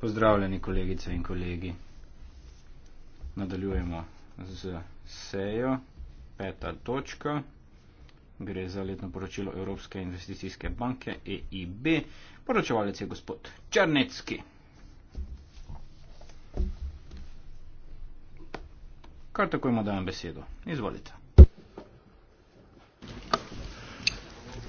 Pozdravljeni kolegice in kolegi. Nadaljujemo z sejo. Peta točka. Gre za letno poročilo Evropske investicijske banke EIB. Poročevalec je gospod Črnecki. Kar tako ima dajem besedo. Izvolite.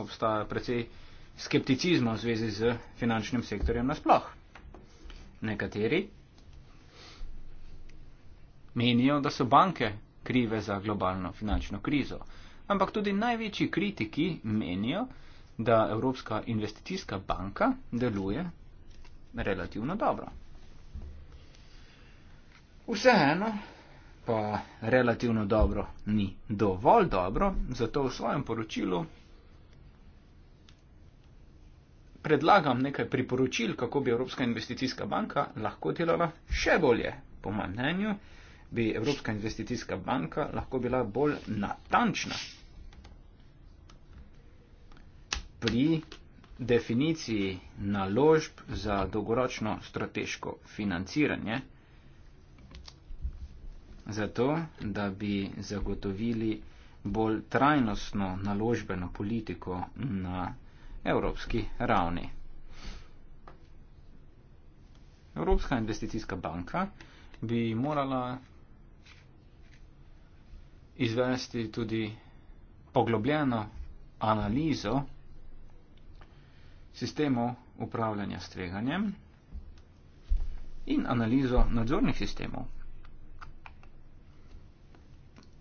obstaja precej skepticizma v zvezi z finančnim sektorjem nasploh. Nekateri menijo, da so banke krive za globalno finančno krizo, ampak tudi največji kritiki menijo, da Evropska investicijska banka deluje relativno dobro. Vseeno pa relativno dobro ni dovolj dobro, zato v svojem poročilu predlagam nekaj priporočil, kako bi Evropska investicijska banka lahko delala še bolje. Po mojem mnenju bi Evropska investicijska banka lahko bila bolj natančna pri definiciji naložb za dolgoročno strateško financiranje, zato da bi zagotovili bolj trajnostno naložbeno politiko na evropski ravni. Evropska investicijska banka bi morala izvesti tudi poglobljeno analizo sistemov upravljanja s tveganjem in analizo nadzornih sistemov.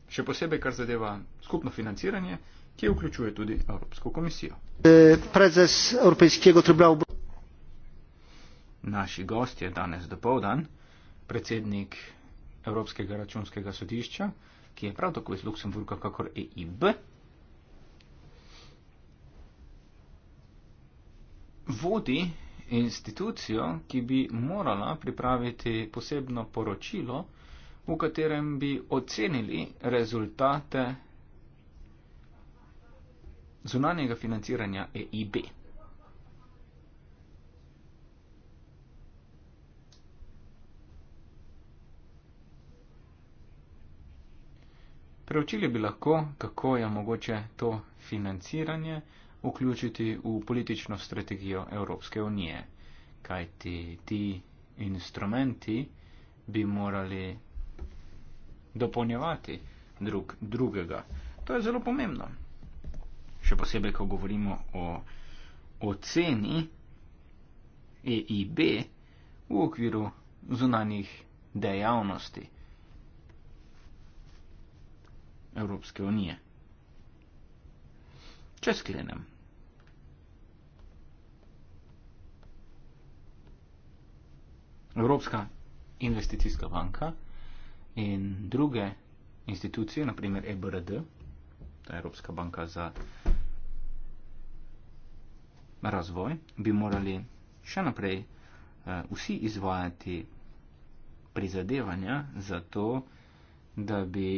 Še posebej, kar zadeva skupno financiranje, ki vključuje tudi Evropsko komisijo prezes Evropskega tribunala. Naši gost je danes dopoldan, predsednik Evropskega računskega sodišča, ki je prav tako iz Luksemburga, kakor EIB. Vodi institucijo, ki bi morala pripraviti posebno poročilo, v katerem bi ocenili rezultate zunanjega financiranja EIB. Preučili bi lahko, kako je mogoče to financiranje vključiti v politično strategijo Evropske unije, kajti ti instrumenti bi morali dopolnjevati drug drugega. To je zelo pomembno še posebej, ko govorimo o oceni EIB v okviru zunanjih dejavnosti Evropske unije. Če sklenem. Evropska investicijska banka in druge institucije, naprimer EBRD, to je Evropska banka za razvoj, bi morali še naprej eh, vsi izvajati prizadevanja za to, da bi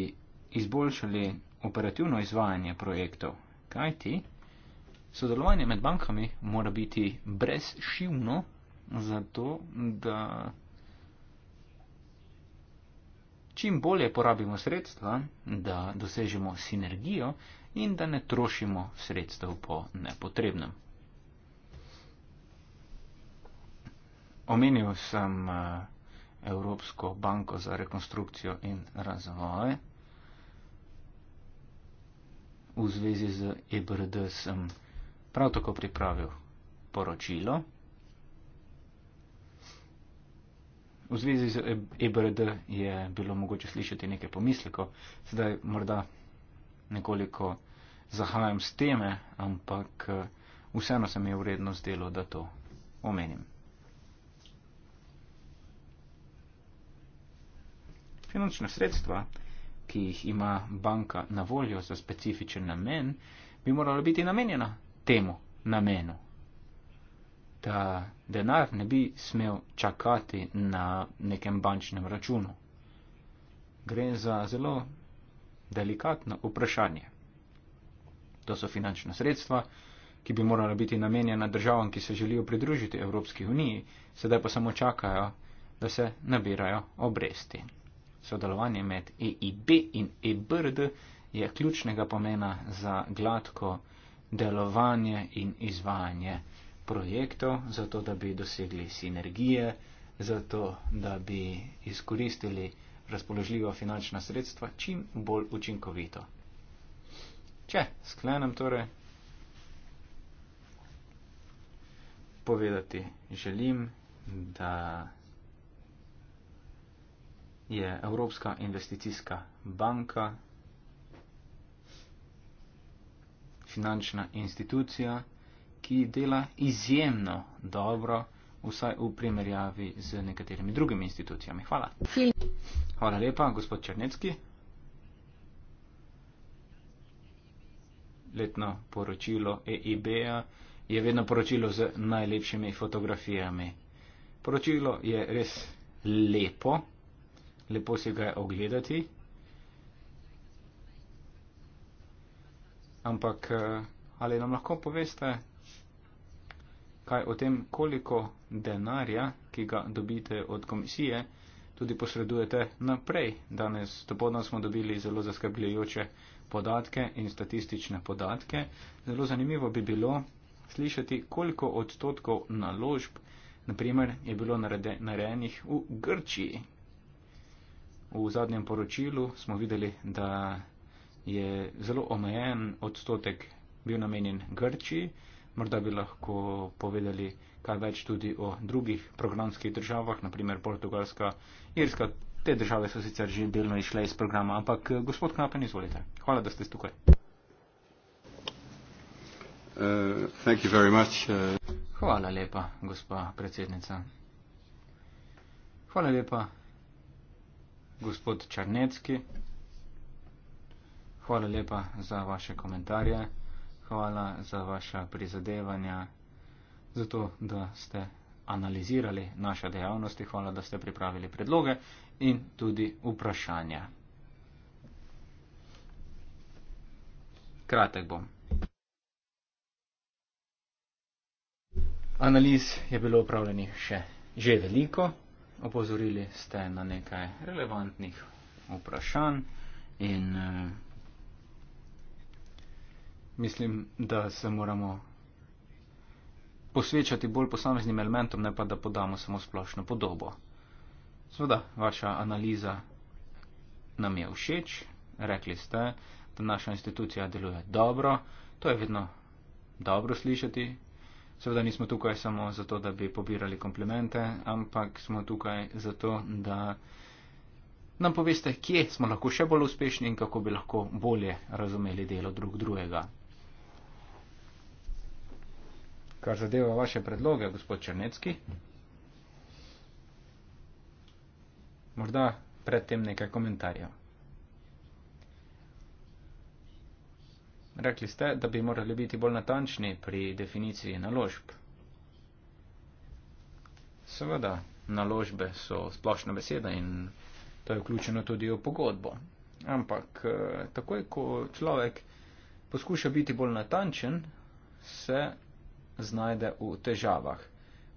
izboljšali operativno izvajanje projektov. Kajti sodelovanje med bankami mora biti brezšivno, zato da čim bolje porabimo sredstva, da dosežemo sinergijo in da ne trošimo sredstev po nepotrebnem. omenil sem eh, Evropsko banko za rekonstrukcijo in razvoj. V zvezi z EBRD sem prav tako pripravil poročilo. V zvezi z EBRD je bilo mogoče slišati nekaj pomislekov, zdaj morda nekoliko zahajam s teme, ampak eh, vseeno se mi je vredno zdelo, da to omenim. finančna sredstva, ki jih ima banka na voljo za specifičen namen, bi morala biti namenjena temu namenu. Ta denar ne bi smel čakati na nekem bančnem računu. Gre za zelo delikatno vprašanje. To so finančna sredstva, ki bi morala biti namenjena državam, ki se želijo pridružiti Evropski uniji, sedaj pa samo čakajo, da se nabirajo obresti sodelovanje med EIB in EBRD je ključnega pomena za gladko delovanje in izvajanje projektov, zato da bi dosegli sinergije, zato da bi izkoristili razpoložljiva finančna sredstva čim bolj učinkovito. Če sklenem torej, povedati želim, da je Evropska investicijska banka, finančna institucija, ki dela izjemno dobro, vsaj v primerjavi z nekaterimi drugimi institucijami. Hvala. Hvala lepa, gospod Črnecki. Letno poročilo EIB-a je vedno poročilo z najlepšimi fotografijami. Poročilo je res lepo lepo si ga je ogledati. Ampak eh, ali nam lahko poveste, kaj o tem, koliko denarja, ki ga dobite od komisije, tudi posredujete naprej. Danes, dopodne smo dobili zelo zaskrbljujoče podatke in statistične podatke. Zelo zanimivo bi bilo slišati, koliko odstotkov naložb, naprimer, je bilo narede, narejenih v Grčiji, V zadnjem poročilu smo videli, da je zelo omejen odstotek bil namenjen Grčiji. Morda bi lahko povedali kaj več tudi o drugih programskih državah, naprimer Portugalska, Irska. Te države so sicer že delno išle iz programa, ampak eh, gospod Knapen, izvolite. Hvala, da ste tukaj. Uh, uh. Hvala lepa, gospa predsednica. Hvala lepa gospod Črnecki. Hvala lepa za vaše komentarje, hvala za vaše prizadevanja, za to, da ste analizirali naše dejavnosti, hvala, da ste pripravili predloge in tudi vprašanja. Kratek bom. Analiz je bilo upravljenih še že veliko opozorili ste na nekaj relevantnih vprašanj in uh, mislim, da se moramo posvečati bolj posameznim elementom, ne pa da podamo samo splošno podobo. Sveda, vaša analiza nam je všeč, rekli ste, da naša institucija deluje dobro, to je vedno dobro slišati, Seveda nismo tukaj samo zato, da bi pobirali komplimente, ampak smo tukaj zato, da nam poveste, kje smo lahko še bolj uspešni in kako bi lahko bolje razumeli delo drug drugega. Kar zadeva vaše predloge, gospod Črnecki. Morda predtem nekaj komentarjev. Rekli ste, da bi morali biti bolj natančni pri definiciji naložb. Seveda, naložbe so splošna beseda in to je vključeno tudi v pogodbo. Ampak eh, takoj, ko človek poskuša biti bolj natančen, se znajde v težavah.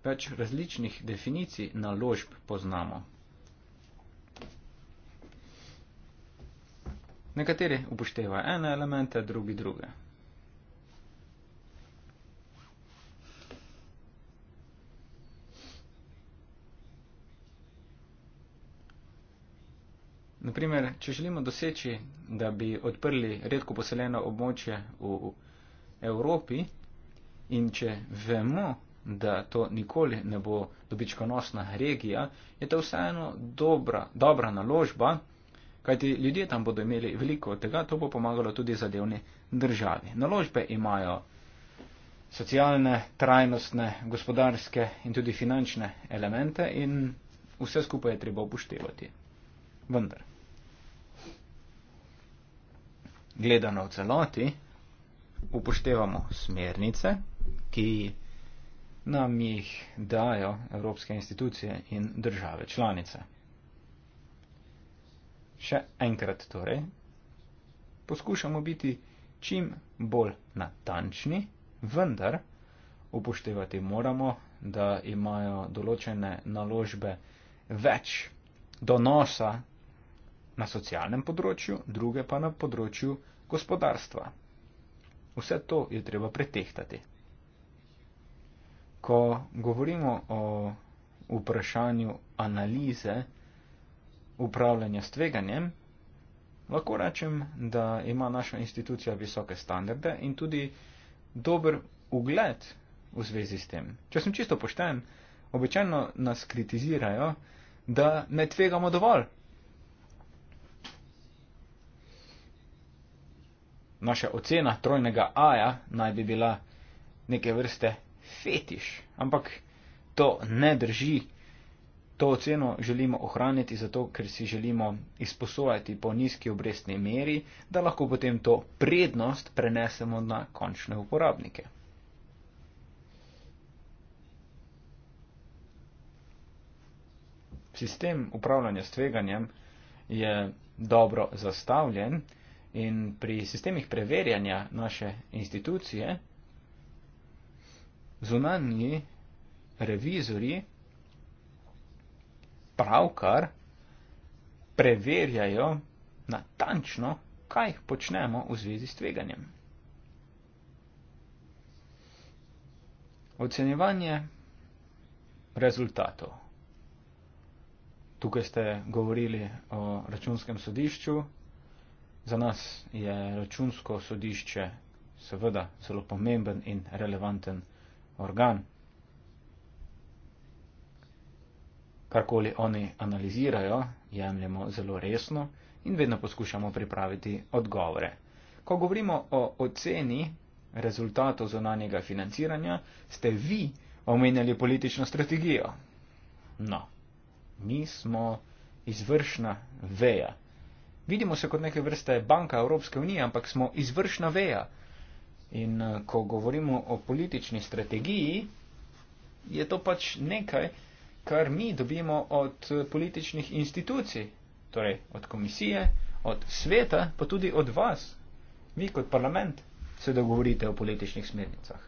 Več različnih definicij naložb poznamo. Nekateri upoštevajo ene elemente, drugi druge. Naprimer, če želimo doseči, da bi odprli redko poseljeno območje v Evropi in če vemo, da to nikoli ne bo dobičkonosna regija, je to vseeno dobra, dobra naložba, kajti ljudje tam bodo imeli veliko od tega, to bo pomagalo tudi zadevni državi. Naložbe imajo socialne, trajnostne, gospodarske in tudi finančne elemente in vse skupaj je treba upoštevati. Vendar, gledano v celoti, upoštevamo smernice, ki nam jih dajo evropske institucije in države članice še enkrat torej, poskušamo biti čim bolj natančni, vendar upoštevati moramo, da imajo določene naložbe več donosa na socialnem področju, druge pa na področju gospodarstva. Vse to je treba pretehtati. Ko govorimo o vprašanju analize, upravljanja s tveganjem, lahko rečem, da ima naša institucija visoke standarde in tudi dober ugled v zvezi s tem. Če sem čisto pošten, običajno nas kritizirajo, da ne tvegamo dovolj. Naša ocena trojnega aja naj bi bila neke vrste fetiš, ampak to ne drži to oceno želimo ohraniti zato, ker si želimo izposojati po nizki obrestni meri, da lahko potem to prednost prenesemo na končne uporabnike. Sistem upravljanja s tveganjem je dobro zastavljen in pri sistemih preverjanja naše institucije zunanji revizori pravkar preverjajo natančno, kaj počnemo v zvezi s tveganjem. Ocenjevanje rezultatov. Tukaj ste govorili o računskem sodišču. Za nas je računsko sodišče seveda zelo pomemben in relevanten organ, karkoli oni analizirajo, jemljemo zelo resno in vedno poskušamo pripraviti odgovore. Ko govorimo o oceni rezultatov zonanjega financiranja, ste vi omenjali politično strategijo. No, mi smo izvršna veja. Vidimo se kot neke vrste banka Evropske unije, ampak smo izvršna veja. In eh, ko govorimo o politični strategiji, je to pač nekaj, kar mi dobimo od političnih institucij, torej od komisije, od sveta, pa tudi od vas. Vi kot parlament se dogovorite o političnih smernicah.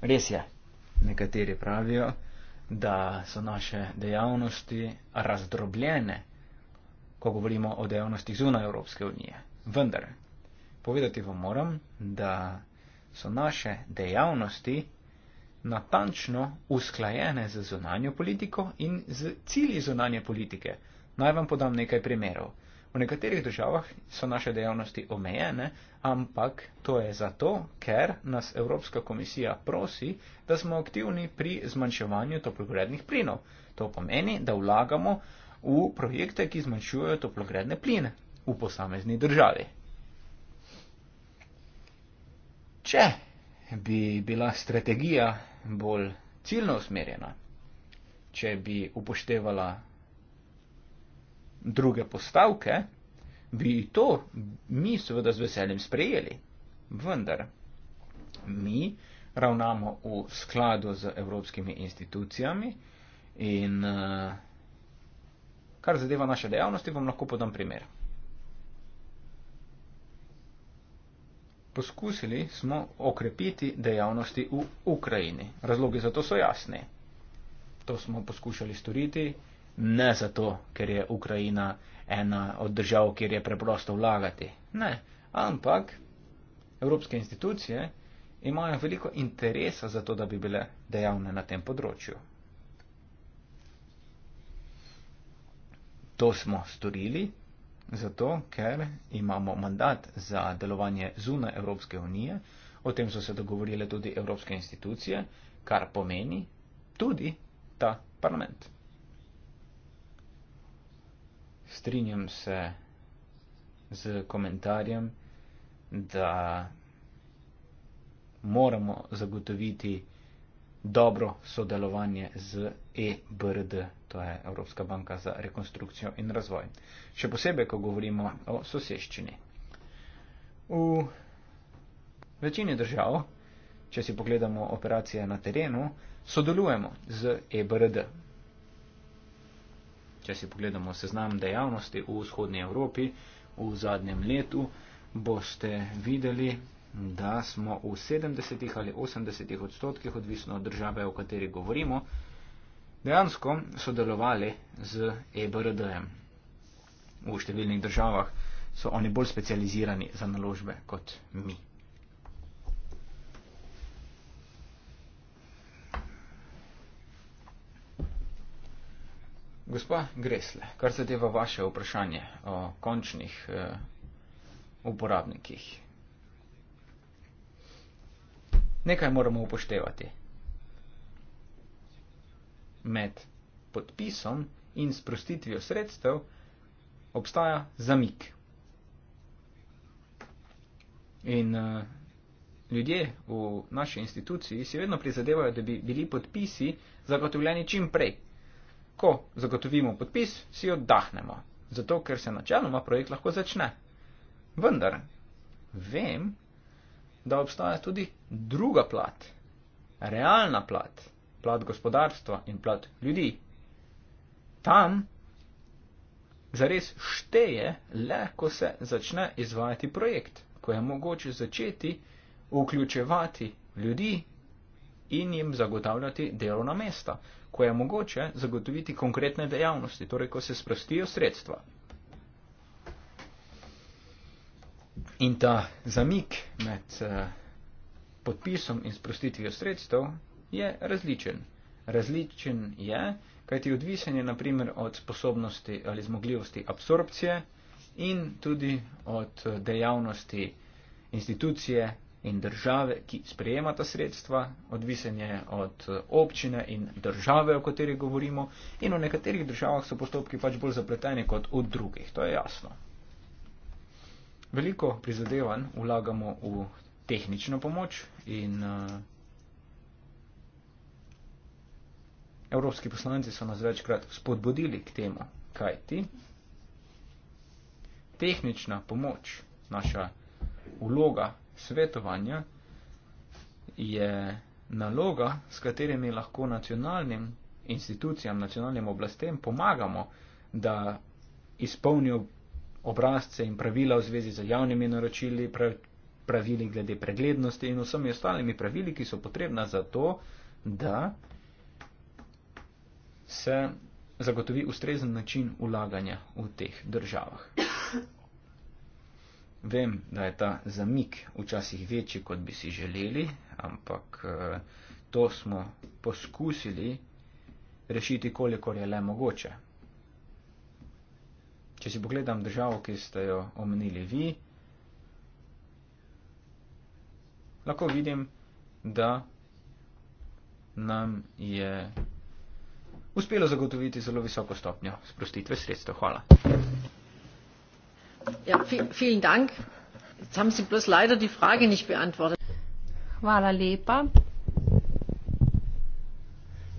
Res je, nekateri pravijo, da so naše dejavnosti razdrobljene, ko govorimo o dejavnostih zunaj Evropske unije. Vendar, povedati vam moram, da so naše dejavnosti natančno usklajene z zonanjo politiko in z cilji zonanje politike. Naj vam podam nekaj primerov. V nekaterih državah so naše dejavnosti omejene, ampak to je zato, ker nas Evropska komisija prosi, da smo aktivni pri zmanjševanju toplogrednih plinov. To pomeni, da vlagamo v projekte, ki zmanjšujejo toplogredne pline v posamezni državi. Če bi bila strategija bolj ciljno usmerjena, če bi upoštevala druge postavke, bi to mi seveda z veseljem sprejeli. Vendar mi ravnamo v skladu z evropskimi institucijami in eh, kar zadeva naše dejavnosti, vam lahko podam primer. Poskusili smo okrepiti dejavnosti v Ukrajini. Razlogi za to so jasni. To smo poskušali storiti ne zato, ker je Ukrajina ena od držav, kjer je preprosto vlagati. Ne, ampak evropske institucije imajo veliko interesa za to, da bi bile dejavne na tem področju. To smo storili, zato ker imamo mandat za delovanje zunaj Evropske unije, o tem so se dogovorile tudi evropske institucije, kar pomeni tudi ta parlament. Strinjam se z komentarjem, da moramo zagotoviti dobro sodelovanje z EBRD, to je Evropska banka za rekonstrukcijo in razvoj. Še posebej, ko govorimo o soseščini. V večini držav, če si pogledamo operacije na terenu, sodelujemo z EBRD. Če si pogledamo seznam dejavnosti v vzhodnji Evropi v zadnjem letu, boste videli, da smo v 70 ali 80 odstotkih, odvisno od države, o kateri govorimo, dejansko sodelovali z EBRD-jem. V številnih državah so oni bolj specializirani za naložbe kot mi. Gospa Gresle, kar zadeva vaše vprašanje o končnih eh, uporabnikih. Nekaj moramo upoštevati med podpisom in sprostitvijo sredstev obstaja zamik. In uh, ljudje v naši instituciji si vedno prizadevajo, da bi bili podpisi zagotovljeni čim prej. Ko zagotovimo podpis, si oddahnemo, zato ker se načeloma projekt lahko začne. Vendar vem, da obstaja tudi druga plat, realna plat plat gospodarstva in plat ljudi. Tam zares šteje le, ko se začne izvajati projekt, ko je mogoče začeti vključevati ljudi in jim zagotavljati delovna mesta, ko je mogoče zagotoviti konkretne dejavnosti, torej ko se sprostijo sredstva. In ta zamik med eh, podpisom in sprostitvijo sredstev je različen. Različen je, kajti odvisen je naprimer od sposobnosti ali zmogljivosti absorpcije in tudi od dejavnosti institucije in države, ki sprejema ta sredstva, odvisen je od eh, občine in države, o kateri govorimo in v nekaterih državah so postopki pač bolj zapleteni kot v drugih, to je jasno. Veliko prizadevanj vlagamo v tehnično pomoč in uh, evropski poslanci so nas večkrat spodbudili k temu, kaj ti. Tehnična pomoč, naša uloga svetovanja je naloga, s katerimi lahko nacionalnim institucijam, nacionalnim oblastem pomagamo, da izpolnijo obrazce in pravila v zvezi z javnimi naročili, pravili glede preglednosti in vsemi ostalimi pravili, ki so potrebna za to, da se zagotovi ustrezen način ulaganja v teh državah. Vem, da je ta zamik včasih večji, kot bi si želeli, ampak eh, to smo poskusili rešiti, kolikor je le mogoče. Če si pogledam državo, ki ste jo omenili vi, lahko vidim, da nam je uspelo zagotoviti zelo visoko stopnjo sprostitve sredstev. Hvala. Ja, vielen Dank. Jetzt haben Sie bloß leider die Frage nicht beantwortet. Hvala lepa.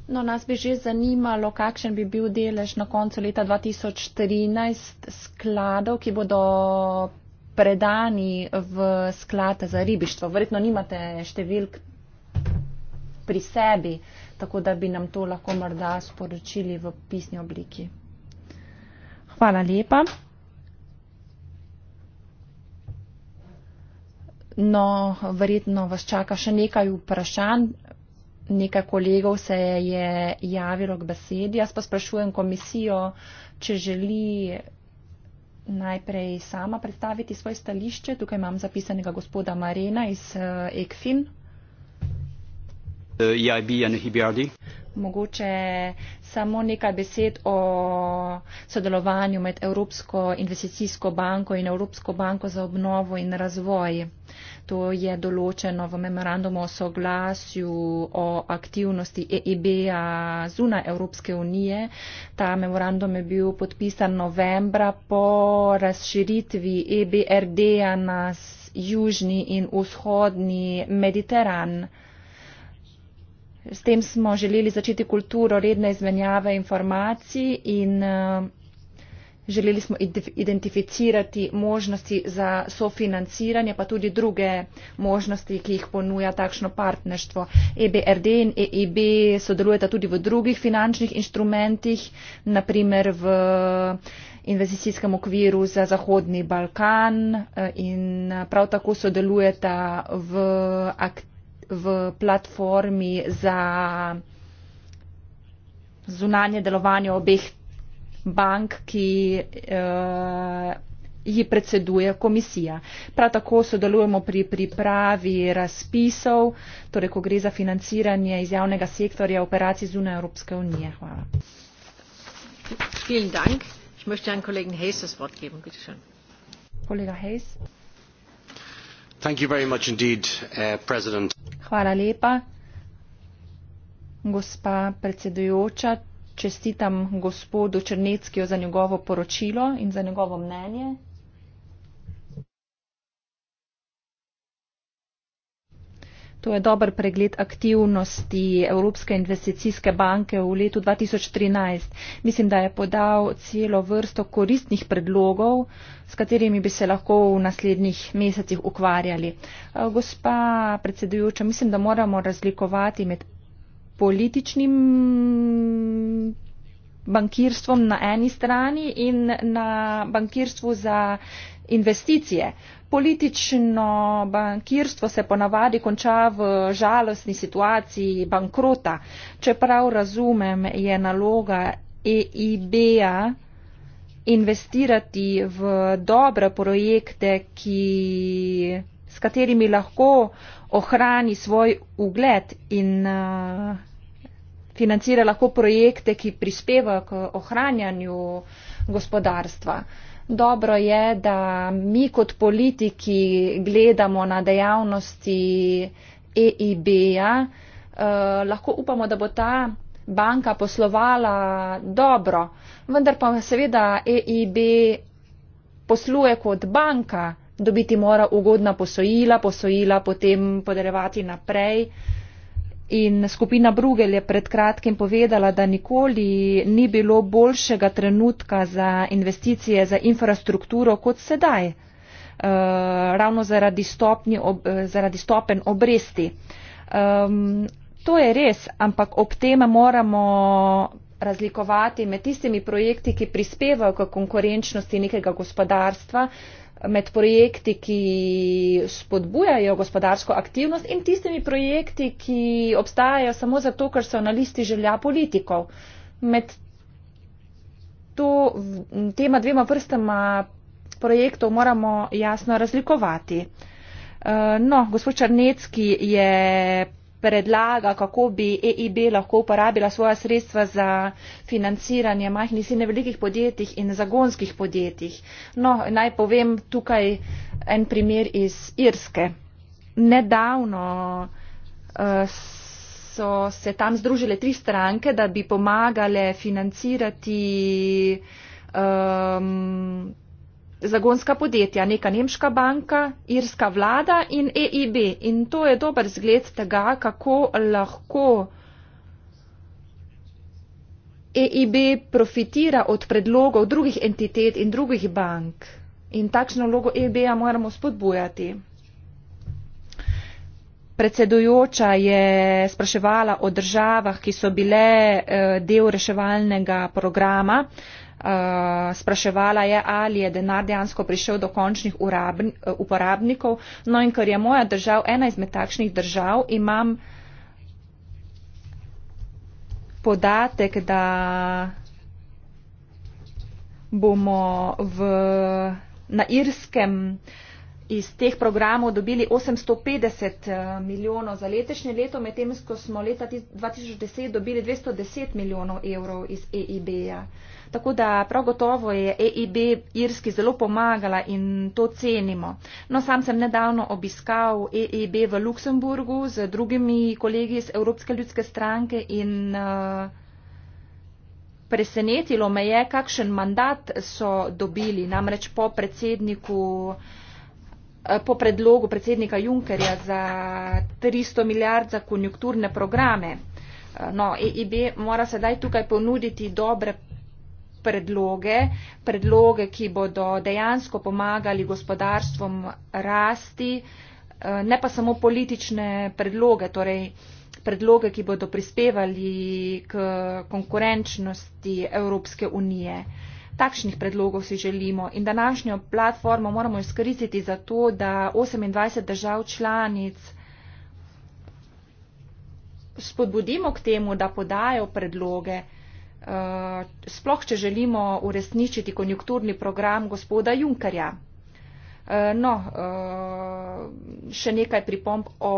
No, nas bi že zanimalo, kakšen bi bil delež na koncu leta 2013 skladov, ki bodo predani v sklade za ribištvo. Verjetno nimate številk pri sebi. Uh, tako da bi nam to lahko morda sporočili v pisni obliki. Hvala lepa. No, verjetno vas čaka še nekaj vprašanj. Nekaj kolegov se je javilo k besedi. Jaz pa sprašujem komisijo, če želi najprej sama predstaviti svoje stališče. Tukaj imam zapisanega gospoda Marena iz ECFIN. Eh, EIB e in EBRD. Mogoče samo nekaj besed o sodelovanju med Evropsko investicijsko banko in Evropsko banko za obnovo in razvoj. To je določeno v memorandumu o soglasju o aktivnosti EIB-a zunaj Evropske unije. Ta memorandum je bil podpisan novembra po razširitvi EBRD-a na južni in vzhodni Mediteran. S tem smo želeli začeti kulturo redne izmenjave informacij in eh, želeli smo identificirati možnosti za sofinanciranje, pa tudi druge možnosti, ki jih ponuja takšno partnerstvo. EBRD in EIB sodelujeta tudi v drugih finančnih instrumentih, naprimer v investicijskem okviru za Zahodni Balkan eh, in eh, prav tako sodelujeta v aktivnosti v platformi za zunanje delovanje obeh bank, ki uh, ji predseduje komisija. Prav tako sodelujemo pri pripravi razpisov, torej ko gre za financiranje iz javnega sektorja operacij zunaj Evropske unije. Hvala. Vielen Dank. Ich möchte an Kollegen Hayes das Wort geben. Bitte schön. Kollege Hayes. Uh, Hvala lepa. Gospa predsedujoča, čestitam gospodu Črneckiju za njegovo poročilo in za njegovo mnenje. To je dober pregled aktivnosti Evropske investicijske banke v letu 2013. Mislim, da je podal celo vrsto koristnih predlogov, s katerimi bi se lahko v naslednjih mesecih ukvarjali. Gospa predsedujoča, mislim, da moramo razlikovati med političnim bankirstvom na eni strani in na bankirstvu za investicije. Uh, Politično bankirstvo se ponavadi konča v žalostni situaciji bankrota. Če prav razumem, je naloga EIB-a investirati v dobre projekte, ki, s katerimi lahko ohrani svoj ugled in uh, financira lahko projekte, ki prispeva k ohranjanju gospodarstva. Uh, Dobro je, da mi kot politiki gledamo na dejavnosti EIB-ja. Eh, lahko upamo, da bo ta banka poslovala dobro, vendar pa seveda EIB posluje kot banka, dobiti mora ugodna posojila, posojila potem podarevati naprej. Eh, In skupina Bruegel je pred kratkim povedala, da nikoli ni bilo boljšega trenutka za investicije za infrastrukturo kot sedaj, e, ravno zaradi, ob, eh, zaradi stopen obresti. E, to je res, ampak ob tem moramo razlikovati med tistimi projekti, ki prispevajo k konkurenčnosti nekega gospodarstva med projekti, ki spodbujajo gospodarsko aktivnost in tistimi projekti, ki obstajajo samo zato, ker so na listi želja politikov. Med to, tema dvema prstama projektov moramo jasno razlikovati. Eh, no, gospod Črnecki je predlaga, kako bi EIB lahko uporabila svoja sredstva za financiranje majhnih in velikih podjetij in zagonskih podjetij. No, naj povem tukaj en primer iz Irske. Nedavno eh, so se tam združile tri stranke, da bi pomagale financirati um, zagonska podjetja, neka nemška banka, irska vlada in EIB. In to je dober zgled tega, kako lahko EIB profitira od predlogov drugih entitet in drugih bank. In takšno vlogo EIB-ja moramo spodbujati. Predsedujoča je spraševala o državah, ki so bile eh, del reševalnega programa. Eh, spraševala je, ali je denar dejansko prišel do končnih eh, uporabnikov. No in ker je moja država ena izmed takšnih držav, imam podatek, da bomo v, na irskem uh, iz teh programov dobili 850 eh, milijonov za letošnje leto, medtem ko smo leta 2010 dobili 210 milijonov evrov iz EIB-ja. Tako da prav gotovo je EIB Irski zelo pomagala in to cenimo. No, sam sem nedavno obiskal EIB v Luksemburgu z drugimi kolegi iz Evropske ljudske stranke in eh, presenetilo me je, kakšen mandat so dobili. Namreč po predsedniku Eh, po predlogu predsednika Junkerja za 300 milijard za konjunkturne programe. Eh, no, EIB mora sedaj tukaj ponuditi dobre predloge, predloge, ki bodo dejansko pomagali gospodarstvom rasti, eh, ne pa samo politične predloge, torej predloge, ki bodo prispevali k konkurenčnosti Evropske unije. Uh, takšnih predlogov si želimo in današnjo platformo moramo izkoristiti za to, da 28 držav članic spodbudimo k temu, da podajo predloge, eh, sploh če želimo uresničiti konjunkturni program gospoda Junkarja. Eh, no, eh, še nekaj pripomp o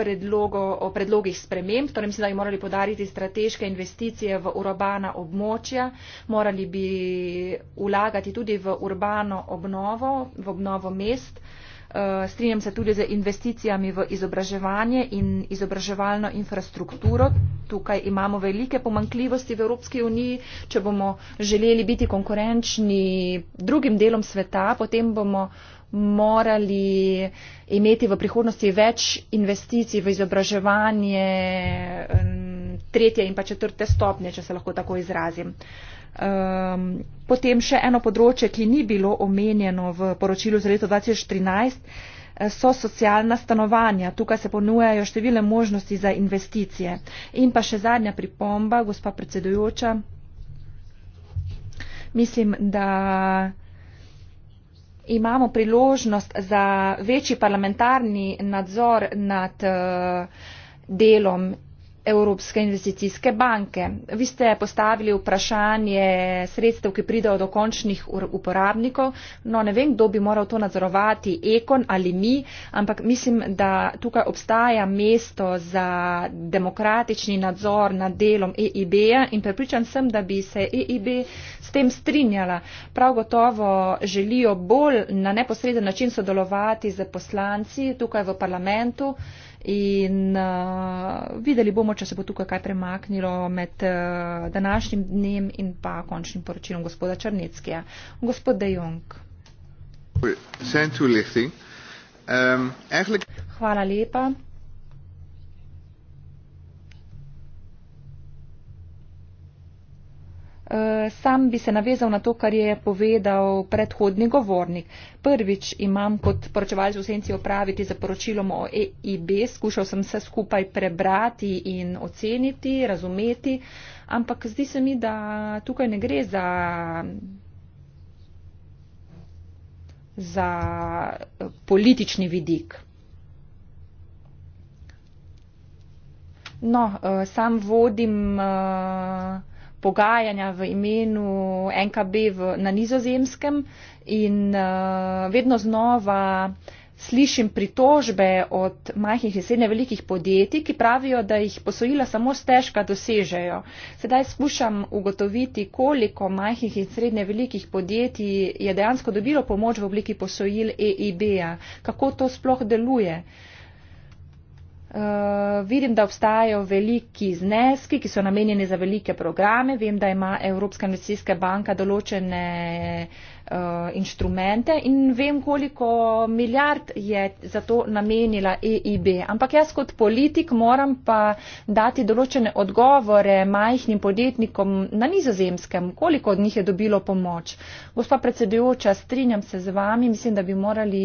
o predlogih sprememb, torej mislim, da bi morali podariti strateške investicije v urbana območja, morali bi ulagati tudi v urbano obnovo, v obnovo mest. Eh, strinjam se tudi z investicijami v izobraževanje in izobraževalno infrastrukturo. Tukaj imamo velike pomankljivosti v Evropski uniji. Če bomo želeli biti konkurenčni drugim delom sveta, potem bomo morali imeti v prihodnosti več investicij v izobraževanje tretje in pa četrte stopnje, če se lahko tako izrazim. Um, potem še eno področje, ki ni bilo omenjeno v poročilu za leto 2013, eh, so socialna stanovanja. Tukaj se ponujajo številne možnosti za investicije. In pa še zadnja pripomba, gospa predsedujoča. Mislim, da imamo priložnost za večji parlamentarni nadzor nad eh, delom Evropske investicijske banke. Vi ste postavili vprašanje sredstev, ki pridejo do končnih uporabnikov, no ne vem, kdo bi moral to nadzorovati, Ekon ali mi, ampak mislim, da tukaj obstaja mesto za demokratični nadzor nad delom EIB-ja in prepričan sem, da bi se EIB tem strinjala. Prav gotovo želijo bolj na neposreden način sodelovati z poslanci tukaj v parlamentu in uh, videli bomo, če se bo tukaj kaj premaknilo med uh, današnjim dnem in pa končnim poročilom gospoda Črneckija. Gospod De Jong. Ehm, Hvala lepa. Eh, sam bi se navezal na to, kar je povedal predhodni govornik. Prvič imam kot poročevalec v senci opraviti za poročilom o EIB, skušal sem vse skupaj prebrati in oceniti, razumeti, ampak zdi se mi, da tukaj ne gre za, za eh, politični vidik. No, eh, sam vodim pogajanja v imenu NKB v, na nizozemskem in uh, vedno znova slišim pritožbe od majhnih in srednje velikih podjetij, ki pravijo, da jih posojila samo stežka dosežejo. Sedaj skušam ugotoviti, koliko majhnih in srednje velikih podjetij je dejansko dobilo pomoč v obliki posojil EIB-a, kako to sploh deluje. Uh, Eh, vidim, da obstajajo veliki zneski, ki so namenjeni za velike programe. Vem, da ima Evropska investicijska banka določene uh, inštrumente in vem, koliko milijard je za to namenila EIB. Ampak jaz kot politik moram pa dati določene odgovore majhnim podjetnikom na nizozemskem, koliko od njih je dobilo pomoč. Gospa predsedujoča, strinjam se z vami, mislim, da bi morali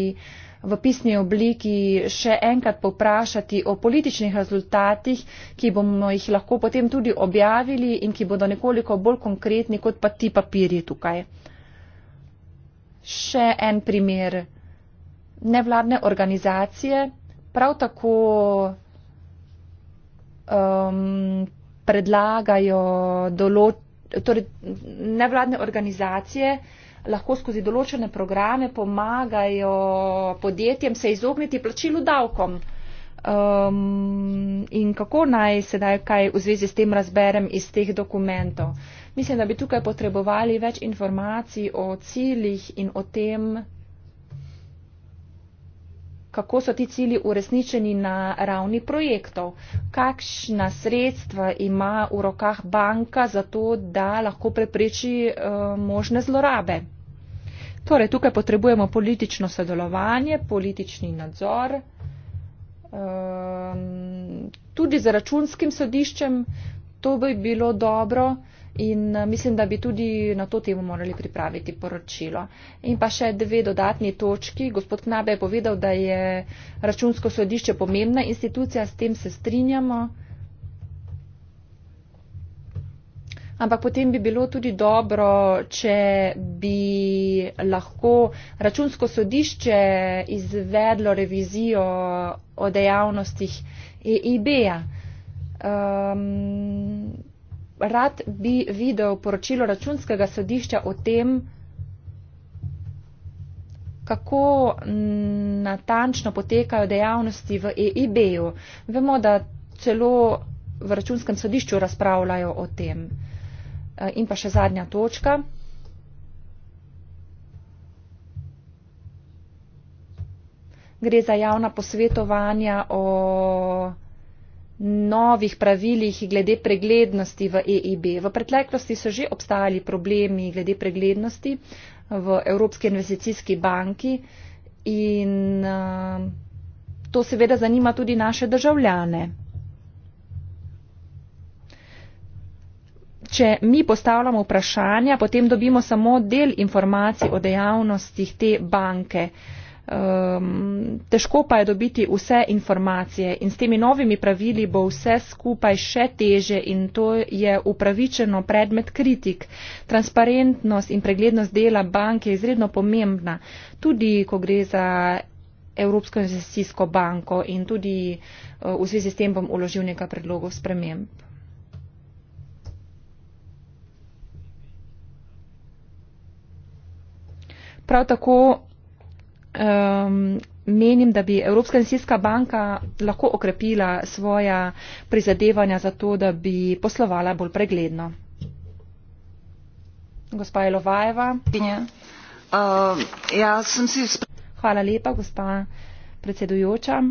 v pisni obliki še enkrat poprašati o političnih rezultatih, ki bomo jih lahko potem tudi objavili in ki bodo nekoliko bolj konkretni kot pa ti papirji tukaj. Še en primer. Nevladne organizacije prav tako um, predlagajo določ. Torej, nevladne organizacije uh, lahko skozi določene programe pomagajo podjetjem se izogniti plačilu davkom. Um, in kako naj sedaj kaj v zvezi s tem razberem iz teh dokumentov? Mislim, da bi tukaj potrebovali več informacij o ciljih in o tem, kako so ti cilji uresničeni na ravni projektov. Kakšna sredstva ima v rokah banka za to, da lahko prepreči uh, možne zlorabe? Torej, tukaj potrebujemo politično sodelovanje, politični nadzor. Ehm, tudi za računskim sodiščem to bi bilo dobro in eh, mislim, da bi tudi na to temo morali pripraviti poročilo. In pa še dve dodatni točki. Gospod Knabe je povedal, da je računsko sodišče pomembna institucija, s tem se strinjamo. ampak potem bi bilo tudi dobro, če bi lahko računsko sodišče izvedlo revizijo o dejavnostih EIB-ja. Um, ehm, rad bi videl poročilo računskega sodišča o tem, kako natančno potekajo dejavnosti v EIB-ju. Vemo, da celo v računskem sodišču razpravljajo o tem. Eh, in pa še zadnja točka. Gre za javna posvetovanja o novih pravilih glede preglednosti v EIB. V preteklosti so že obstajali problemi glede preglednosti v Evropski investicijski banki in uh, to seveda zanima tudi naše državljane. Če mi postavljamo vprašanja, potem dobimo samo del informacij o dejavnostih te banke. Um, težko pa je dobiti vse informacije in s temi novimi pravili bo vse skupaj še teže in to je upravičeno predmet kritik. Transparentnost in preglednost dela banke je izredno pomembna, tudi ko gre za Evropsko investicijsko banko in tudi uh, v zvezi s tem bom uložil nekaj predlogov sprememb. Prav tako um, menim, da bi Evropska investicijska banka lahko okrepila svoja prizadevanja za to, da bi poslovala bolj pregledno. Gospa Jelovajeva. Uh, ja, Hvala lepa, gospa predsedujoča.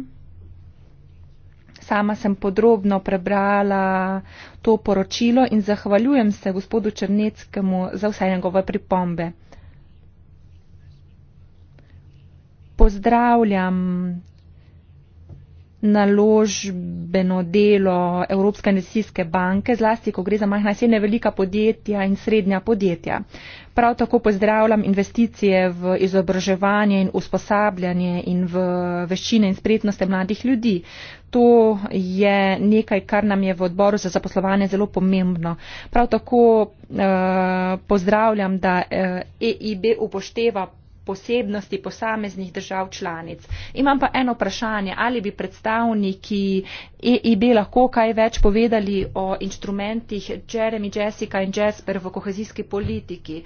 Sama sem podrobno prebrala to poročilo in zahvaljujem se gospodu Črneckemu za vse njegove pripombe. pozdravljam naložbeno delo Evropske investicijske banke, zlasti ko gre za majhna srednja velika podjetja in srednja podjetja. Prav tako pozdravljam investicije v izobraževanje in usposabljanje in v veščine in spretnosti mladih ljudi. To je nekaj, kar nam je v odboru za zaposlovanje zelo pomembno. Prav tako eh, pozdravljam, da eh, EIB upošteva posebnosti posameznih držav članic. Imam pa eno vprašanje, ali bi predstavniki EIB lahko kaj več povedali o instrumentih Jeremy, Jessica in Jasper v kohezijski politiki.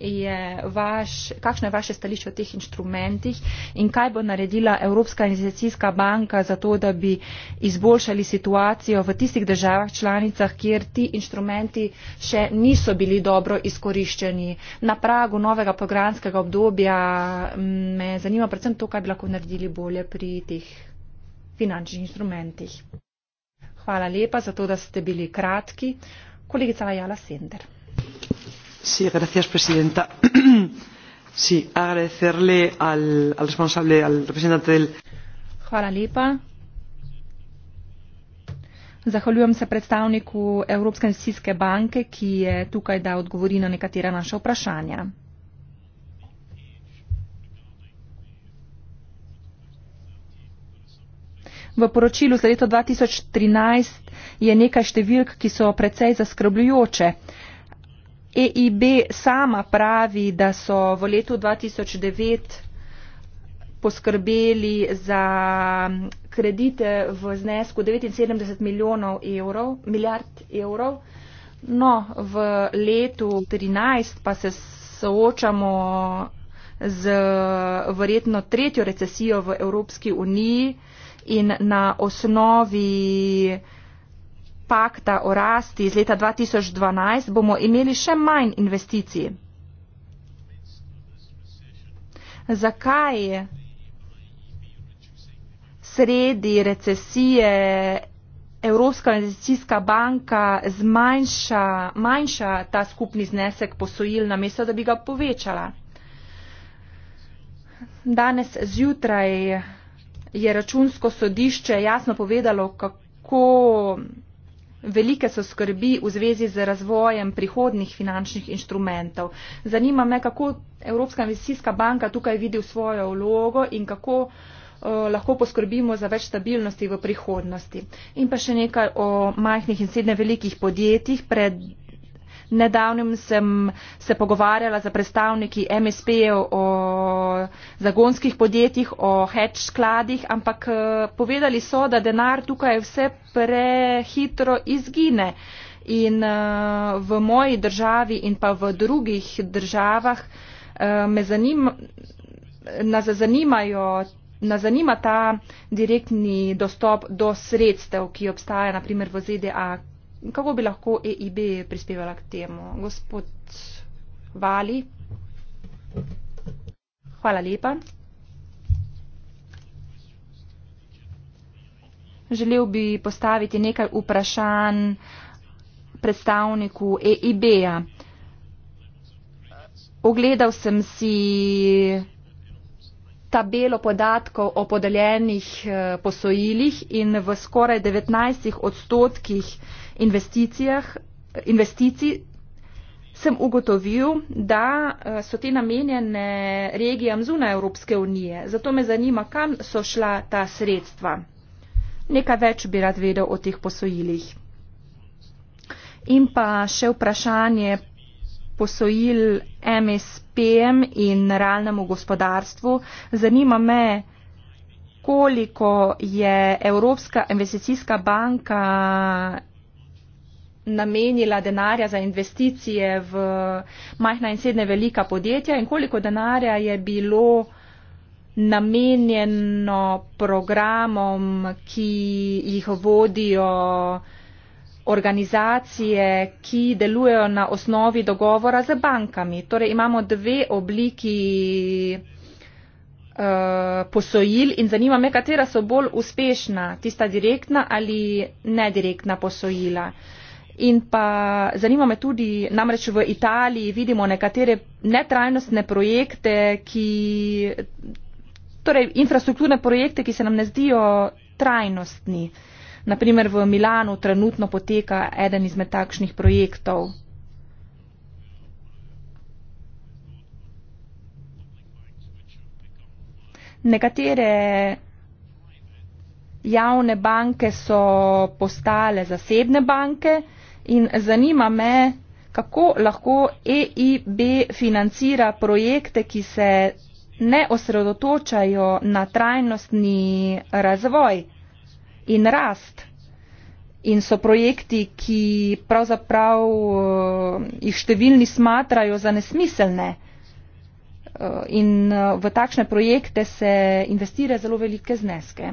Je vaš, kakšno je vaše stališče o teh instrumentih in kaj bo naredila Evropska investicijska banka za to, da bi izboljšali situacijo v tistih državah članicah, kjer ti instrumenti še niso bili dobro izkoriščeni. Na pragu novega programa postranskega obdobja me zanima predvsem to, kaj bi lahko naredili bolje pri teh finančnih instrumentih. Hvala lepa za to, da ste bili kratki. Kolegica Ajala Sender. Sí, gracias, presidenta. sí, agradecerle al, al responsable, al representante del. Hvala lepa. Zahvaljujem se predstavniku Evropske investicijske banke, ki je tukaj, da odgovori na nekatera naša vprašanja. V poročilu za leto 2013 je nekaj številk, ki so precej zaskrbljujoče. EIB sama pravi, da so v letu 2009 poskrbeli za kredite v znesku 79 milijonov evrov, milijard evrov. No, v letu 2013 pa se soočamo z verjetno tretjo recesijo v Evropski uniji in na osnovi pakta o rasti iz leta 2012 bomo imeli še manj investicij. Zakaj sredi recesije Evropska investicijska banka zmanjša manjša ta skupni znesek posojil na mesto, da bi ga povečala? Danes zjutraj je računsko sodišče jasno povedalo, kako velike so skrbi v zvezi z razvojem prihodnih finančnih inštrumentov. Zanima me, kako Evropska investicijska banka tukaj vidi svojo vlogo in kako eh, lahko poskrbimo za več stabilnosti v prihodnosti. In pa še nekaj o majhnih in srednje velikih podjetjih. Pred Nedavnim sem se pogovarjala za predstavniki MSP-jev o zagonskih podjetjih, o hedge skladih, ampak eh, povedali so, da denar tukaj vse prehitro izgine. In eh, v moji državi in pa v drugih državah eh, me zanima, nas zanimajo. Nas zanima ta direktni dostop do sredstev, ki obstaja naprimer v ZDA kako bi lahko EIB prispevala k temu? Gospod Vali. Hvala lepa. Želel bi postaviti nekaj vprašanj predstavniku EIB-a. Ogledal sem si tabelo podatkov o podeljenih eh, posojilih in v skoraj 19 odstotkih investicij sem ugotovil, da eh, so te namenjene regijam zunaj Evropske unije. Zato me zanima, kam so šla ta sredstva. Nekaj več bi rad vedel o teh posojilih. In pa še vprašanje posojil MSP-jem in realnemu gospodarstvu. Zanima me, koliko je Evropska investicijska banka namenila denarja za investicije v majhna in srednje velika podjetja in koliko denarja je bilo namenjeno programom, ki jih vodijo organizacije, ki delujejo na osnovi dogovora z bankami. Torej imamo dve obliki uh, posojil in zanima me, katera so bolj uspešna, tista direktna ali nedirektna posojila. In pa zanima me tudi, namreč v Italiji vidimo nekatere netrajnostne projekte, ki, torej infrastrukturne projekte, ki se nam ne zdijo trajnostni. Uh, Naprimer v Milanu trenutno poteka eden izmed takšnih projektov. Nekatere javne banke so postale zasebne banke in zanima me, kako lahko EIB financira projekte, ki se ne osredotočajo na trajnostni razvoj in rast. In so projekti, ki pravzaprav eh, jih številni smatrajo za nesmiselne. Eh, in eh, v takšne projekte se investira zelo velike zneske.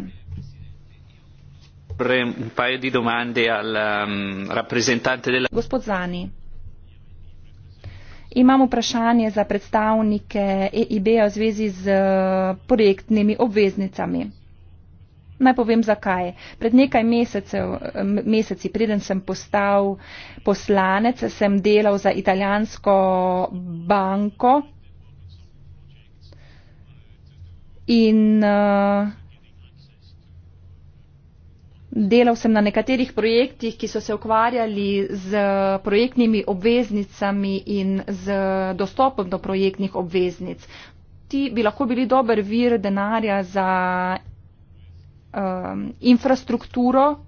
Ehm, Gospod Zani, imam vprašanje za predstavnike EIB-a v zvezi z projektnimi obveznicami. Naj povem zakaj. Pred nekaj mesecev, meseci, preden sem postal poslanec, sem delal za italijansko banko in uh, delal sem na nekaterih projektih, ki so se ukvarjali z projektnimi obveznicami in z dostopom do projektnih obveznic. Ti bi lahko bili dober vir denarja za um, infrastrukturo,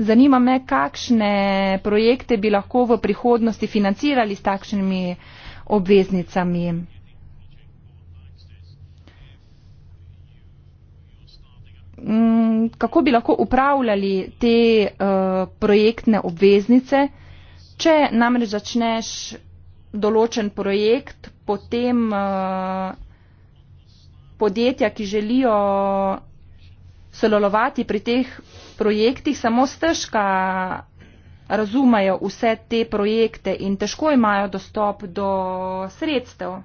Zanima me, kakšne projekte bi lahko v prihodnosti financirali s takšnimi obveznicami. Mm, kako bi lahko upravljali te uh, projektne obveznice, če namreč začneš določen projekt, potem eh, podjetja, ki želijo sodelovati pri teh projektih, samo stežka razumejo vse te projekte in težko imajo dostop do sredstev.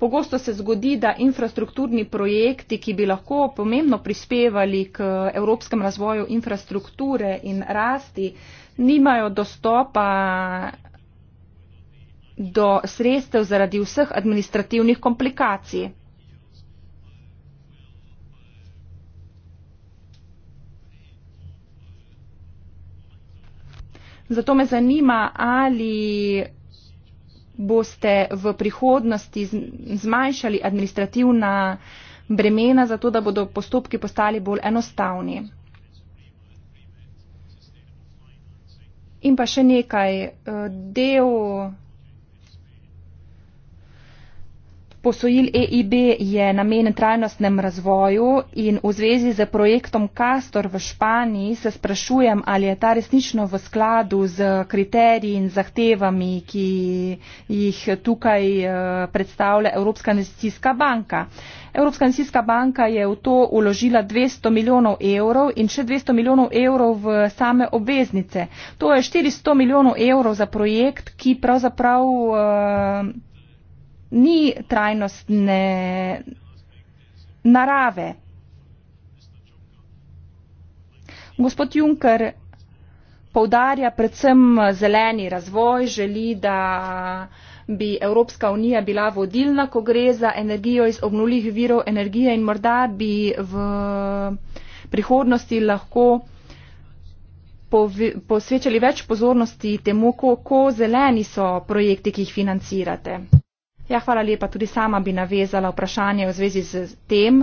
Pogosto se zgodi, da infrastrukturni projekti, ki bi lahko pomembno prispevali k evropskem razvoju infrastrukture in rasti, uh, nimajo dostopa do sredstev zaradi vseh administrativnih komplikacij. Zato me zanima, ali boste v prihodnosti zmanjšali administrativna bremena, zato da bodo postopki postali bolj enostavni. In pa še nekaj, eh, del posojil EIB je namenjen trajnostnem razvoju in v zvezi z projektom Castor v Španiji se sprašujem, ali je ta resnično v skladu z kriteriji in zahtevami, ki jih tukaj eh, predstavlja Evropska investicijska banka. Evropska investicijska banka je v to uložila 200 milijonov evrov in še 200 milijonov evrov v same obveznice. To je 400 milijonov evrov za projekt, ki pravzaprav. Uh, ni trajnostne narave. Gospod Juncker povdarja predvsem zeleni razvoj, želi, da bi Evropska unija bila vodilna, ko gre za energijo iz obnulih virov energije in morda bi v prihodnosti lahko posvečali več pozornosti temu, kako zeleni so projekti, ki jih financirate. Ja, hvala lepa. Tudi sama bi navezala vprašanje v zvezi z tem. Eh,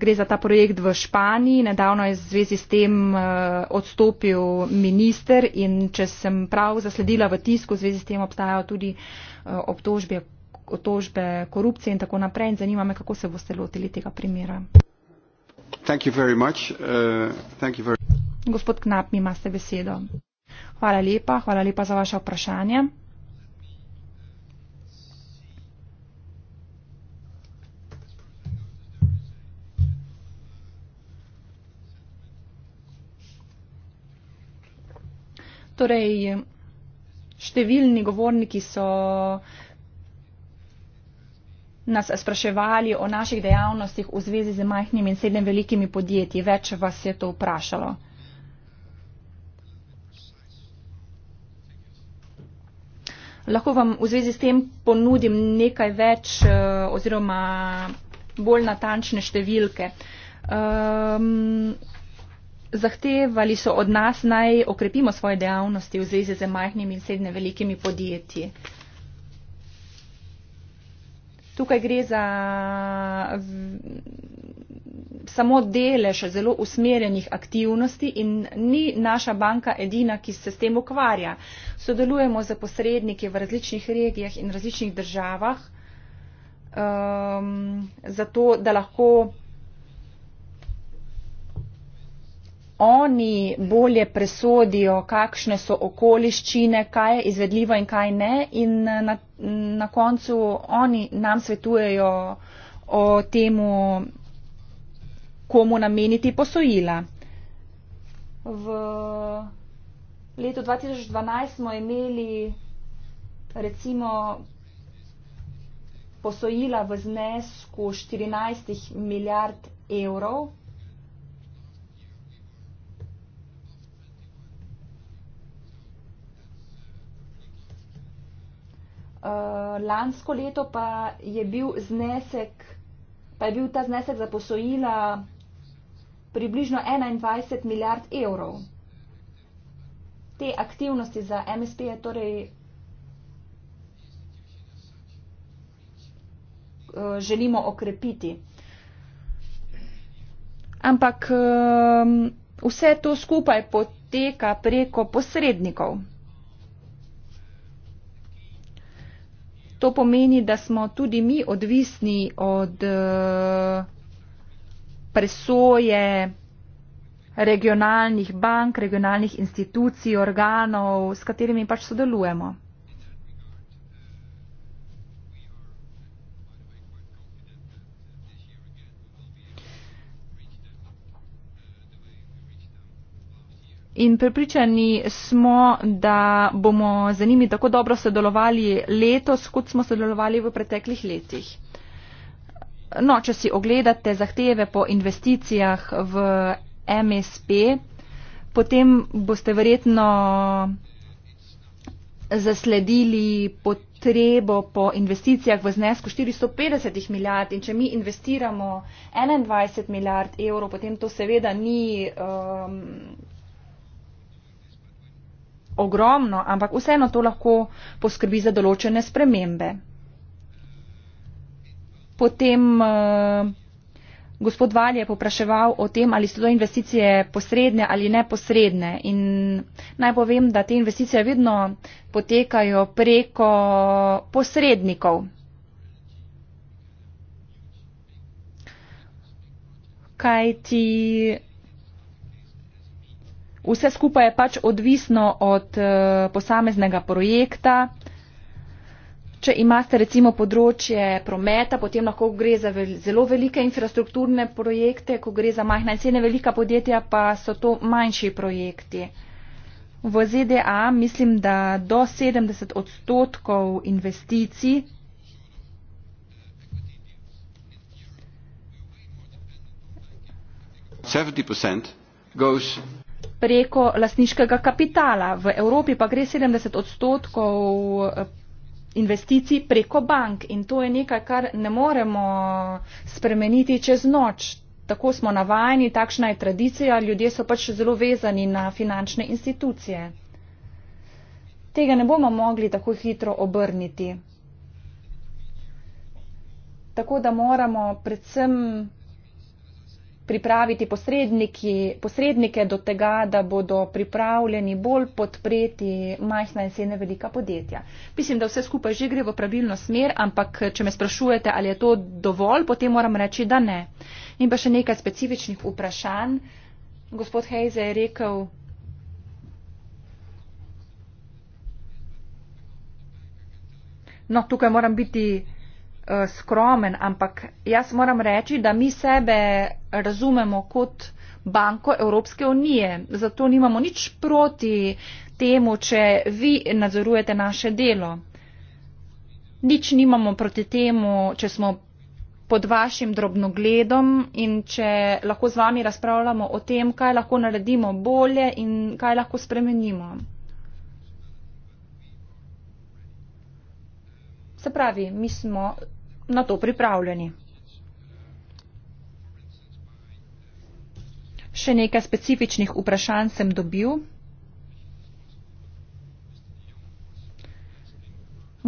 gre za ta projekt v Španiji. Nedavno je v zvezi s tem eh, odstopil minister in če sem prav zasledila v tisku, v zvezi s tem obstajajo tudi eh, obtožbe, otožbe korupcije in tako naprej. In zanima me, kako se boste lotili tega primera. Uh, very... Gospod Knap, imate besedo. Hvala lepa, hvala lepa za vaše vprašanje. Torej, številni govorniki so nas spraševali o naših dejavnostih v zvezi z majhnimi in srednjimi velikimi podjetji. Več vas je to vprašalo. Lahko vam v zvezi s tem ponudim nekaj več eh, oziroma bolj natančne številke. Ehm, Zahtevali so od nas, naj okrepimo svoje dejavnosti v zvezi z majhnimi in srednje velikimi podjetji. Tukaj gre za samo delež zelo usmerjenih aktivnosti in ni naša banka edina, ki se s tem ukvarja. Sodelujemo z posredniki v različnih regijah in različnih državah, um, zato da lahko oni bolje presodijo, kakšne so okoliščine, kaj je izvedljivo in kaj ne. In na, na koncu oni nam svetujejo o tem, komu nameniti posojila. V letu 2012 smo imeli recimo posojila v znesku 14 milijard evrov. Eh, lansko leto pa je bil znesek, pa je bil ta znesek za posojila približno 21 milijard evrov. Te aktivnosti za MSP je torej eh, želimo okrepiti. Ampak ehm, vse to skupaj poteka preko posrednikov. To pomeni, da smo tudi mi odvisni od eh, presoje regionalnih bank, regionalnih institucij, organov, s katerimi pač sodelujemo. in prepričani smo, da bomo z njimi tako dobro sodelovali letos, kot smo sodelovali v preteklih letih. No, če si ogledate zahteve po investicijah v MSP, potem boste verjetno zasledili potrebo po investicijah v znesku 450 milijard in če mi investiramo 21 milijard evrov, potem to seveda ni. Um, ogromno, ampak vseeno to lahko poskrbi za določene spremembe. Potem uh, gospod Val je popraševal o tem, ali so to investicije posredne ali neposredne. In naj povem, da te investicije vedno potekajo preko posrednikov. Kaj ti. Vse skupaj je pač odvisno od eh, posameznega projekta. Če imate recimo področje prometa, potem lahko gre za zelo velike infrastrukturne projekte, ko gre za majhna in srednja velika podjetja, pa so to manjši projekti. V ZDA mislim, da do 70 odstotkov investicij goes preko lasniškega kapitala. V Evropi pa gre 70 odstotkov eh, investicij preko bank in to je nekaj, kar ne moremo spremeniti čez noč. Tako smo navajeni, takšna je tradicija, ljudje so pač zelo vezani na finančne institucije. Tega ne bomo mogli tako hitro obrniti. Tako da moramo predvsem pripraviti posrednike do tega, da bodo pripravljeni bolj podpreti majhna in srednja velika podjetja. Mislim, da vse skupaj že gre v pravilno smer, ampak če me sprašujete, ali je to dovolj, potem moram reči, da ne. In pa še nekaj specifičnih vprašanj. Gospod Hejze je rekel. No, tukaj moram biti eh, skromen, ampak jaz moram reči, da mi sebe razumemo kot banko Evropske unije. Zato nimamo nič proti temu, če vi nadzorujete naše delo. Nič nimamo proti temu, če smo pod vašim drobnogledom in če lahko z vami razpravljamo o tem, kaj lahko naredimo bolje in kaj lahko spremenimo. Se pravi, mi smo na to pripravljeni. Še nekaj specifičnih vprašanj sem dobil.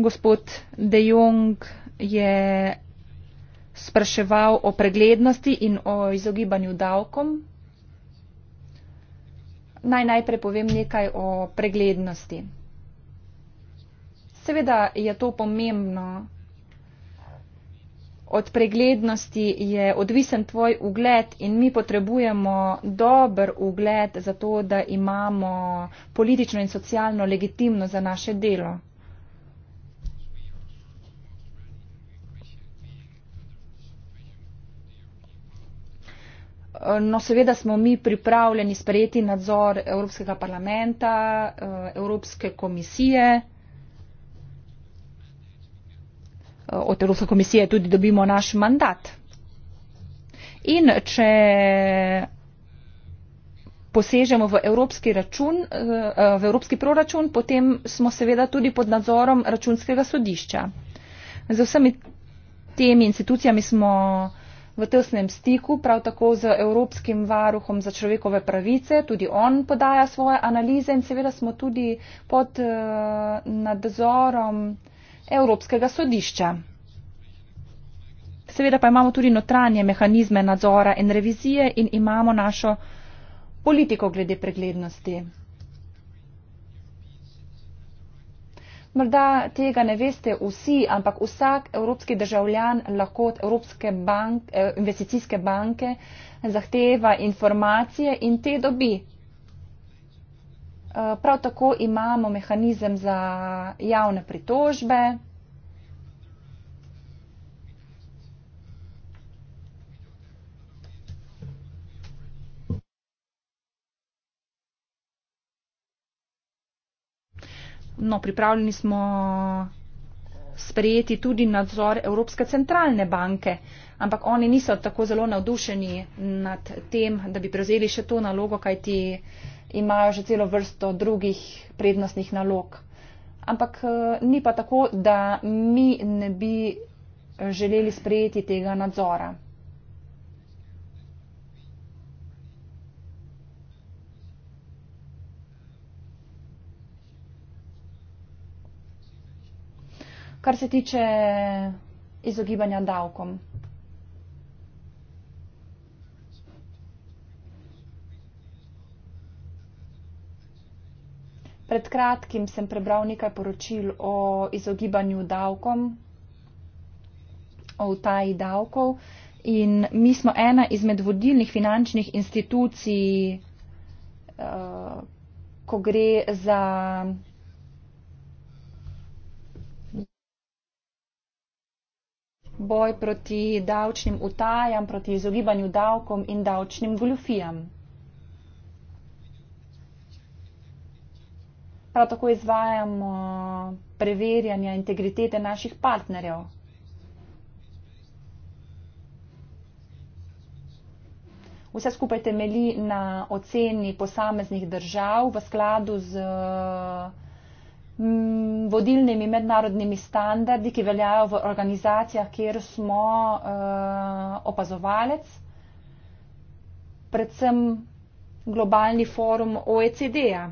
Gospod De Jong je spraševal o preglednosti in o izogibanju davkom. Naj najprej povem nekaj o preglednosti. Seveda je to pomembno od preglednosti je odvisen tvoj ugled in mi potrebujemo dober ugled za to, da imamo politično in socialno legitimno za naše delo. No, seveda smo mi pripravljeni sprejeti nadzor Evropskega parlamenta, eh, Evropske komisije. Eh, od Evropske komisije tudi dobimo naš mandat. In če posežemo v evropski, račun, eh, eh, v evropski proračun, potem smo seveda tudi pod nadzorom računskega sodišča. Z vsemi temi institucijami smo v tesnem stiku, prav tako z Evropskim varuhom za človekove pravice, tudi on podaja svoje analize in seveda smo tudi pod nadzorom Evropskega sodišča. Seveda pa imamo tudi notranje mehanizme nadzora in revizije in imamo našo politiko glede preglednosti. Morda tega ne veste vsi, ampak vsak evropski državljan lahko od Evropske bank, eh, investicijske banke zahteva informacije in te dobi. Eh, prav tako imamo mehanizem za javne pritožbe. No, pripravljeni smo sprejeti tudi nadzor Evropske centralne banke, ampak oni niso tako zelo navdušeni nad tem, da bi prevzeli še to nalogo, kaj ti. Uh, imajo že celo vrsto drugih prednostnih nalog. Ampak eh, ni pa tako, da mi ne bi želeli sprejeti tega nadzora. Kar se tiče izogibanja davkom. Pred kratkim sem prebral nekaj poročil o izogibanju davkom, o utaji davkov in mi smo ena izmed vodilnih finančnih institucij, eh, ko gre za. boj proti davčnim utajam, proti izogibanju davkom in davčnim goljufijam. Prav tako izvajamo eh, preverjanja integritete naših partnerjev. Vse skupaj temelji na oceni posameznih držav v skladu z eh, vodilnimi mednarodnimi standardi, ki veljajo v organizacijah, kjer smo eh, opazovalec, predvsem globalni forum OECD-a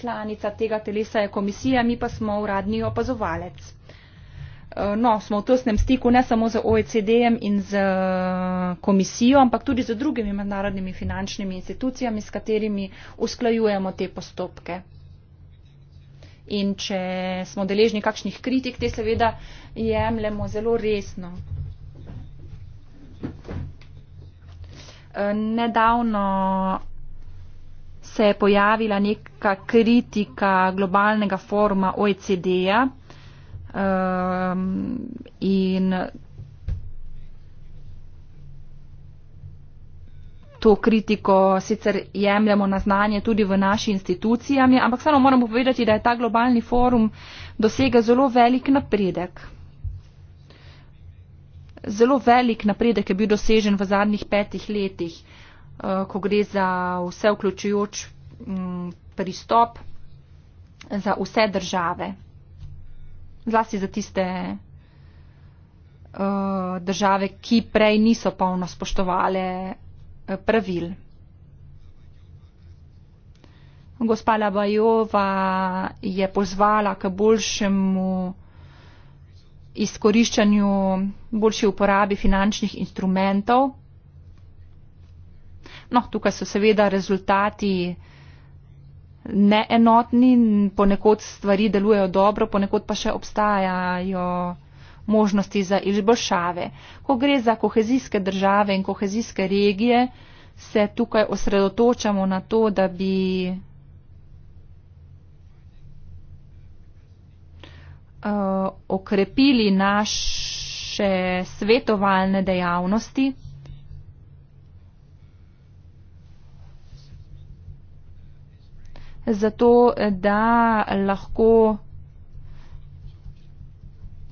članica tega telesa je komisija, mi pa smo uradni opazovalec. Eh, no, smo v tesnem stiku ne samo z OECD-jem in z eh, komisijo, ampak tudi z drugimi mednarodnimi finančnimi institucijami, s katerimi usklajujemo te postopke. In če smo deležni kakšnih kritik, te seveda jemljemo zelo resno. Eh, nedavno se je pojavila neka kritika globalnega foruma OECD-ja um, in to kritiko sicer jemljamo na znanje tudi v naši institucijami, ampak samo moram povedati, da je ta globalni forum dosega zelo velik napredek. Zelo velik napredek je bil dosežen v zadnjih petih letih. Eh, ko gre za vse vključujoč mm, pristop za vse države, zlasti za tiste eh, države, ki prej niso polno spoštovale eh, pravil. Gospa Labajova je pozvala k boljšemu izkoriščanju, boljši uporabi finančnih instrumentov No, tukaj so seveda rezultati neenotni, ponekod stvari delujejo dobro, ponekod pa še obstajajo možnosti za izboljšave. Ko gre za kohezijske države in kohezijske regije, se tukaj osredotočamo na to, da bi uh, okrepili naše svetovalne dejavnosti. zato da lahko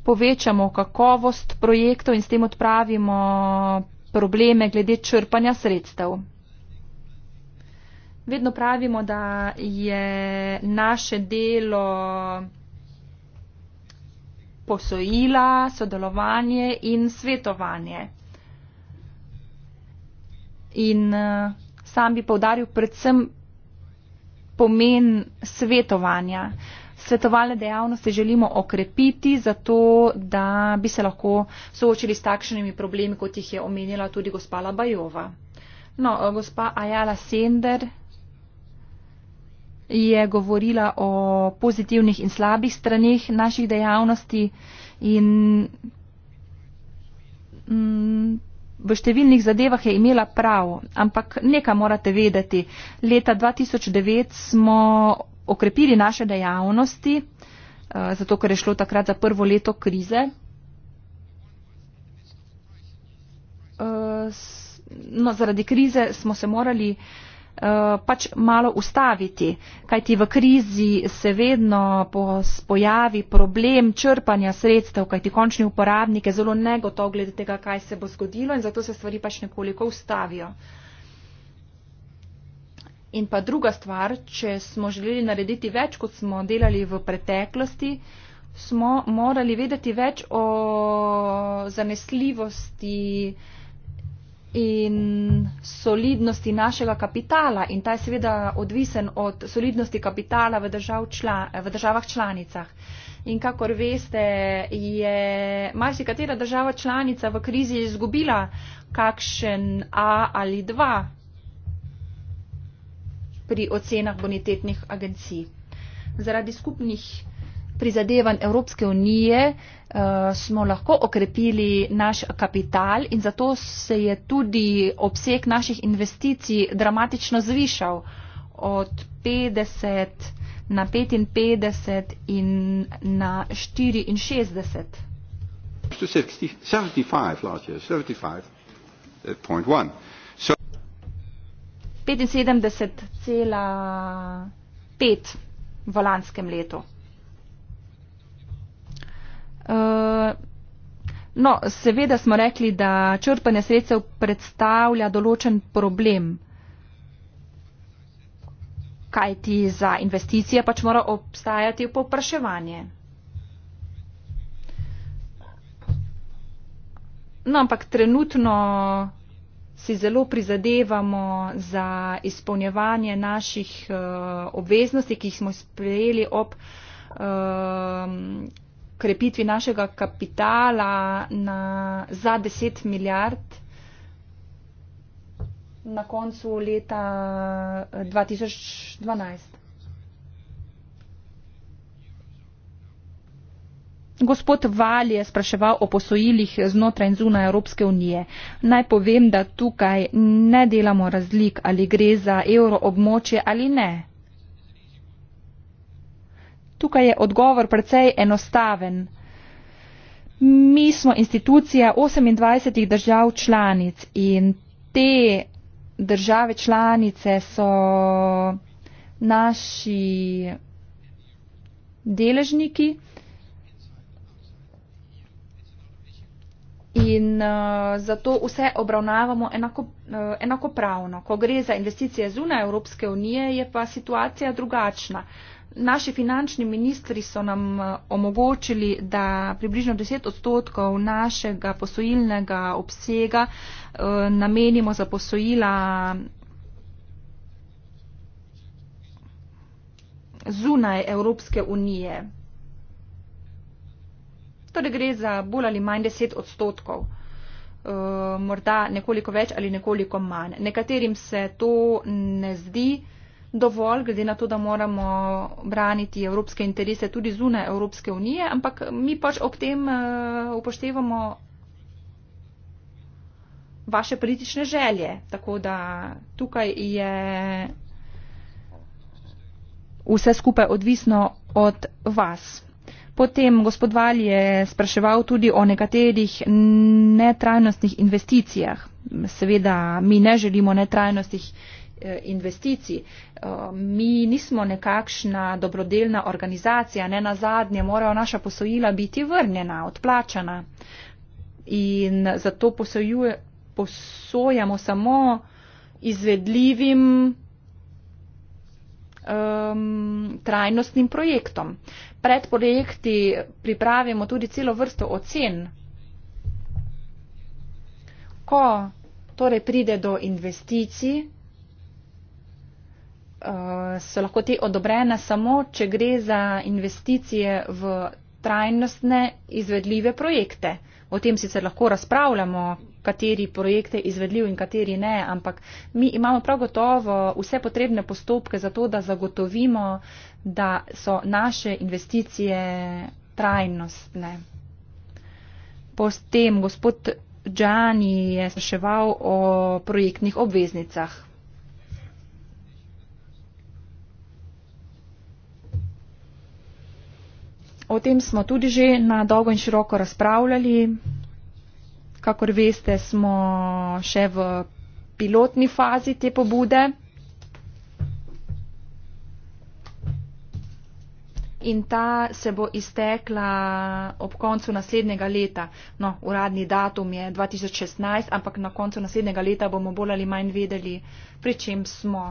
povečamo kakovost projektov in s tem odpravimo probleme glede črpanja sredstev. Vedno pravimo, da je naše delo posojila, sodelovanje in svetovanje. In eh, sam bi povdaril predvsem pomen svetovanja. Svetovalne dejavnosti želimo okrepiti, zato da bi se lahko soočili s takšnimi problemi, kot jih je omenila tudi gospa Labajova. No, eh, gospa Ajala Sender je govorila o pozitivnih in slabih stranih naših dejavnosti in. Mm, v številnih zadevah je imela prav, ampak nekaj morate vedeti. Leta 2009 smo okrepili naše dejavnosti, eh, zato ker je šlo takrat za prvo leto krize. Eh, no, zaradi krize smo se morali. Eh, pač malo ustaviti, kajti v krizi se vedno pojavi problem črpanja sredstev, kajti končni uporabnik je zelo negotov glede tega, kaj se bo zgodilo in zato se stvari pač nekoliko ustavijo. In pa druga stvar, če smo želeli narediti več, kot smo delali v preteklosti, smo morali vedeti več o zanesljivosti, in solidnosti našega kapitala in ta je seveda odvisen od solidnosti kapitala v, držav čla, v državah članicah. In kakor veste, je marsikatera država članica v krizi izgubila kakšen A ali 2 pri ocenah bonitetnih agencij. Zaradi skupnih prizadevanj Evropske unije eh, smo lahko okrepili naš kapital in zato se je tudi obseg naših investicij dramatično zvišal od 50 na 55 in na 64. Eh, so 75,1 75, v lanskem letu. Eh, no, seveda smo rekli, da črpanje sredstev predstavlja določen problem. Kaj ti za investicije pač mora obstajati v popraševanje? No, ampak trenutno si zelo prizadevamo za izpolnjevanje naših uh, obveznosti, ki smo sprejeli ob uh, krepitvi našega kapitala na, za 10 milijard na koncu leta 2012. Eh, Gospod Val je spraševal o posojilih znotraj in zunaj Evropske unije. Naj povem, da tukaj ne delamo razlik, ali gre za evro območje ali ne tukaj je odgovor precej enostaven. Mi smo institucija 28 držav članic in te države članice so naši deležniki. In uh, zato vse obravnavamo enako, uh, enakopravno. Ko gre za investicije zunaj Evropske unije, je pa situacija drugačna. Uh, Naši finančni ministri so nam eh, omogočili, da približno 10 odstotkov našega posojilnega obsega eh, namenimo za posojila zunaj Evropske unije. Torej gre za bolj ali manj 10 odstotkov, eh, morda nekoliko več ali nekoliko manj. Nekaterim se to ne zdi dovolj, glede na to, da moramo braniti evropske interese tudi zunaj Evropske unije, ampak mi pač ob tem eh, upoštevamo vaše politične želje. Tako da tukaj je vse skupaj odvisno od vas. Potem gospod Val je spraševal tudi o nekaterih netrajnostnih investicijah. Seveda mi ne želimo netrajnostnih investicij Eh, investicij. Eh, mi nismo nekakšna dobrodelna organizacija, ne na zadnje morajo naša posojila biti vrnjena, odplačana. In zato posojuje, posojamo samo izvedljivim um, trajnostnim projektom. Pred projekti pripravimo tudi celo vrsto ocen. Ko torej pride do investicij, Eh, so lahko te odobrene samo, če gre za investicije v trajnostne izvedljive projekte. O tem sicer lahko razpravljamo, kateri projekt je izvedljiv in kateri ne, ampak mi imamo prav gotovo vse potrebne postopke za to, da zagotovimo, da so naše investicije trajnostne. Potem gospod Džani je spraševal o projektnih obveznicah. O tem smo tudi že na dolgo in široko razpravljali. Kakor veste, smo še v pilotni fazi te pobude. In ta se bo iztekla ob koncu naslednjega leta. No, uradni datum je 2016, ampak na koncu naslednjega leta bomo bolj ali manj vedeli, pri čem smo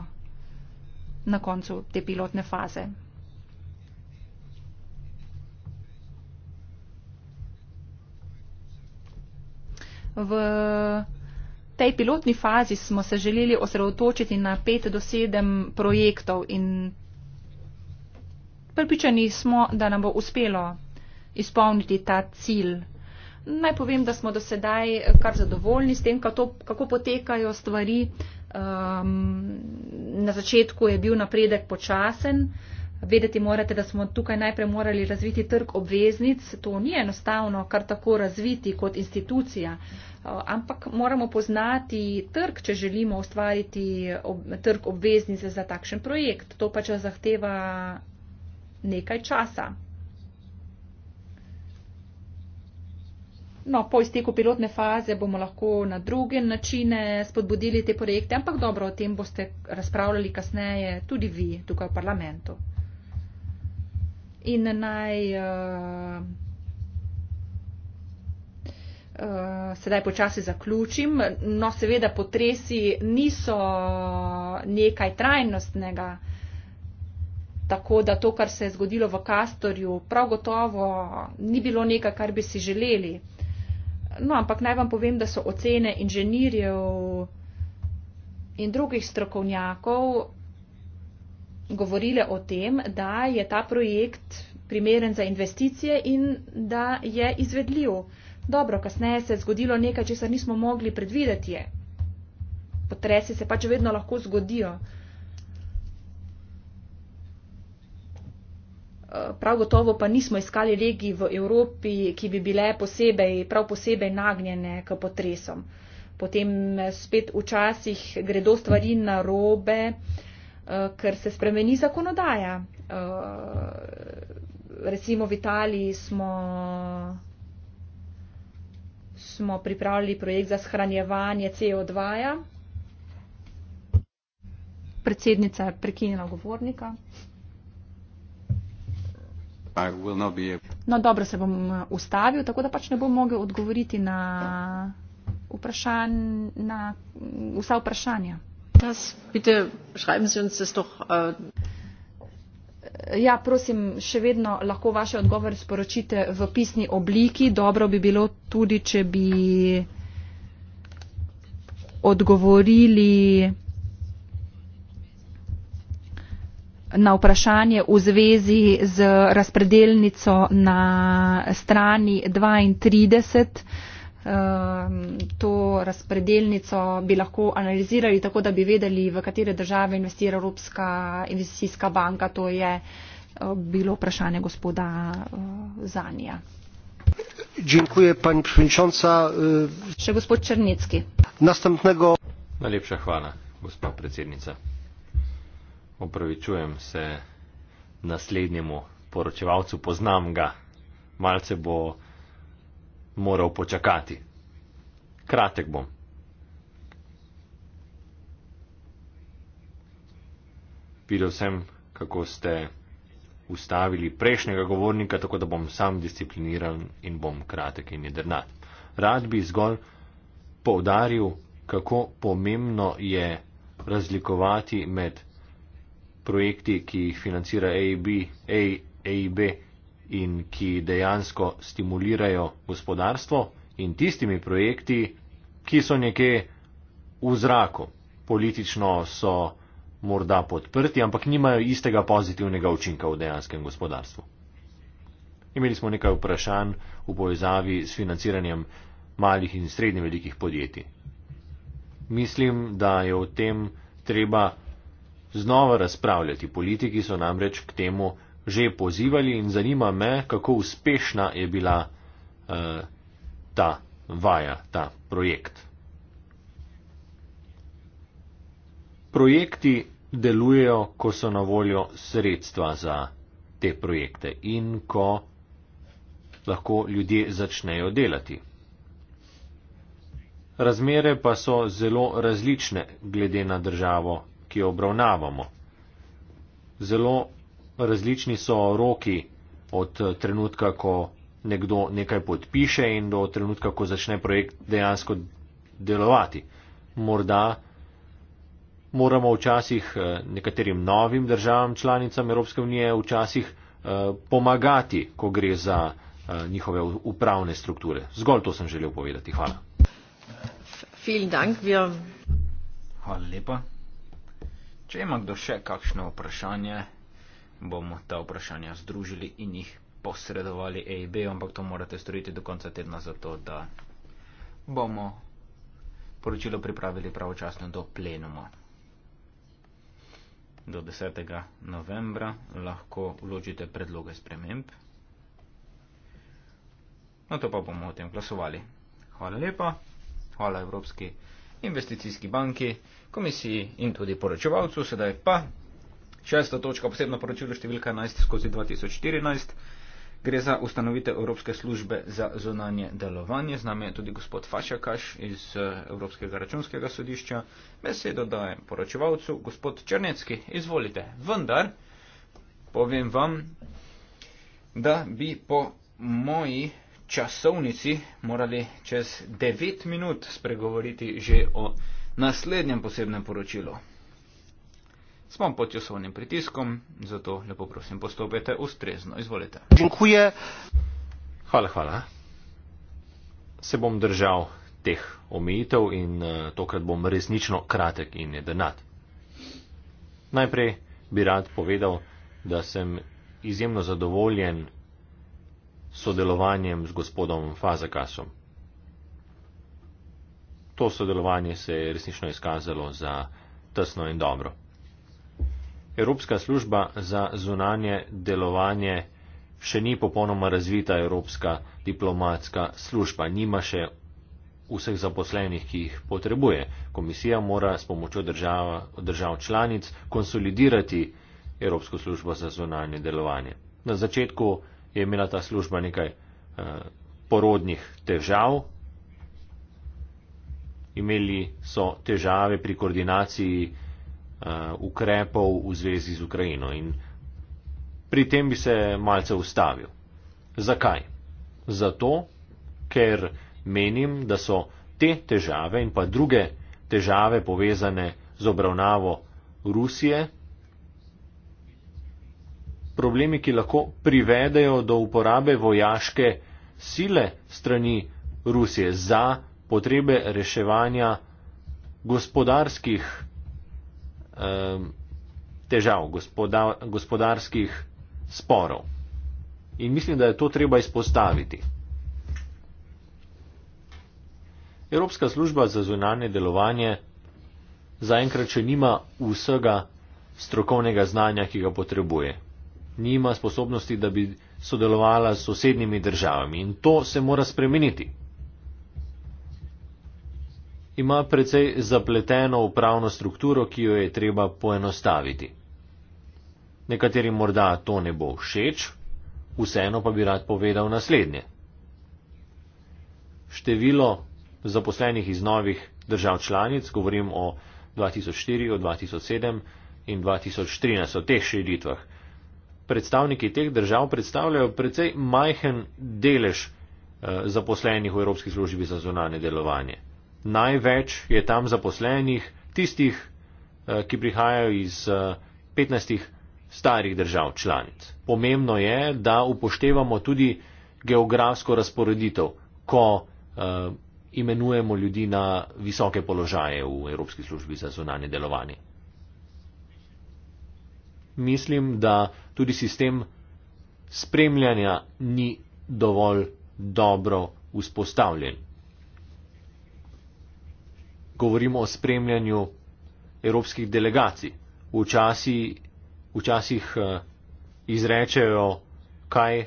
na koncu te pilotne faze. v tej pilotni fazi smo se želeli osredotočiti na pet do sedem projektov in pripričani smo, da nam bo uspelo izpolniti ta cilj. Naj povem, da smo do sedaj kar zadovoljni s tem, kako, kako potekajo stvari. Um, na začetku je bil napredek počasen. Uh, Vedeti morate, da smo tukaj najprej morali razviti trg obveznic. To ni enostavno kar tako razviti kot institucija, eh, ampak moramo poznati trg, če želimo ustvariti trg obveznice za takšen projekt. To pač zahteva nekaj časa. No, po izteku pilotne faze bomo lahko na druge načine spodbudili te projekte, ampak dobro, o tem boste razpravljali kasneje tudi vi tukaj v parlamentu in naj eh, eh, sedaj počasi zaključim. No, seveda potresi niso nekaj trajnostnega, tako da to, kar se je zgodilo v Kastorju, prav gotovo ni bilo nekaj, kar bi si želeli. No, ampak naj vam povem, da so ocene inženirjev in drugih strokovnjakov govorile o tem, da je ta projekt primeren za investicije in da je izvedljiv. Dobro, kasneje se je zgodilo nekaj, česar nismo mogli predvideti. Potresi se pač vedno lahko zgodijo. Prav gotovo pa nismo iskali regij v Evropi, ki bi bile posebej, prav posebej nagnjene k potresom. Potem spet včasih gredo stvari na robe. Uh, Eh, ker se spremeni zakonodaja. Eh, recimo v Italiji smo, smo pripravili projekt za shranjevanje CO2-ja. Predsednica je prekinila govornika. No, dobro se bom eh, ustavil, tako da pač ne bom mogel odgovoriti na, vprašan, na vsa vprašanja čas. Bitte schreiben Sie uns das doch. Äh, ja, prosim, še vedno lahko vaše odgovore sporočite v pisni obliki. Dobro bi bilo tudi, če bi odgovorili na vprašanje v zvezi z razpredelnico na strani 32. Ehm, to razpredelnico bi lahko analizirali, tako da bi vedeli, v katere države investira Evropska investicijska banka. To je eh, bilo vprašanje gospoda eh, Zanija. Dziękuję, pani przewodnicząca. Jeszcze gospod Czernicki. Następnego. Najlepsza chwała, gospa predsjednica. Opravičujem se następnemu poročevalcu, poznam ga. Malce bo moral počakati. Kratek bom. Videl sem, kako ste ustavili prejšnjega govornika, tako da bom sam discipliniran in bom kratek in jedrnat. Rad bi zgolj poudaril, kako pomembno je razlikovati med projekti, ki jih financira AIB, AIB in ki dejansko stimulirajo gospodarstvo in tistimi projekti, ki so nekje v zraku. Politično so morda podprti, ampak nimajo istega pozitivnega učinka v dejanskem gospodarstvu. Imeli smo nekaj vprašanj v povezavi s financiranjem malih in srednje velikih podjetij. Mislim, da je o tem treba znova razpravljati. Politiki so namreč k temu že pozivali in zanima me, kako uspešna je bila eh, ta vaja, ta projekt. Projekti delujejo, ko so na voljo sredstva za te projekte in ko lahko ljudje začnejo delati. Razmere pa so zelo različne glede na državo, ki jo obravnavamo. Zelo različni so roki od trenutka, ko nekdo nekaj podpiše in do trenutka, ko začne projekt dejansko delovati. Morda moramo včasih eh, nekaterim novim državam članicam Evropske unije včasih eh, pomagati, ko gre za eh, njihove upravne strukture. Zgolj to sem želel povedati. Hvala. Hvala lepa. Če ima kdo še kakšno vprašanje? bomo ta vprašanja združili in jih posredovali AIB, ampak to morate storiti do konca tedna, zato da bomo poročilo pripravili pravočasno do plenuma. Do 10. novembra lahko vložite predloge sprememb. No to pa bomo o tem glasovali. Hvala lepa, hvala Evropski investicijski banki, komisiji in tudi poročevalcu, sedaj pa. Šesta točka, posebno poročilo številka 11 skozi 2014, gre za ustanovitev Evropske službe za zonanje delovanje. Z nami je tudi gospod Fašakaš iz eh, Evropskega računskega sodišča. Besedo dajem poročevalcu, gospod Črnecki, izvolite. Vendar povem vam, da bi po moji časovnici morali čez 9 minut spregovoriti že o naslednjem posebnem poročilu s pomočjosovnim pritiskom, zato lepo prosim postopite ustrezno. Izvolite. Hvala, hvala. Se bom držal teh omejitev in uh, tokrat bom resnično kratek in jedenat. Najprej bi rad povedal, da sem izjemno zadovoljen sodelovanjem z gospodom Fazakasom. To sodelovanje se je resnično izkazalo za tesno in dobro. Evropska služba za zunanje delovanje še ni popolnoma razvita Evropska diplomatska služba, nima še vseh zaposlenih, ki jih potrebuje. Komisija mora s pomočjo država, držav članic konsolidirati Evropsko službo za zunanje delovanje. Na začetku je imela ta služba nekaj eh, porodnih težav, imeli so težave pri koordinaciji Eh, ukrepov v zvezi z Ukrajino in pri tem bi se malce ustavil. Zakaj? Zato, ker menim, da so te težave in pa druge težave povezane z obravnavo Rusije problemi, ki lahko privedejo do uporabe vojaške sile strani Rusije za potrebe reševanja gospodarskih težav, gospodarskih sporov. In mislim, da je to treba izpostaviti. Evropska služba za zunanje delovanje zaenkrat še nima vsega strokovnega znanja, ki ga potrebuje. Nima sposobnosti, da bi sodelovala s sosednjimi državami in to se mora spremeniti ima precej zapleteno upravno strukturo, ki jo je treba poenostaviti. Nekaterim morda to ne bo všeč, vseeno pa bi rad povedal naslednje. Število zaposlenih iz novih držav članic, govorim o 2004, o 2007 in 2013, o teh širitvah, predstavniki teh držav predstavljajo precej majhen delež eh, zaposlenih v Evropski službi za zunanje delovanje. Največ je tam zaposlenih tistih, eh, ki prihajajo iz 15 eh, starih držav članic. Pomembno je, da upoštevamo tudi geografsko razporeditev, ko eh, imenujemo ljudi na visoke položaje v Evropski službi za zunanje delovanje. Mislim, da tudi sistem spremljanja ni dovolj dobro vzpostavljen govorimo o spremljanju evropskih delegacij. Včasih, včasih eh, izrečejo kaj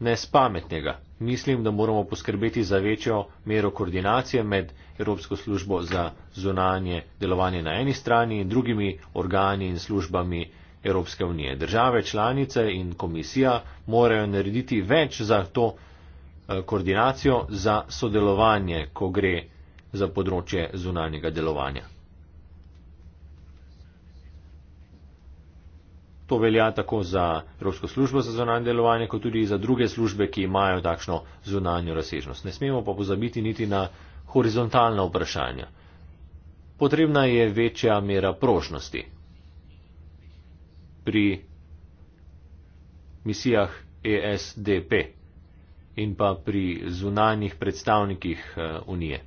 nespametnega. Mislim, da moramo poskrbeti za večjo mero koordinacije med Evropsko službo za zunanje delovanje na eni strani in drugimi organi in službami Evropske unije. Države, članice in komisija morajo narediti več za to eh, koordinacijo, za sodelovanje, ko gre za področje zunanjega delovanja. To velja tako za Evropsko službo za zunanje delovanje, kot tudi za druge službe, ki imajo takšno zunanjo razsežnost. Ne smemo pa pozabiti niti na horizontalna vprašanja. Potrebna je večja mera prožnosti pri misijah ESDP in pa pri zunanjih predstavnikih eh, Unije.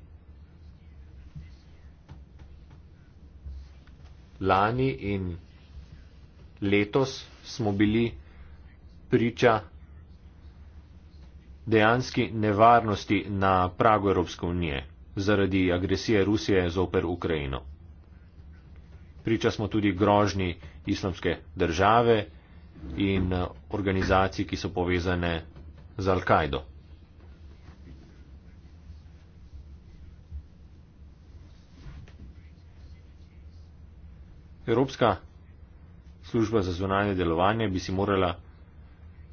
lani in letos smo bili priča dejanski nevarnosti na pragu Evropske unije zaradi agresije Rusije zoper Ukrajino. Priča smo tudi grožni islamske države in organizacij, ki so povezane z Al-Kaido. Evropska služba za zunanje delovanje bi si morala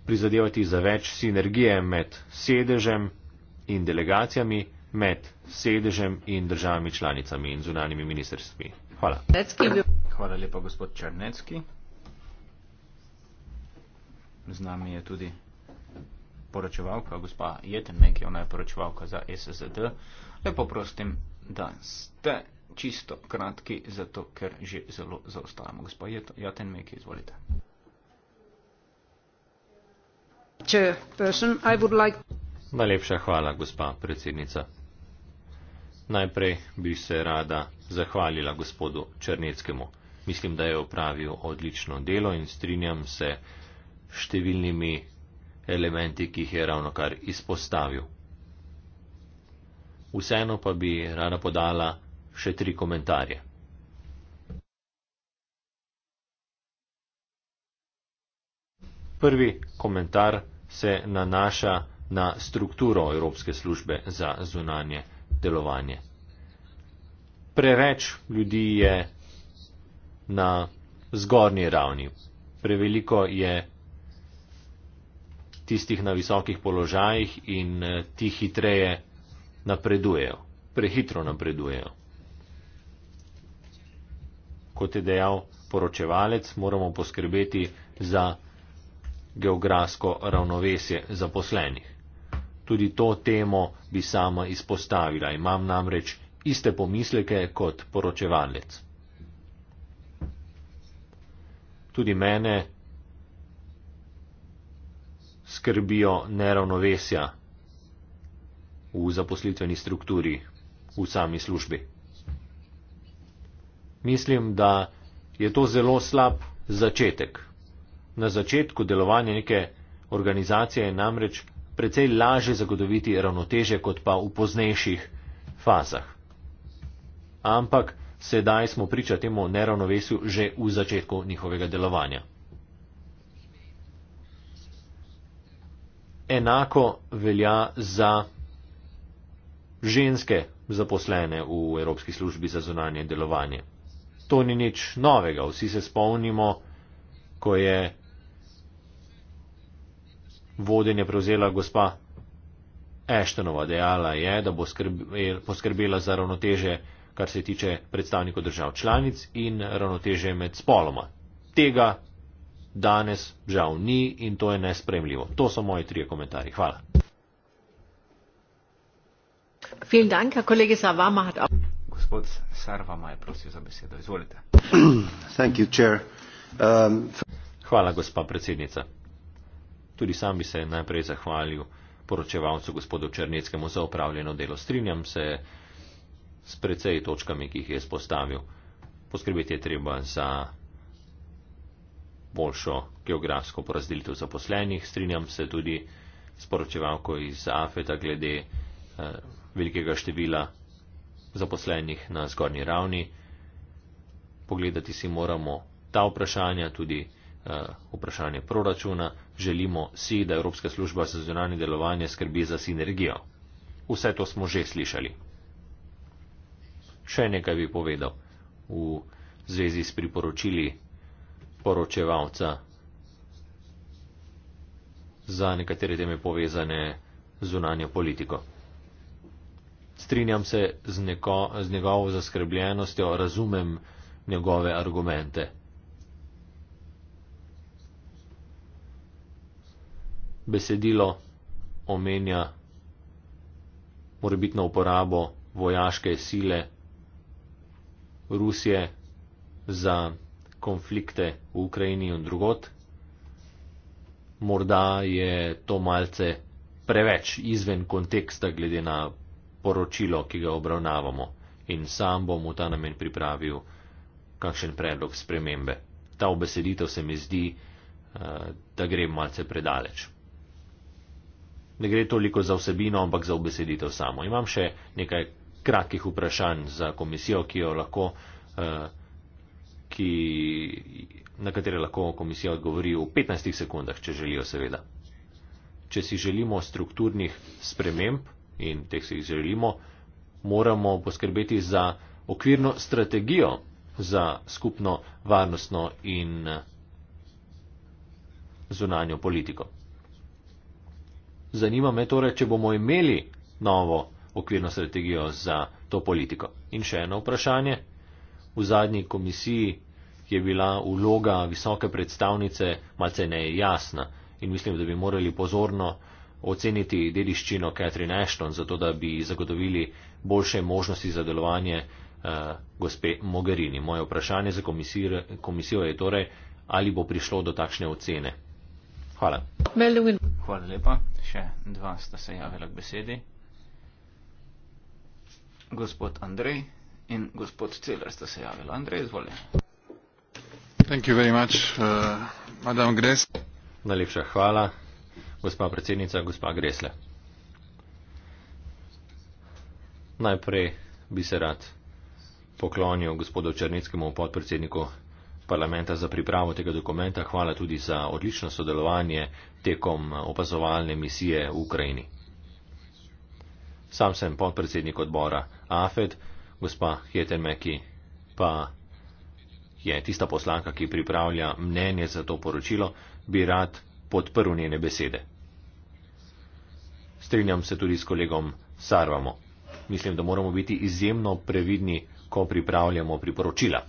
prizadevati za več sinergije med sedežem in delegacijami, med sedežem in državami članicami in zunanimi ministrstvi. Hvala. Hvala lepa, gospod Črnecki. Z nami je tudi poročevalka, gospa Jetenek, ona je poročevalka za SSD. Lepo prosim, da ste čisto kratki, zato ker že zelo zaostajamo. Gospod Jaten Mek, izvolite. Person, like... Najlepša hvala, gospa predsednica. Najprej bi se rada zahvalila gospodu Črneckemu. Mislim, da je opravil odlično delo in strinjam se številnimi elementi, ki jih je ravno kar izpostavil. Vseeno pa bi rada podala še tri komentarje. Prvi komentar se nanaša na strukturo Evropske službe za zunanje delovanje. Preveč ljudi je na zgornji ravni, preveliko je tistih na visokih položajih in eh, ti hitreje napredujejo, prehitro napredujejo kot je dejal poročevalec, moramo poskrbeti za geografsko ravnovesje zaposlenih. Tudi to temo bi sama izpostavila. Imam namreč iste pomisleke kot poročevalec. Tudi mene skrbijo neravnovesja v zaposlitveni strukturi, v sami službi mislim, da je to zelo slab začetek. Na začetku delovanja neke organizacije je namreč precej lažje zagotoviti ravnoteže, kot pa v poznejših fazah. Ampak sedaj smo priča temu neravnovesju že v začetku njihovega delovanja. Enako velja za ženske zaposlene v Evropski službi za zunanje delovanje to ni nič novega. Vsi se spomnimo, ko je vodenje prevzela gospa Eštonova. Dejala je, da bo poskrbela za ravnoteže, kar se tiče predstavnikov držav članic in ravnoteže med spoloma. Tega danes žal ni in to je nespremljivo. To so moji trije komentarji. Hvala. Vielen Dank, Herr Kollege Savama hat auch. Gospod Sarvama je prosil za besedo. Izvolite. You, um, Hvala, gospa predsednica. Tudi sam bi se najprej zahvalil poročevalcu gospodu Črneckemu za opravljeno delo. Strinjam se s precej točkami, ki jih je spostavil. Poskrbeti je treba za boljšo geografsko porazdelitev zaposlenih. Strinjam se tudi s poročevalko iz Afeta glede eh, velikega števila zaposlenih na zgornji ravni. Pogledati si moramo ta vprašanja, tudi uh, vprašanje proračuna. Želimo si, da Evropska služba za zunanje delovanje skrbi za sinergijo. Vse to smo že slišali. Še nekaj bi povedal v zvezi s priporočili poročevalca za nekatere teme povezane z zunanjo politiko. Strinjam se z, neko, z njegovo zaskrbljenostjo, razumem njegove argumente. Besedilo omenja morebitno uporabo vojaške sile Rusije za konflikte v Ukrajini in drugot. Morda je to malce preveč izven konteksta, glede na poročilo, ki ga obravnavamo, in sam bom v ta namen pripravil kakšen predlog spremembe. Ta obeseditev se mi zdi, eh, da gre malce predaleč. Ne gre toliko za vsebino, ampak za obeseditev samo. Imam še nekaj kratkih vprašanj za komisijo, ki jo lahko. Eh, ki, na katere lahko komisija odgovori v 15 sekundah, če želijo, seveda. Če si želimo strukturnih sprememb, in teh si jih želimo, moramo poskrbeti za okvirno strategijo za skupno varnostno in zunanjo politiko. Zanima me torej, če bomo imeli novo okvirno strategijo za to politiko. In še eno vprašanje. V zadnji komisiji je bila vloga visoke predstavnice malce nejasna in mislim, da bi morali pozorno oceniti dediščino Catherine Ashton, zato da bi zagotovili boljše možnosti za delovanje eh, gospe Mogherini. Moje vprašanje za komisijo je torej, ali bo prišlo do takšne ocene. Hvala. Hvala lepa. Še dva sta se javila k besedi. Gospod Andrej in gospod Celer sta se javila. Andrej, izvoli. Thank you very much, uh, Madam Gres. Najlepša hvala. Gospa predsednica, gospa Gresle. Najprej bi se rad poklonil gospodu Črnickemu, podpredsedniku parlamenta za pripravo tega dokumenta. Hvala tudi za odlično sodelovanje tekom opazovalne misije v Ukrajini. Sam sem podpredsednik odbora AFED, gospa Hetemeki pa je tista poslanka, ki pripravlja mnenje za to poročilo, bi rad podprl njene besede. Strinjam se tudi s kolegom Sarvamo. Mislim, da moramo biti izjemno previdni, ko pripravljamo priporočila.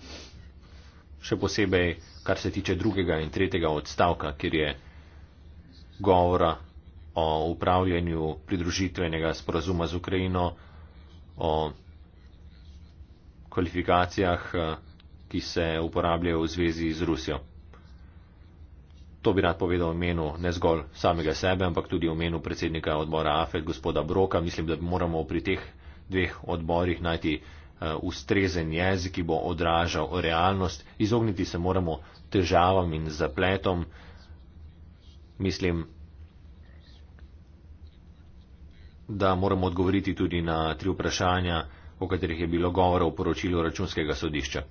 Še posebej, kar se tiče drugega in tretjega odstavka, kjer je govora o upravljanju pridružitvenega sporazuma z Ukrajino, o kvalifikacijah, eh, ki se uporabljajo v zvezi z Rusijo. To bi rad povedal v imenu ne zgolj samega sebe, ampak tudi v imenu predsednika odbora AFED, gospoda Broka. Mislim, da moramo pri teh dveh odborih najti uh, ustrezen jezik, ki bo odražal realnost. Izogniti se moramo težavam in zapletom. Mislim, da moramo odgovoriti tudi na tri vprašanja, o katerih je bilo govora v poročilu računskega sodišča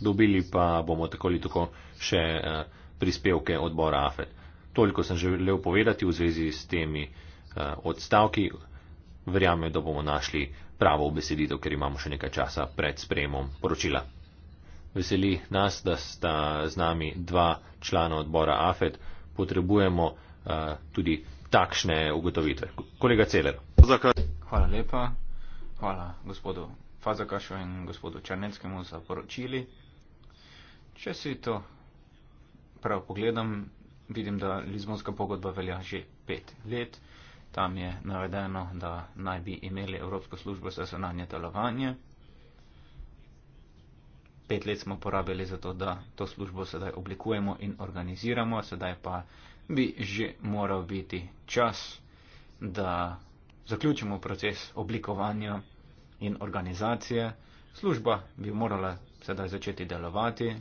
dobili pa bomo tako ali tako še eh, prispevke odbora AFED. Toliko sem želel povedati v zvezi s temi eh, odstavki. Verjamem, da bomo našli pravo obeseditev, ker imamo še nekaj časa pred sprejemom poročila. Veseli nas, da sta z nami dva člana odbora AFED. Potrebujemo uh, tudi takšne ugotovitve. Kolega Celer. Hvala lepa. Hvala gospodu Fazakašu in gospodu Črneckemu za poročili. Če si to prav pogledam, vidim, da Lizbonska pogodba velja že pet let. Tam je navedeno, da naj bi imeli Evropsko službo za zunanje delovanje. Pet let smo porabili za to, da to službo sedaj oblikujemo in organiziramo, sedaj pa bi že moral biti čas, da zaključimo proces oblikovanja in organizacije. Služba bi morala sedaj začeti delovati,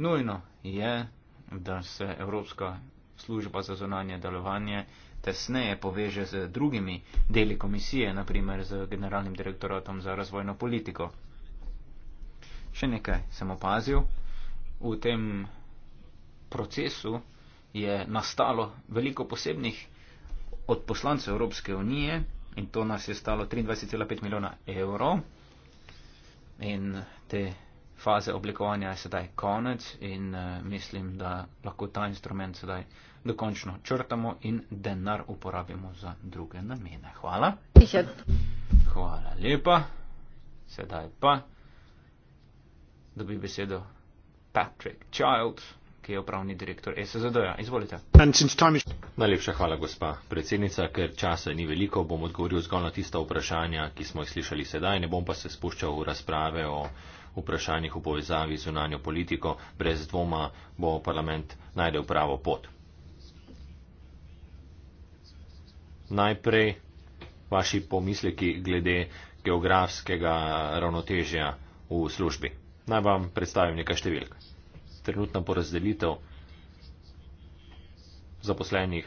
Nujno je, da se Evropska služba za zonanje delovanje tesneje poveže z drugimi deli komisije, naprimer z Generalnim direktoratom za razvojno politiko. Še nekaj sem opazil. V tem procesu je nastalo veliko posebnih od poslancev Evropske unije in to nas je stalo 23,5 milijona evrov. In te faze oblikovanja je sedaj konec in eh, mislim, da lahko ta instrument sedaj dokončno črtamo in denar uporabimo za druge namene. Hvala. Hvala lepa. Sedaj pa dobi besedo Patrick Child, ki je upravni direktor SZD-ja. Izvolite. Najlepša hvala, gospa predsednica, ker časa ni veliko, bom odgovoril zgolj na tista vprašanja, ki smo jih slišali sedaj, ne bom pa se spuščal v razprave o vprašanjih v povezavi z unanjo politiko, brez dvoma bo parlament najdel pravo pot. Najprej vaši pomisleki glede geografskega ravnotežja v službi. Naj vam predstavim nekaj številk. Trenutna porazdelitev zaposlenih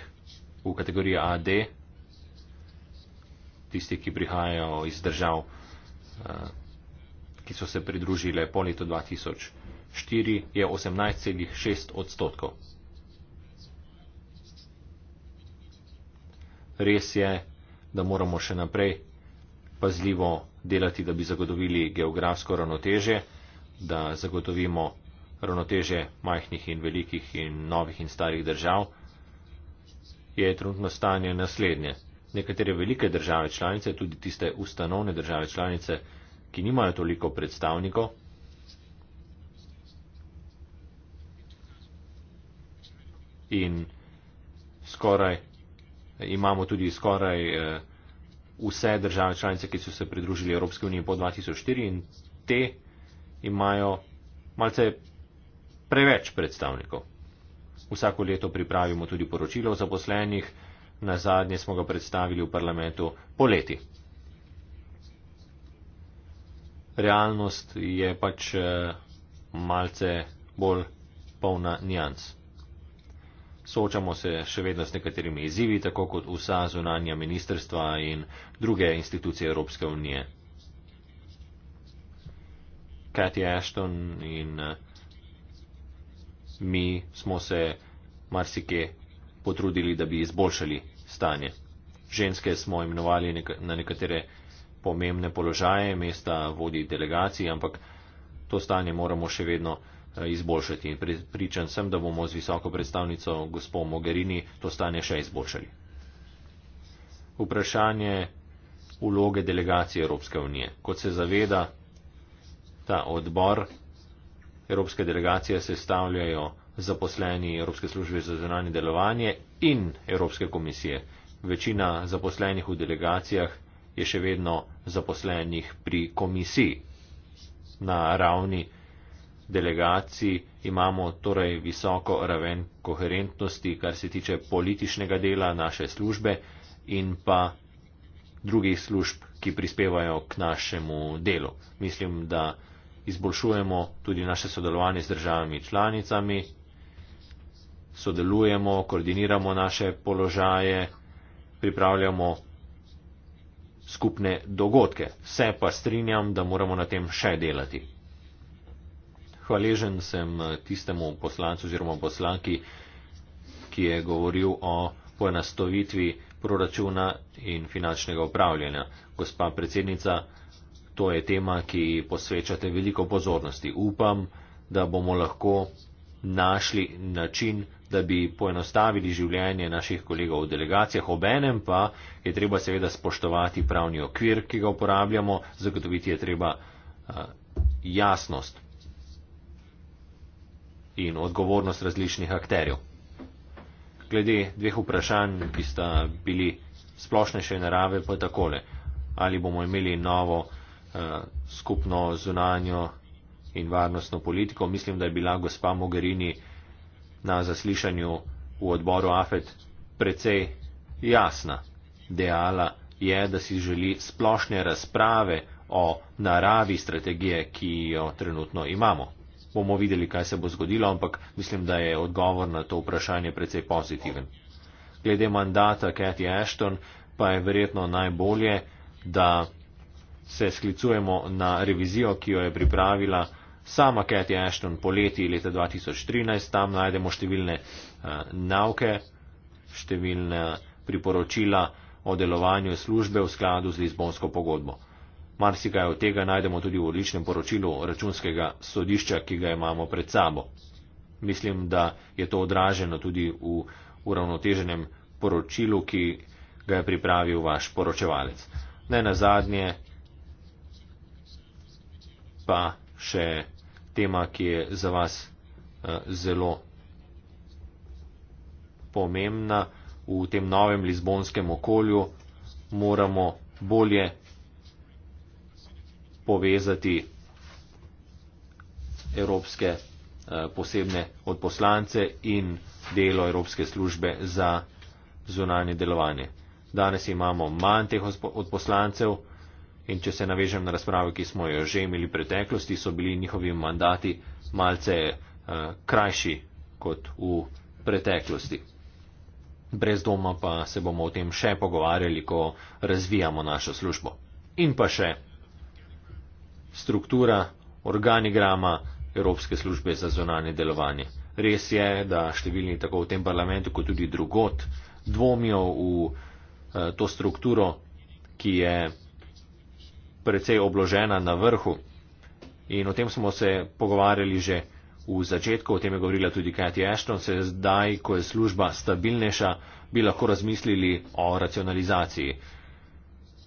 v kategoriji AD, tisti, ki prihajajo iz držav eh, ki so se pridružile po letu 2004, je 18,6 odstotkov. Res je, da moramo še naprej pazljivo delati, da bi zagotovili geografsko ravnoteže, da zagotovimo ravnoteže majhnih in velikih in novih in starih držav, je trenutno stanje naslednje. Nekatere velike države članice, tudi tiste ustanovne države članice, ki nimajo toliko predstavnikov, in skoraj, imamo tudi skoraj eh, vse države članice, ki so se pridružili Evropske unije po 2004 in te imajo malce preveč predstavnikov. Vsako leto pripravimo tudi poročilo o zaposlenih, na zadnje smo ga predstavili v parlamentu poleti realnost je pač eh, malce bolj polna nijans. Soočamo se še vedno s nekaterimi izzivi, tako kot vsa zunanja ministrstva in druge institucije Evropske unije. Cathy Ashton in eh, mi smo se marsike potrudili, da bi izboljšali stanje. Ženske smo imenovali na nekatere pomembne položaje, mesta vodi delegacij, ampak to stanje moramo še vedno eh, izboljšati. In pričan sem, da bomo z visoko predstavnico gospo Mogherini to stanje še izboljšali. Vprašanje uloge delegacije Evropske unije. Kot se zaveda, ta odbor Evropske delegacije sestavljajo zaposleni Evropske službe za zunanje delovanje in Evropske komisije. Večina zaposlenih v delegacijah je še vedno zaposlenih pri komisiji. Na ravni delegacij imamo torej visoko raven koherentnosti, kar se tiče političnega dela naše službe in pa drugih služb, ki prispevajo k našemu delu. Mislim, da izboljšujemo tudi naše sodelovanje z državami članicami, sodelujemo, koordiniramo naše položaje, pripravljamo skupne dogodke. Se pa strinjam, da moramo na tem še delati. Hvaležen sem eh, tistemu poslancu oziroma poslanki, ki je govoril o poenastovitvi proračuna in finančnega upravljanja. Gospa predsednica, to je tema, ki posvečate veliko pozornosti. Upam, da bomo lahko našli način, da bi poenostavili življenje naših kolegov v delegacijah, obenem pa je treba seveda spoštovati pravni okvir, ki ga uporabljamo, zagotoviti je treba eh, jasnost in odgovornost različnih akterjev. Glede dveh vprašanj, ki sta bili splošnejše narave, pa takole. Ali bomo imeli novo uh, skupno zunanjo in varnostno politiko? Mislim, da je bila gospa Mogherini na zaslišanju v odboru Afet precej jasna. Dejala je, da si želi splošne razprave o naravi strategije, ki jo trenutno imamo. Bomo videli, kaj se bo zgodilo, ampak mislim, da je odgovor na to vprašanje precej pozitiven. Glede mandata Cathy Ashton pa je verjetno najbolje, da se sklicujemo na revizijo, ki jo je pripravila Sama Cathy Ashton poleti leta 2013 tam najdemo številne uh, nauke, številne priporočila o delovanju službe v skladu z Lizbonsko pogodbo. Marsikaj od tega najdemo tudi v odličnem poročilu računskega sodišča, ki ga imamo pred sabo. Mislim, da je to odraženo tudi v uravnoteženem poročilu, ki ga je pripravil vaš poročevalec. Ne na zadnje pa še tema, ki je za vas eh, zelo pomembna. V tem novem lizbonskem okolju moramo bolje povezati evropske eh, posebne odposlance in delo Evropske službe za zunanje delovanje. Danes imamo manj teh odposlancev. In če se navežem na razpravo, ki smo jo že imeli v preteklosti, so bili njihovi mandati malce uh, krajši kot v preteklosti. Brez doma pa se bomo o tem še pogovarjali, ko razvijamo našo službo. In pa še struktura, organigrama Evropske službe za zonanje delovanje. Res je, da številni tako v tem parlamentu, kot tudi drugot, dvomijo v uh, to strukturo, ki je precej obložena na vrhu. In o tem smo se pogovarjali že v začetku, o tem je govorila tudi Kati Ashton, se zdaj, ko je služba stabilnejša, bi lahko razmislili o racionalizaciji.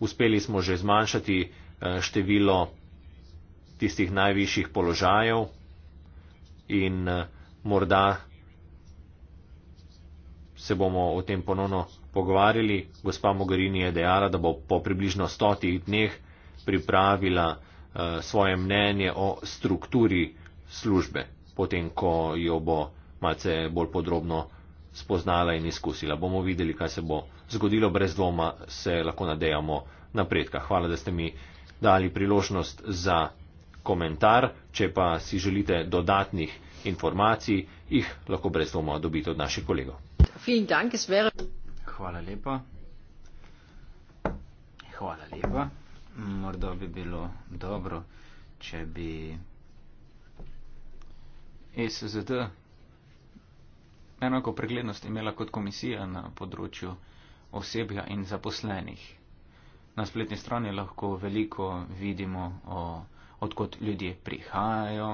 Uspeli smo že zmanjšati eh, število tistih najvišjih položajev in eh, morda se bomo o tem ponovno pogovarjali. Gospa Mogherini je dejala, da bo po približno stotih dneh pripravila eh, svoje mnenje o strukturi službe, potem ko jo bo malce bolj podrobno spoznala in izkusila. Bomo videli, kaj se bo zgodilo, brez dvoma se lahko nadejamo napredka. Hvala, da ste mi dali priložnost za komentar. Če pa si želite dodatnih informacij, jih lahko brez dvoma dobite od naših kolegov. Hvala lepa. Hvala lepa morda bi bilo dobro, če bi SZD enako preglednost imela kot komisija na področju osebja in zaposlenih. Na spletni strani lahko veliko vidimo, o, odkot ljudje prihajajo,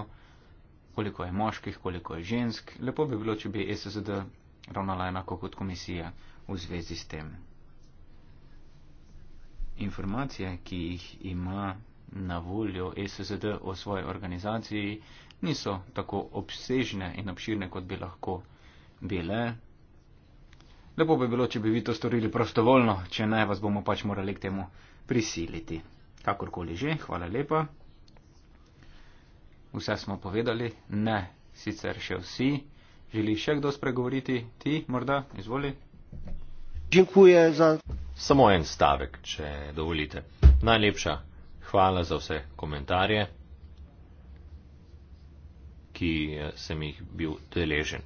koliko je moških, koliko je žensk. Lepo bi bilo, če bi SZD ravnala enako kot komisija v zvezi s tem informacije, ki jih ima na voljo e SSD o svoji organizaciji, niso tako obsežne in obširne, kot bi lahko bile. Lepo bi bilo, če bi vi to storili prostovoljno, če ne, vas bomo pač morali k temu prisiliti. Kakorkoli že, hvala lepa. Vse smo povedali, ne, sicer še vsi. Želi še kdo spregovoriti? Ti, morda, izvoli. Dziękuję za samo en stavek, če dovolite. Najlepša hvala za vse komentarje, ki eh, sem jih bil deležen.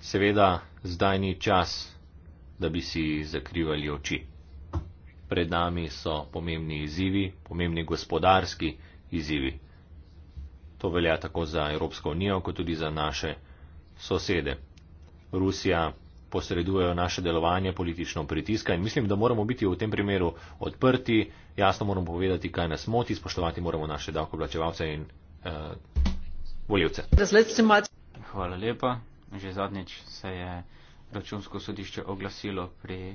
Seveda, zdaj ni čas, da bi si zakrivali oči. Pred nami so pomembni izzivi, pomembni gospodarski izzivi. To velja tako za Evropsko unijo, kot tudi za naše sosede. Rusija posredujejo naše delovanje, politično pritiska in mislim, da moramo biti v tem primeru odprti, jasno moramo povedati, kaj nas moti, spoštovati moramo naše davkoplačevalce in uh, eh, voljivce. Hvala lepa. Že zadnjič se je računsko sodišče oglasilo pri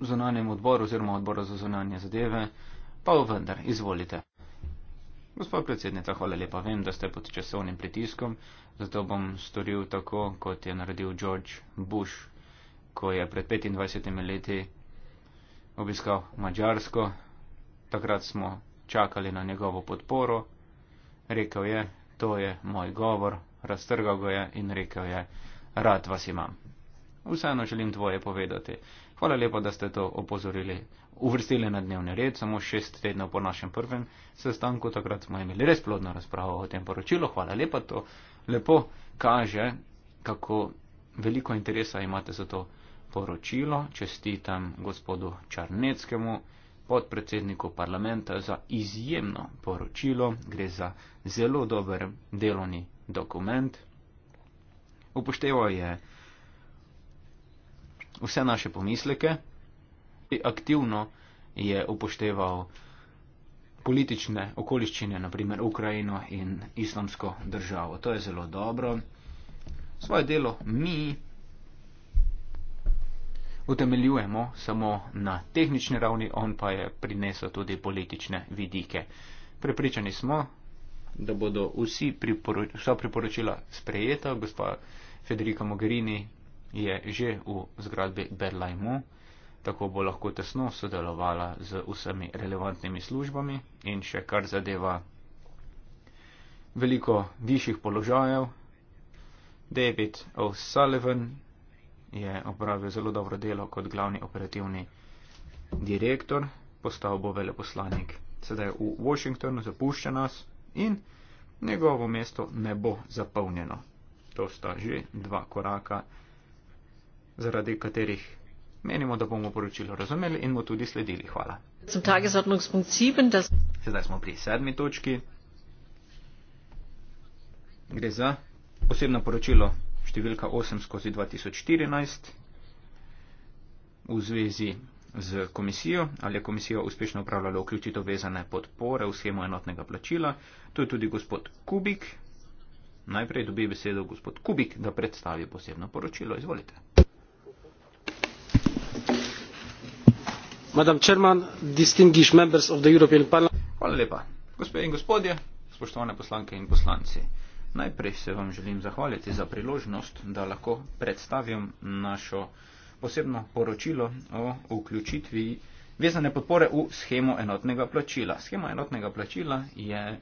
zunanjem odboru oziroma odboru za zunanje zadeve, pa vendar, izvolite. Gospod predsednica, hvala lepa. Vem, da ste pod časovnim pritiskom, zato bom storil tako, kot je naredil George Bush, ko je pred 25 leti obiskal Mačarsko. Takrat smo čakali na njegovo podporo. Rekel je, to je moj govor, raztrgal ga je in rekel je, rad vas imam. Vseeno želim tvoje povedati. Hvala lepa, da ste to opozorili uvrstili na dnevni red, samo šest tednov po našem prvem sestanku. Takrat smo imeli res plodno razpravo o tem poročilu. Hvala lepa, to lepo kaže, kako veliko interesa imate za to poročilo. Čestitam gospodu Črneckemu, podpredsedniku parlamenta, za izjemno poročilo. Gre za zelo dober delovni dokument. Upošteval je vse naše pomisleke aktivno je upošteval politične okoliščine, naprimer Ukrajino in islamsko državo. To je zelo dobro. Svoje delo mi utemeljujemo samo na tehnični ravni, on pa je prinesel tudi politične vidike. Prepričani smo, da bodo vsi priporoč vsa priporočila sprejeta. Gospa Federica Mogherini je že v zgradbi Berlajmu tako bo lahko tesno sodelovala z vsemi relevantnimi službami in še kar zadeva veliko višjih položajev. David O'Sullivan je opravil zelo dobro delo kot glavni operativni direktor, postal bo veleposlanik. Sedaj je v Washingtonu, zapušča nas in njegovo mesto ne bo zapolnjeno. To sta že dva koraka, zaradi katerih Menimo, da bomo poročilo razumeli in mu tudi sledili. Hvala. Sedaj smo pri sedmi točki. Gre za posebno poročilo številka 8 skozi 2014 v zvezi z komisijo, ali je komisija uspešno upravljala vključitev vezane podpore v schemo enotnega plačila. To je tudi gospod Kubik. Najprej dobi besedo gospod Kubik, da predstavi posebno poročilo. Izvolite. Hvala lepa. Gospe in gospodje, spoštovane poslanke in poslanci. Najprej se vam želim zahvaliti za priložnost, da lahko predstavim našo posebno poročilo o vključitvi vezane podpore v schemo enotnega plačila. Schema enotnega plačila je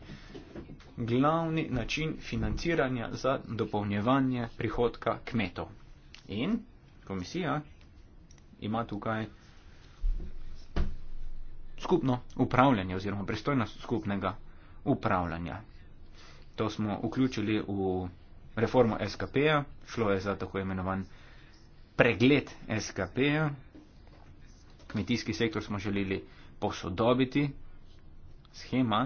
glavni način financiranja za dopolnjevanje prihodka kmetov. In komisija ima tukaj skupno upravljanje oziroma pristojnost skupnega upravljanja. To smo vključili v reformo SKP-ja, šlo je za tako imenovan pregled SKP-ja. Kmetijski sektor smo želeli posodobiti, schema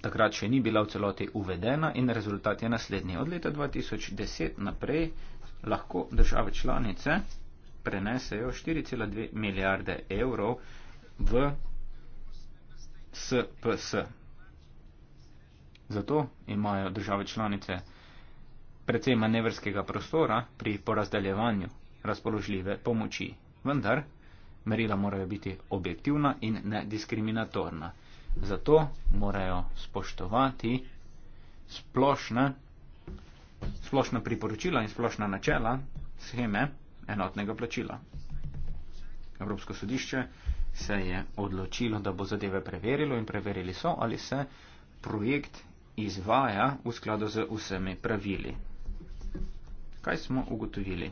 takrat še ni bila v celoti uvedena in rezultat je naslednji. Od leta 2010 naprej lahko države članice prenesejo 4,2 milijarde evrov v SPS. Zato imajo države članice precej manevrskega prostora pri porazdeljevanju razpoložljive pomoči. Vendar merila morajo biti objektivna in nediskriminatorna. Zato morajo spoštovati splošna, splošna priporočila in splošna načela scheme enotnega plačila. Evropsko sodišče se je odločilo, da bo zadeve preverilo in preverili so, ali se projekt izvaja v skladu z vsemi pravili. Kaj smo ugotovili?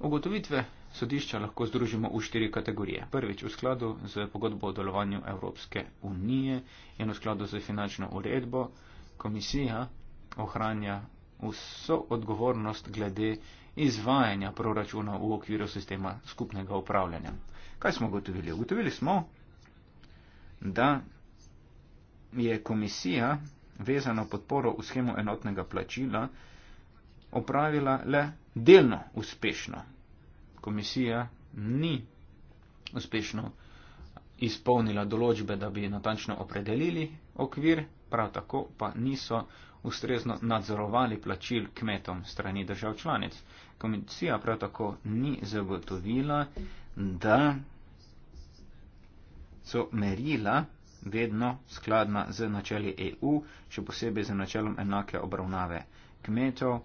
Ugotovitve sodišča lahko združimo v štiri kategorije. Prvič, v skladu z pogodbo o delovanju Evropske unije in v skladu z finančno uredbo, komisija ohranja vso odgovornost glede izvajanja proračuna v okviru sistema skupnega upravljanja. Kaj smo gotovili? Gotovili smo, da je komisija vezano podporo v schemo enotnega plačila opravila le delno uspešno. Komisija ni uspešno izpolnila določbe, da bi natančno opredelili okvir, prav tako pa niso ustrezno nadzorovali plačil kmetom strani držav članic. Komisija prav tako ni zagotovila, da so merila vedno skladna z načeli EU, še posebej z načelom enake obravnave kmetov,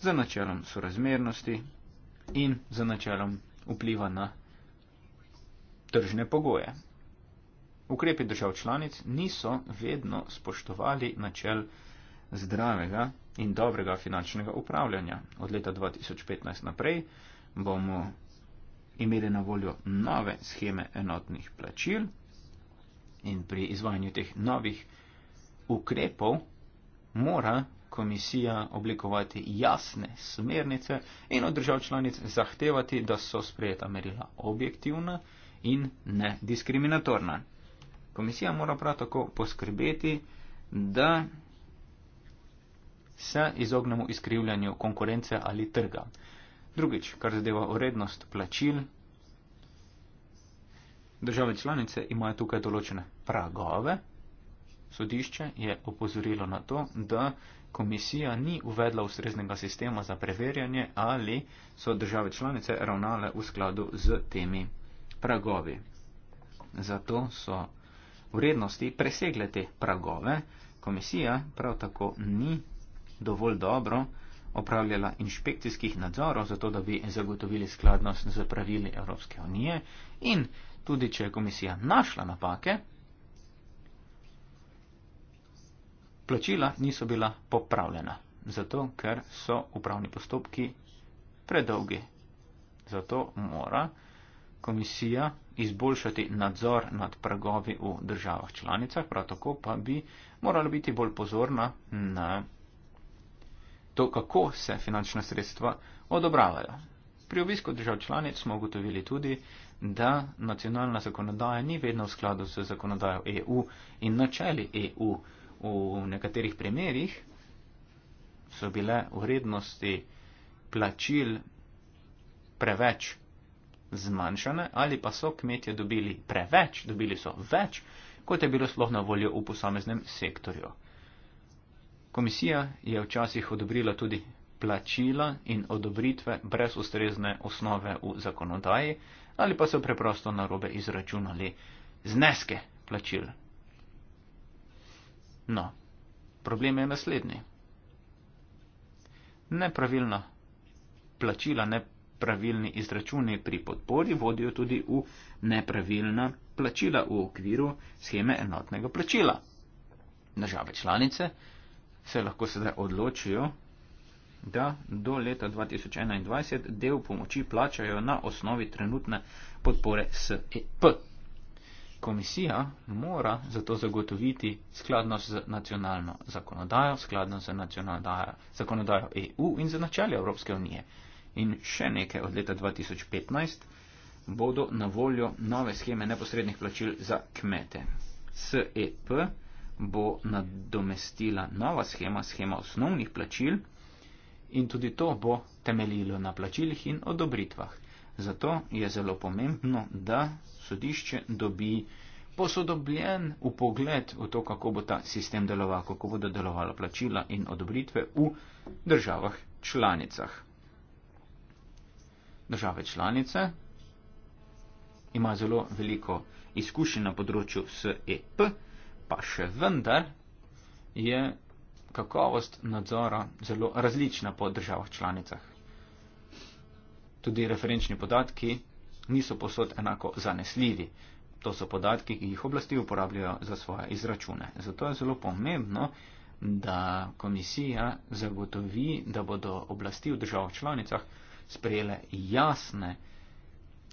z načelom sorazmernosti in z načelom vpliva na tržne pogoje. Ukrepi držav članic niso vedno spoštovali načel zdravega in dobrega finančnega upravljanja. Od leta 2015 naprej bomo imeli na voljo nove scheme enotnih plačil in pri izvajanju teh novih ukrepov mora komisija oblikovati jasne smernice in od držav članic zahtevati, da so sprejeta merila objektivna in nediskriminatorna. Komisija mora prav tako poskrbeti, da se izognemo izkrivljanju konkurence ali trga. Drugič, kar zadeva urednost plačil, države članice imajo tukaj določene pragove. Sodišče je opozorilo na to, da komisija ni uvedla ustreznega sistema za preverjanje, ali so države članice ravnale v skladu z temi pragovi. Zato so vrednosti presegle te pragove, komisija prav tako ni dovolj dobro opravljala inšpekcijskih nadzorov, zato da bi zagotovili skladnost z pravili Evropske unije in tudi, če je komisija našla napake, plačila niso bila popravljena, zato ker so upravni postopki predolgi. Zato mora komisija izboljšati nadzor nad pragovi v državah članicah, prav tako pa bi morala biti bolj pozorna na to, kako se finančna sredstva odobravajo. Pri obisku držav članic smo ugotovili tudi, da nacionalna zakonodaja ni vedno v skladu z zakonodajo EU in načeli EU. V nekaterih primerjih so bile vrednosti plačil preveč zmanjšane ali pa so kmetje dobili preveč, dobili so več, kot je bilo sploh na voljo v posameznem sektorju. Komisija je včasih odobrila tudi plačila in odobritve brez ustrezne osnove v zakonodaji ali pa so preprosto narobe izračunali zneske plačil. No, problem je naslednji. Nepravilna plačila, nepravilni izračuni pri podpori vodijo tudi v nepravilna plačila v okviru scheme enotnega plačila. Države članice se lahko sedaj odločijo, da do leta 2021 del pomoči plačajo na osnovi trenutne podpore SEP. Komisija mora zato zagotoviti skladnost z nacionalno zakonodajo, skladnost z nacionalno zakonodajo EU in z načelje Evropske unije. In še nekaj od leta 2015 bodo na voljo nove scheme neposrednih plačil za kmete. SEP bo nadomestila nova schema, schema osnovnih plačil in tudi to bo temeljilo na plačilih in odobritvah. Zato je zelo pomembno, da sodišče dobi posodobljen upogled v to, kako bo ta sistem deloval, kako bodo delovala plačila in odobritve v državah članicah. Države članice ima zelo veliko izkušenj na področju SEP, pa še vendar je kakovost nadzora zelo različna po državah članicah. Tudi referenčni podatki niso posod enako zanesljivi. To so podatki, ki jih oblasti uporabljajo za svoje izračune. Zato je zelo pomembno, da komisija zagotovi, da bodo oblasti v državah članicah sprejele jasne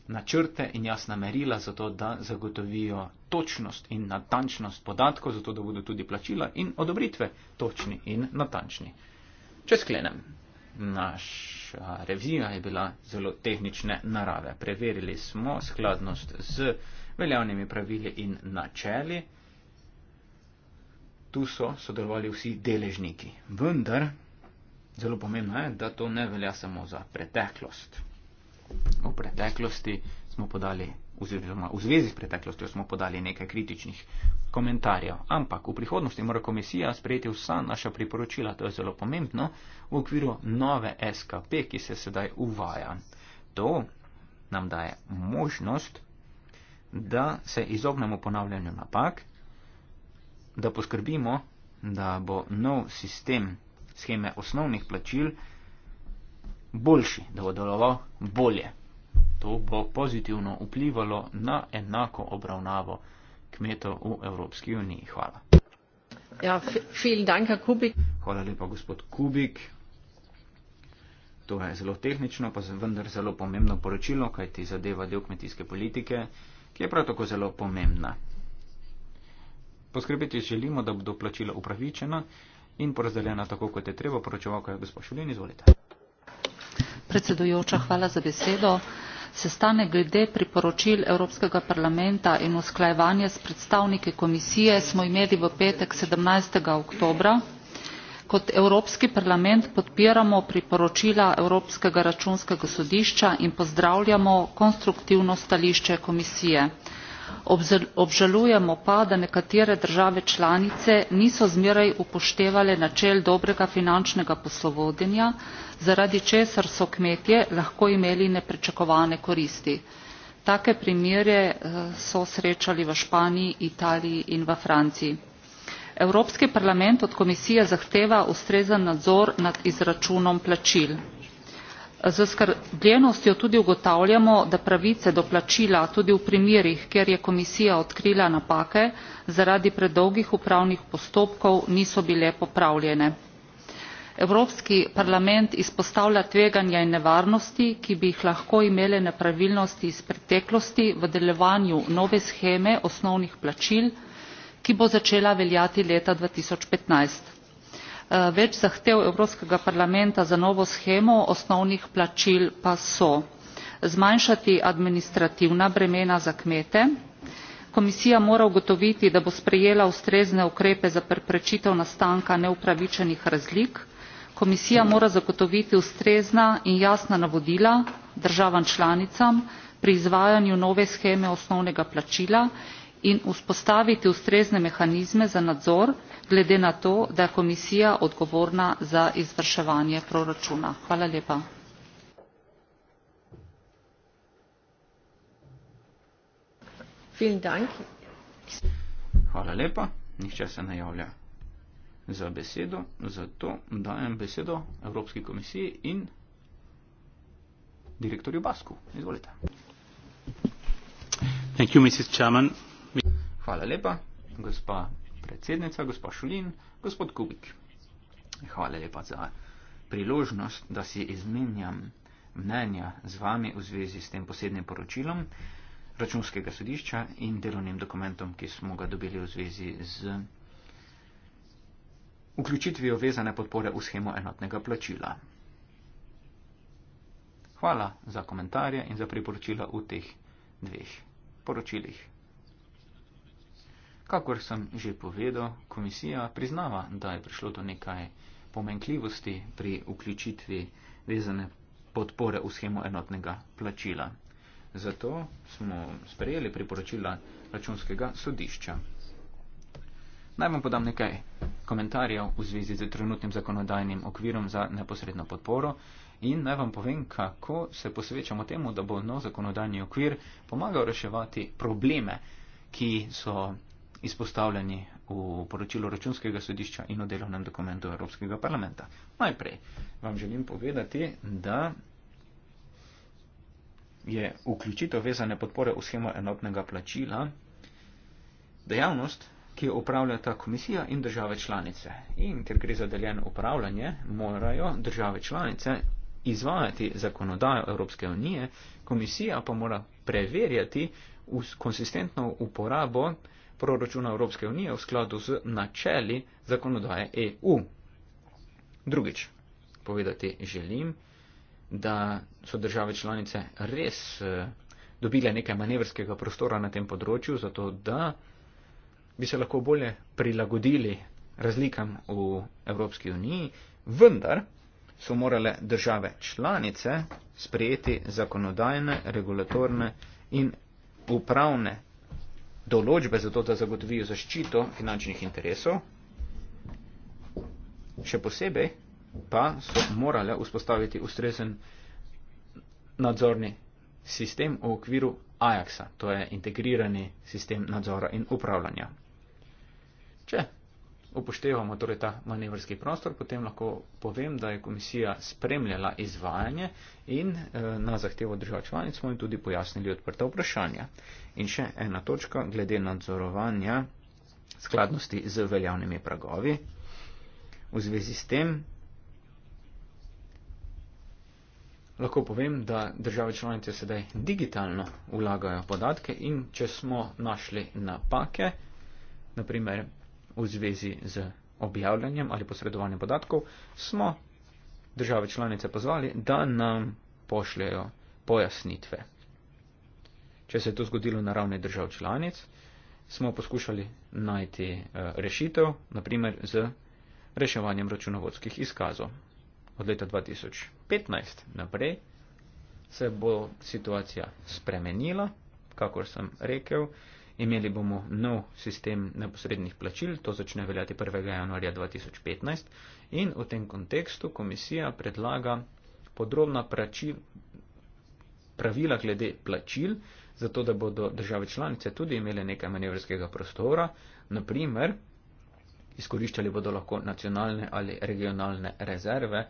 načrte in jasna merila za to, da zagotovijo točnost in natančnost podatkov, zato da bodo tudi plačila in odobritve točni in natančni. Če sklenem, naša revizija je bila zelo tehnične narave. Preverili smo skladnost z veljavnimi pravili in načeli. Tu so sodelovali vsi deležniki. Vendar, zelo pomembno je, da to ne velja samo za preteklost. V preteklosti smo podali, oziroma v zvezi s preteklostjo smo podali nekaj kritičnih komentarjev, ampak v prihodnosti mora komisija sprejeti vsa naša priporočila, to je zelo pomembno, v okviru nove SKP, ki se sedaj uvaja. To nam daje možnost, da se izognemo ponavljanju napak, da poskrbimo, da bo nov sistem scheme osnovnih plačil boljši, da bo deloval bolje. To bo pozitivno vplivalo na enako obravnavo kmetov v Evropski uniji. Hvala. Ja, dank, Kubik. Hvala lepa, gospod Kubik. To je zelo tehnično, pa vendar zelo pomembno poročilo, kaj ti zadeva del kmetijske politike, ki je prav tako zelo pomembna. Poskrbeti želimo, da bodo plačila upravičena in porazdeljena tako, kot je treba, poročeval, kaj je gospod Šulin, izvolite. Predsedujoča, hvala za besedo. Sestanek glede priporočil Evropskega parlamenta in usklajevanje s predstavniki komisije smo imeli v petek 17. oktobra. Kot Evropski parlament podpiramo priporočila Evropskega računskega sodišča in pozdravljamo konstruktivno stališče komisije. Obžalujemo pa, da nekatere države članice niso zmeraj upoštevale načel dobrega finančnega poslovodenja, zaradi česar so kmetje lahko imeli nepričakovane koristi. Take primere eh, so srečali v Španiji, Italiji in v Franciji. Evropski parlament od komisije zahteva ustrezen nadzor nad izračunom plačil. Z skrbljenostjo tudi ugotavljamo, da pravice do plačila tudi v primerih, kjer je komisija odkrila napake, zaradi predolgih upravnih postopkov niso bile popravljene evropski parlament izpostavlja tveganja in nevarnosti ki bi jih lahko imele nepravilnosti iz preteklosti v delovanju nove sheme osnovnih plačil ki bo začela veljati leta. dva tisoč petnajst eh, več zahtev evropskega parlamenta za novo shemo osnovnih plačil pa so zmanjšati administrativna bremena za kmete komisija mora ugotoviti da bo sprejela ustrezne ukrepe za preprečitev nastanka neupravičenih razlik komisija mora zagotoviti ustrezna in jasna navodila državam članicam pri izvajanju nove sheme osnovnega plačila in vzpostaviti ustrezne mehanizme za nadzor glede na to da je komisija odgovorna za izvrševanje proračuna za besedo, zato dajem besedo Evropski komisiji in direktorju Basku. Izvolite. You, Hvala lepa, gospa predsednica, gospa Šulin, gospod Kubik. Hvala lepa za priložnost, da si izmenjam mnenja z vami v zvezi s tem posebnim poročilom računskega sodišča in delovnim dokumentom, ki smo ga dobili v zvezi z vključitvijo vezane podpore v schemo enotnega plačila. Hvala za komentarje in za priporočila v teh dveh poročilih. Kakor sem že povedal, komisija priznava, da je prišlo do nekaj pomenkljivosti pri vključitvi vezane podpore v schemo enotnega plačila. Zato smo sprejeli priporočila računskega sodišča. Naj vam podam nekaj komentarjev v zvezi z trenutnim zakonodajnim okvirom za neposredno podporo in naj vam povem, kako se posvečamo temu, da bo nov zakonodajni okvir pomagal reševati probleme, ki so izpostavljeni v poročilu računskega sodišča in v delovnem dokumentu Evropskega parlamenta. Najprej vam želim povedati, da je vključitev vezane podpore v schemo enotnega plačila dejavnost, ki jo upravlja ta komisija in države članice. In ker gre za deljeno upravljanje, morajo države članice izvajati zakonodajo Evropske unije, komisija pa mora preverjati konsistentno uporabo proračuna Evropske unije v skladu z načeli zakonodaje EU. Drugič, povedati želim, da so države članice res eh, dobile nekaj manevrskega prostora na tem področju, zato da bi se lahko bolje prilagodili razlikam v Evropski uniji, vendar so morale države članice sprejeti zakonodajne, regulatorne in upravne določbe za to, da zagotovijo zaščito finančnih interesov. Še posebej pa so morale vzpostaviti ustrezen nadzorni sistem v okviru AJAX-a, to je integrirani sistem nadzora in upravljanja. Če upoštevamo torej ta manevrski prostor, potem lahko povem, da je komisija spremljala izvajanje in eh, na zahtevo držav članic smo jim tudi pojasnili odprta vprašanja. In še ena točka glede nadzorovanja skladnosti z veljavnimi pragovi. V zvezi s tem lahko povem, da države članice sedaj digitalno vlagajo podatke in če smo našli napake, naprimer v zvezi z objavljanjem ali posredovanjem podatkov, smo države članice pozvali, da nam pošljajo pojasnitve. Če se je to zgodilo na ravni držav članic, smo poskušali najti eh, rešitev, naprimer z reševanjem računovodskih izkazov. Od leta 2015 naprej se bo situacija spremenila, kakor sem rekel, Imeli bomo nov sistem neposrednih plačil, to začne veljati 1. januarja 2015 in v tem kontekstu komisija predlaga podrobna pračil, pravila glede plačil, zato da bodo države članice tudi imele nekaj manevrskega prostora, naprimer izkoriščali bodo lahko nacionalne ali regionalne rezerve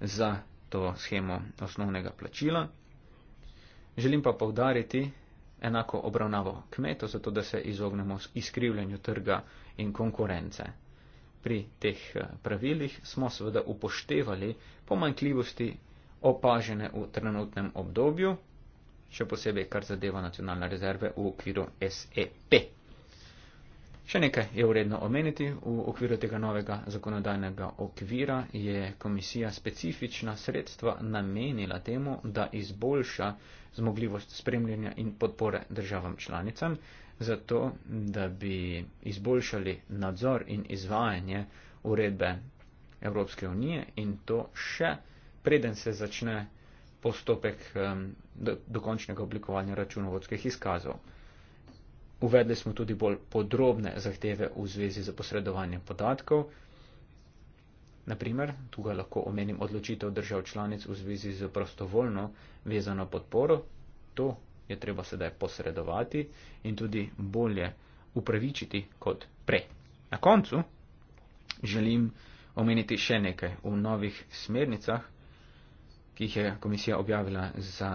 za to schemo osnovnega plačila. Želim pa povdariti, enako obravnavo kmeto, zato da se izognemo izkrivljanju trga in konkurence. Pri teh eh, pravilih smo seveda upoštevali pomankljivosti opažene v trenutnem obdobju, še posebej kar zadeva nacionalne rezerve v okviru SE5. Še nekaj je vredno omeniti. V okviru tega novega zakonodajnega okvira je komisija specifična sredstva namenila temu, da izboljša zmogljivost spremljanja in podpore državam članicam, zato da bi izboljšali nadzor in izvajanje uredbe Evropske unije in to še preden se začne postopek um, do, dokončnega oblikovanja računovodskih izkazov. Uvedli smo tudi bolj podrobne zahteve v zvezi z posredovanjem podatkov. Naprimer, tukaj lahko omenim odločitev držav članic v zvezi z prostovoljno vezano podporo. To je treba sedaj posredovati in tudi bolje upravičiti kot prej. Na koncu želim omeniti še nekaj v novih smernicah, ki jih je komisija objavila za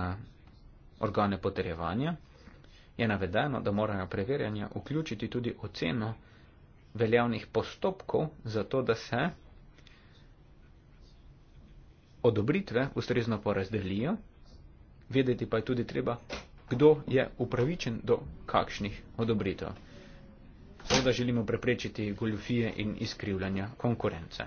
organe potrjevanja je navedeno, da morajo preverjanja vključiti tudi oceno veljavnih postopkov, zato da se odobritve ustrezno porazdelijo, vedeti pa je tudi treba, kdo je upravičen do kakšnih odobritev. Seveda želimo preprečiti goljufije in izkrivljanja konkurence.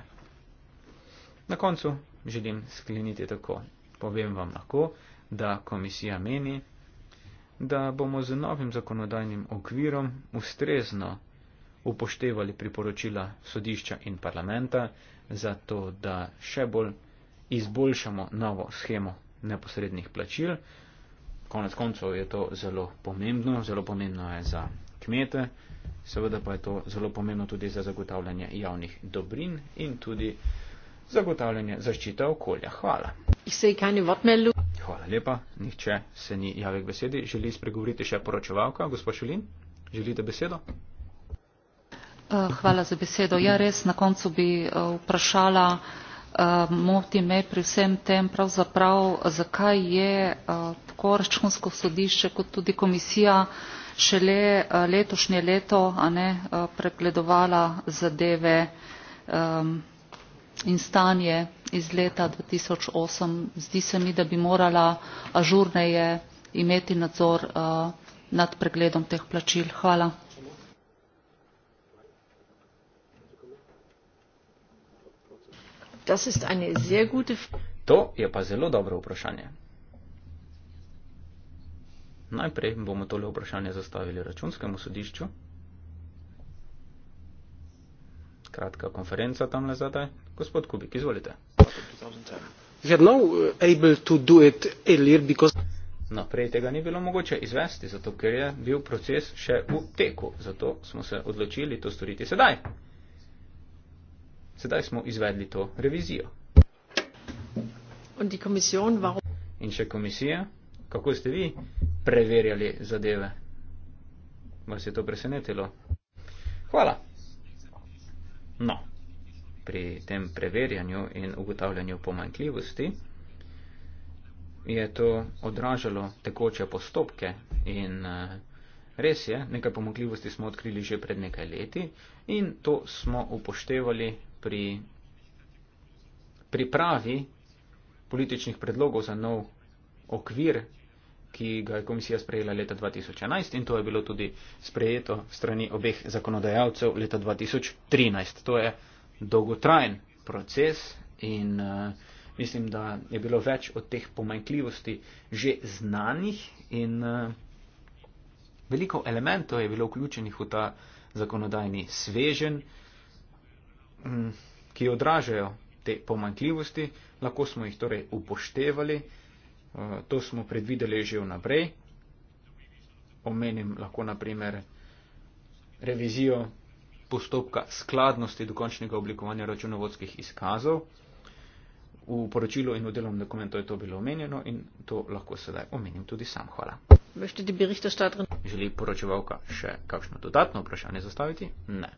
Na koncu želim skleniti tako. Povem vam lahko, da komisija meni, da bomo z novim zakonodajnim okvirom ustrezno upoštevali priporočila sodišča in parlamenta, zato da še bolj izboljšamo novo schemo neposrednih plačil. Konec koncev je to zelo pomembno, zelo pomembno je za kmete, seveda pa je to zelo pomembno tudi za zagotavljanje javnih dobrin in tudi zagotavljanje zaščite okolja. Hvala. Hvala lepa. Nihče se ni javil k besedi. Želi spregovoriti še poročevalka, gospod Šulin? Želite besedo? Eh, hvala za besedo. Ja, res na koncu bi eh, vprašala, eh, moti me pri vsem tem pravzaprav, zakaj je tako računsko sodišče kot tudi komisija šele letošnje leto ne, pregledovala zadeve in stanje iz leta dva tisoč osem zdi se mi da bi morala ažurneje imeti nadzor uh, nad pregledom teh plačil hvala To je pa zelo dobro vprašanje. Najprej bomo tole vprašanje zastavili računskemu sodišču. Kratka konferenca tam le zadaj. Gospod Kubik, izvolite. Naprej eh, no, tega ni bilo mogoče izvesti, zato ker je bil proces še v teku. Zato smo se odločili to storiti sedaj. Sedaj smo izvedli to revizijo. In še komisija, kako ste vi preverjali zadeve? Vas je to presenetilo? Hvala. No pri tem preverjanju in ugotavljanju pomankljivosti, je to odražalo tekoče postopke in eh, res je, nekaj pomankljivosti smo odkrili že pred nekaj leti in to smo upoštevali pri pripravi političnih predlogov za nov okvir, ki ga je komisija sprejela leta 2011 in to je bilo tudi sprejeto strani obeh zakonodajalcev leta 2013 dolgotrajen proces in uh, mislim, da je bilo več od teh pomanjkljivosti že znanih in uh, veliko elementov je bilo vključenih v ta zakonodajni svežen, um, mm, ki odražajo te pomanjkljivosti, lahko smo jih torej upoštevali, uh, to smo predvideli že vnaprej. Omenim lahko naprimer revizijo postopka skladnosti dokončnega oblikovanja računovodskih izkazov. V poročilu in v delovnem dokumentu je to bilo omenjeno in to lahko sedaj omenim tudi sam. Hvala. Želi poročevalka še kakšno dodatno vprašanje zastaviti? Ne.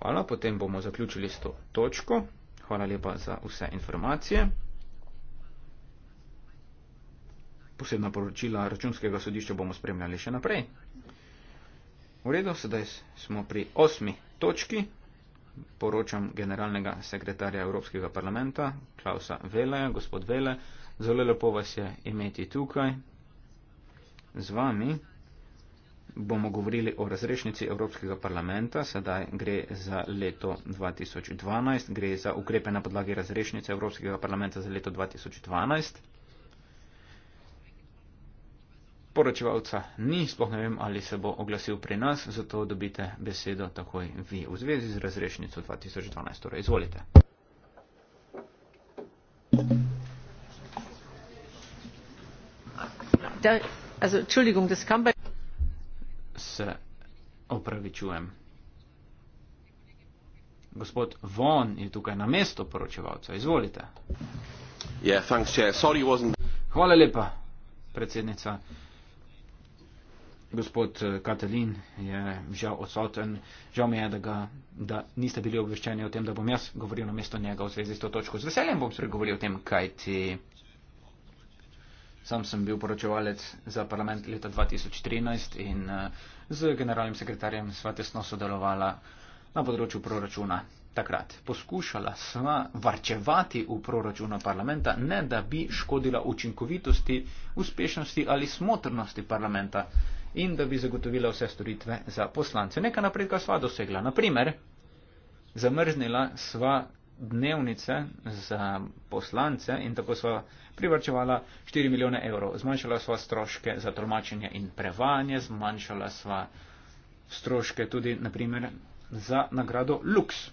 Hvala, potem bomo zaključili s to točko. Hvala lepa za vse informacije. Posebna poročila računskega sodišča bomo spremljali še naprej. V redu, sedaj smo pri osmi točki. Poročam generalnega sekretarja Evropskega parlamenta, Klausa Vele, gospod Vele. Zelo lepo vas je imeti tukaj. Z vami bomo govorili o razrešnici Evropskega parlamenta. Sedaj gre za leto 2012, gre za ukrepe na podlagi razrešnice Evropskega parlamenta za leto 2012 poročevalca ni, sploh ne vem, ali se bo oglasil pri nas, zato dobite besedo takoj vi v zvezi z razrešnico 2012. Torej, izvolite. Da, also, Entschuldigung, das kam bei... Se opravičujem. Gospod Von je tukaj na mesto poročevalca. Izvolite. Yeah, thanks, Chair. Sorry, wasn't... Hvala lepa, predsednica. Uh, gospod eh, Katalin je žal odsoten. Žal mi je, da, ga, da niste bili obveščeni o tem, da bom jaz govoril na mesto njega v zvezi s to točko. Z veseljem bom spregovoril o tem, kaj ti. Sam sem bil poročevalec za parlament leta 2013 in eh, z generalnim sekretarjem sva tesno sodelovala na področju proračuna takrat. Poskušala sva varčevati v proračuna parlamenta, ne da bi škodila učinkovitosti, uspešnosti ali smotrnosti parlamenta in da bi zagotovila vse storitve za poslance. Neka napredka sva dosegla. Naprimer, zamrznila sva dnevnice za poslance in tako sva privrčevala 4 milijone evrov. Zmanjšala sva stroške za tolmačenje in prevanje, zmanjšala sva stroške tudi, naprimer, za nagrado Lux.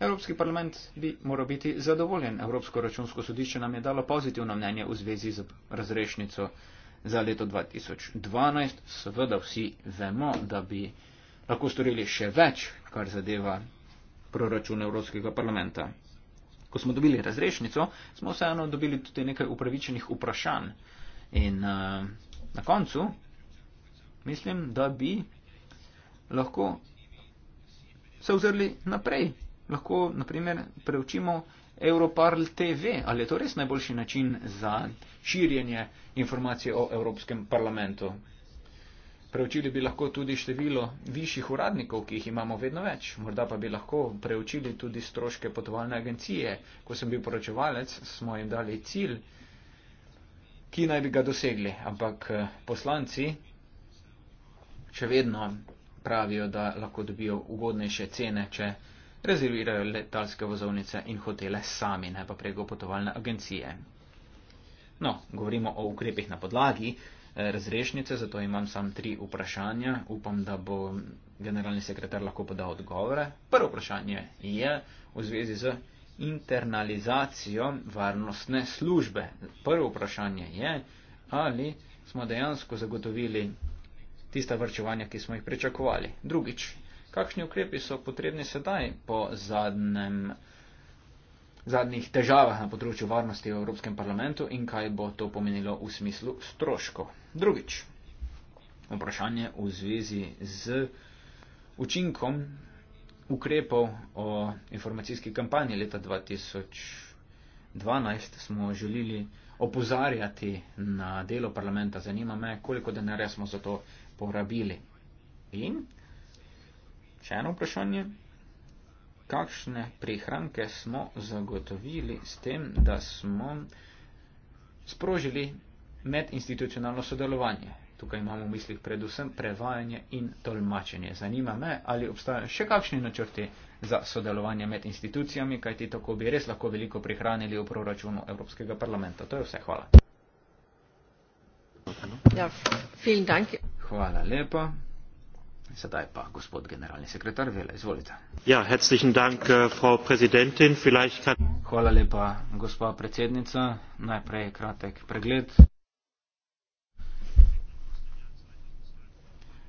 Evropski parlament bi moral biti zadovoljen. Evropsko računsko sodišče nam je dalo pozitivno mnenje v zvezi z razrešnico za leto 2012. Seveda vsi vemo, da bi lahko storili še več, kar zadeva proračun Evropskega parlamenta. Ko smo dobili razrešnico, smo vseeno dobili tudi nekaj upravičenih vprašanj. In uh, na koncu mislim, da bi lahko se ozrli naprej. Lahko, naprimer, preučimo Europarl TV, ali je to res najboljši način za širjenje informacije o Evropskem parlamentu? Preučili bi lahko tudi število višjih uradnikov, ki jih imamo vedno več. Morda pa bi lahko preučili tudi stroške potovalne agencije. Ko sem bil poročevalec, smo jim dali cilj, ki naj bi ga dosegli. Ampak eh, poslanci še vedno pravijo, da lahko dobijo ugodnejše cene, če rezervirajo letalske vozovnice in hotele sami, ne pa preko potovalne agencije. No, govorimo o ukrepih na podlagi eh, razrešnice, zato imam sam tri vprašanja. Upam, da bo generalni sekretar lahko podal odgovore. Prvo vprašanje je v zvezi z internalizacijo varnostne službe. Prvo vprašanje je, ali smo dejansko zagotovili tista vrčevanja, ki smo jih pričakovali. Drugič, kakšni ukrepi so potrebni sedaj po zadnjem, zadnjih težavah na področju varnosti v Evropskem parlamentu in kaj bo to pomenilo v smislu stroškov. Drugič, vprašanje v zvezi z učinkom ukrepov o informacijski kampanji leta 2012 smo želeli opozarjati na delo parlamenta. Zanima me, koliko denarja smo za to porabili. In Še eno vprašanje. Kakšne prihranke smo zagotovili s tem, da smo sprožili medinstitucionalno sodelovanje? Tukaj imamo v mislih predvsem prevajanje in tolmačenje. Zanima me, ali obstajajo še kakšni načrti za sodelovanje med institucijami, kajti tako bi res lahko veliko prihranili v proračunu Evropskega parlamenta. To je vse. Hvala. Ja, Hvala lepa. Sedaj pa gospod generalni sekretar Vela, izvolite. Ja, dank, äh, uh, kad... Hvala lepa, gospa predsednica. Najprej kratek pregled.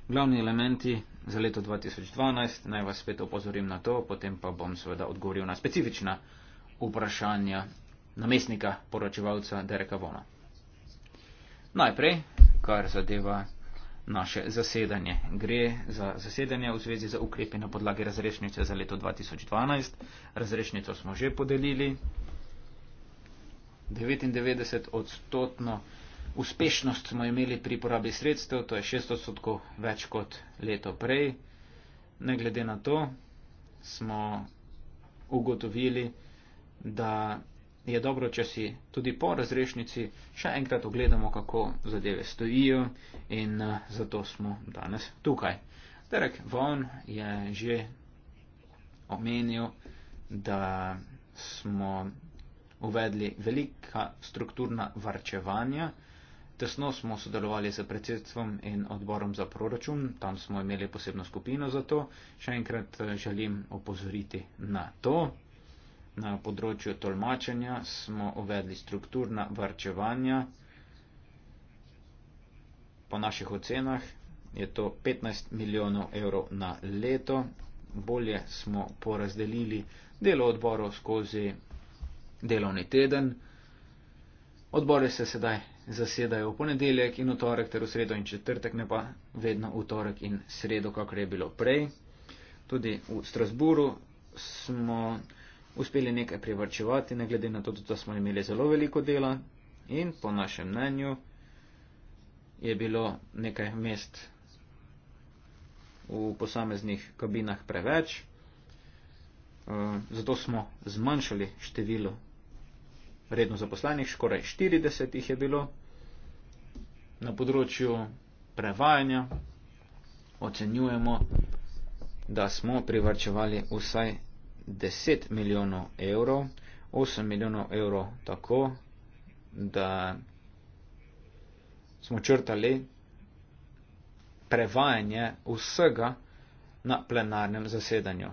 Glavni elementi za leto 2012, naj vas spet opozorim na to, potem pa bom seveda odgovoril na specifična vprašanja namestnika poročevalca Dereka Vona. Najprej, kar zadeva naše zasedanje. Gre za zasedanje v zvezi z ukrepi na podlagi razrešnice za leto 2012. Razrešnico smo že podelili. 99 odstotno uspešnost smo imeli pri porabi sredstev, to je 6 odstotkov več kot leto prej. Ne glede na to smo ugotovili, da je dobro, če si tudi po razrešnici še enkrat ogledamo, kako zadeve stojijo in eh, zato smo danes tukaj. Derek Vaughn je že omenil, da smo uvedli velika strukturna varčevanja. Tesno smo sodelovali z predsedstvom in odborom za proračun, tam smo imeli posebno skupino za to. Še enkrat eh, želim opozoriti na to. Na področju tolmačenja smo uvedli strukturna varčevanja. Po naših ocenah je to 15 milijonov evrov na leto. Bolje smo porazdelili delo odborov skozi delovni teden. Odbore se sedaj zasedajo v ponedeljek in utorek ter v sredo in četrtek, ne pa vedno utorek in sredo, kakor je bilo prej. Tudi v Strasburu smo uspeli nekaj privrčevati, ne glede na to, da smo imeli zelo veliko dela in po našem mnenju je bilo nekaj mest v posameznih kabinah preveč, eh, zato smo zmanjšali število redno zaposlenih, skoraj 40 jih je bilo na področju prevajanja, ocenjujemo, da smo privrčevali vsaj 10 milijonov evrov, 8 milijonov evrov tako, da smo črtali prevajanje vsega na plenarnem zasedanju.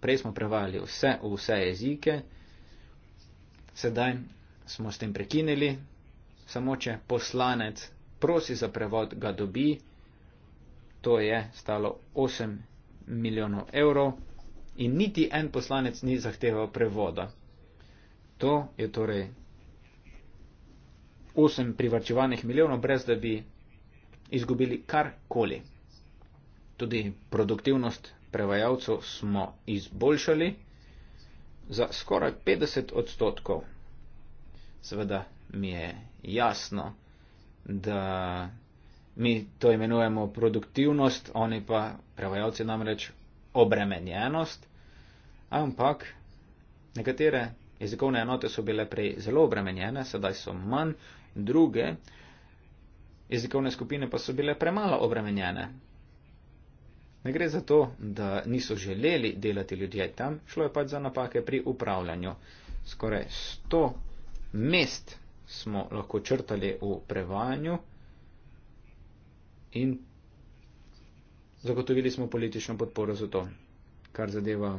Prej smo prevajali vse v vse jezike, sedaj smo s tem prekinili, samo če poslanec prosi za prevod, ga dobi, to je stalo 8 milijonov evrov in niti en poslanec ni zahteval prevoda. To je torej 8 privarčevanih milijonov, brez da bi izgubili karkoli. Tudi produktivnost prevajalcev smo izboljšali za skoraj 50 odstotkov. Seveda mi je jasno, da mi to imenujemo produktivnost, oni pa prevajalci namreč obremenjenost, ampak nekatere jezikovne enote so bile prej zelo obremenjene, sedaj so manj, druge jezikovne skupine pa so bile premalo obremenjene. Ne gre za to, da niso želeli delati ljudje tam, šlo je pač za napake pri upravljanju. Skoraj 100 mest smo lahko črtali v prevajanju in zagotovili smo politično podporo za to, kar zadeva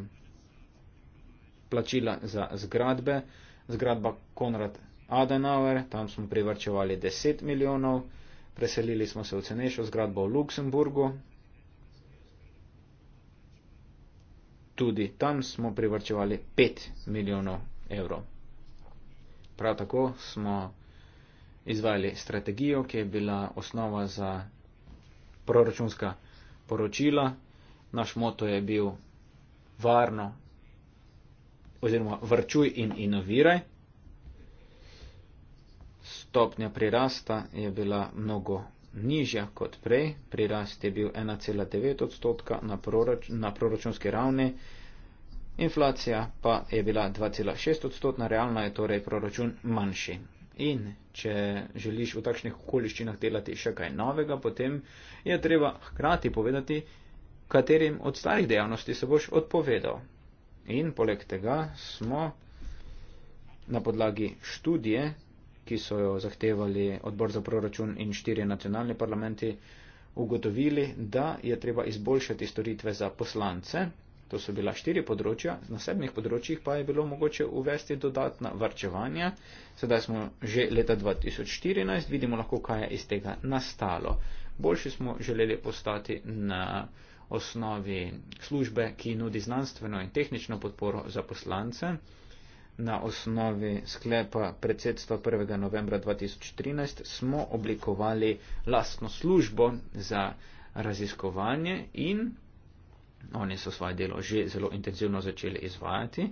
plačila za zgradbe, zgradba Konrad Adenauer, tam smo privrčevali 10 milijonov, preselili smo se v cenejšo zgradbo v Luksemburgu, tudi tam smo privrčevali 5 milijonov evrov. Prav tako smo izvajali strategijo, ki je bila osnova za proračunska poročila. Naš moto je bil varno oziroma vrčuj in inoviraj. Stopnja prirasta je bila mnogo nižja kot prej, prirast je bil 1,9 odstotka na, proroč, na proračunski ravni, inflacija pa je bila 2,6 odstotna, realno je torej proračun manjši. In če želiš v takšnih okoliščinah delati še kaj novega, potem je treba hkrati povedati, katerim od starih dejavnosti se boš odpovedal. In poleg tega smo na podlagi študije, ki so jo zahtevali odbor za proračun in štirje nacionalni parlamenti, ugotovili, da je treba izboljšati storitve za poslance. To so bila štiri področja, na sedmih področjih pa je bilo mogoče uvesti dodatna varčevanja. Sedaj smo že leta 2014, vidimo lahko, kaj je iz tega nastalo. Boljši smo želeli postati na osnovi službe, ki nudi znanstveno in tehnično podporo za poslance, na osnovi sklepa predsedstva 1. novembra 2013 smo oblikovali lastno službo za raziskovanje in oni so svoje delo že zelo intenzivno začeli izvajati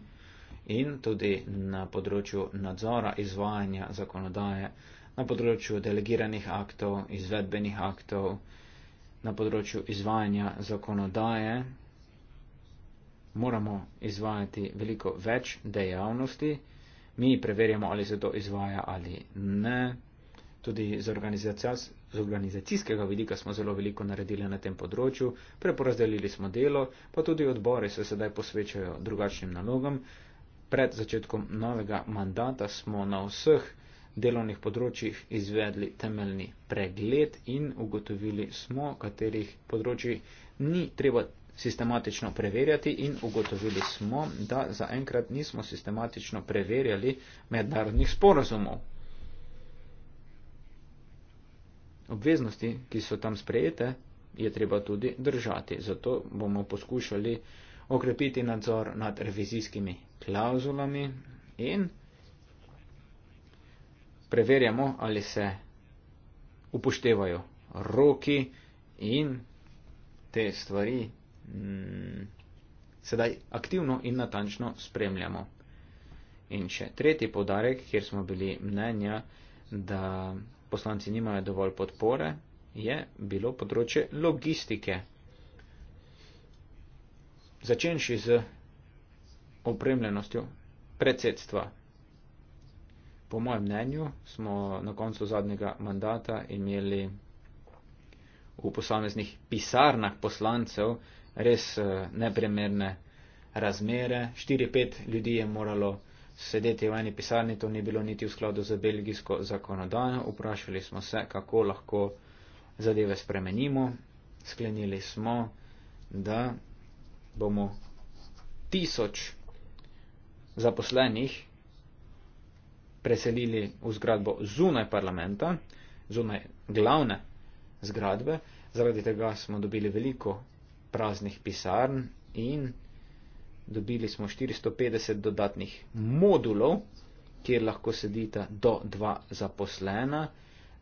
in tudi na področju nadzora izvajanja zakonodaje, na področju delegiranih aktov, izvedbenih aktov, na področju izvajanja zakonodaje, moramo izvajati veliko več dejavnosti. Mi preverjamo, ali se to izvaja ali ne. Tudi z, z organizacijskega vidika smo zelo veliko naredili na tem področju, preporazdelili smo delo, pa tudi odbori se sedaj posvečajo drugačnim nalogam. Pred začetkom novega mandata smo na vseh delovnih področjih izvedli temeljni pregled in ugotovili smo, katerih področji ni treba sistematično preverjati in ugotovili smo, da zaenkrat nismo sistematično preverjali mednarodnih sporazumov. Obveznosti, ki so tam sprejete, je treba tudi držati. Zato bomo poskušali okrepiti nadzor nad revizijskimi klauzulami in preverjamo, ali se upoštevajo roki in te stvari mm, sedaj aktivno in natančno spremljamo. In še tretji podarek, kjer smo bili mnenja, da poslanci nimajo dovolj podpore, je bilo področje logistike. Začenši z opremljenostjo predsedstva po mojem mnenju, smo na koncu zadnjega mandata imeli v posameznih pisarnah poslancev res eh, nepremerne razmere. 4-5 ljudi je moralo sedeti v eni pisarni, to ni bilo niti v skladu z belgijsko zakonodajo. Vprašali smo se, kako lahko zadeve spremenimo. Sklenili smo, da bomo tisoč zaposlenih preselili v zgradbo zunaj parlamenta, zunaj glavne zgradbe. Zaradi tega smo dobili veliko praznih pisarn in dobili smo 450 dodatnih modulov, kjer lahko sedita do dva zaposlena,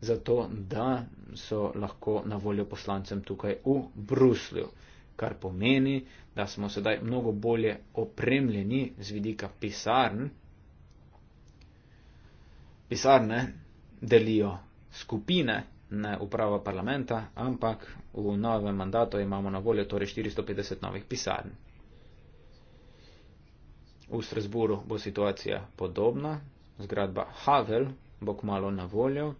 zato da so lahko na voljo poslancem tukaj v Bruslju, kar pomeni, da smo sedaj mnogo bolje opremljeni z vidika pisarn pisarne delijo skupine, ne uprava parlamenta, ampak v novem mandatu imamo na voljo torej 450 novih pisarn. V Strasburu bo situacija podobna, zgradba Havel bo kmalo na voljo,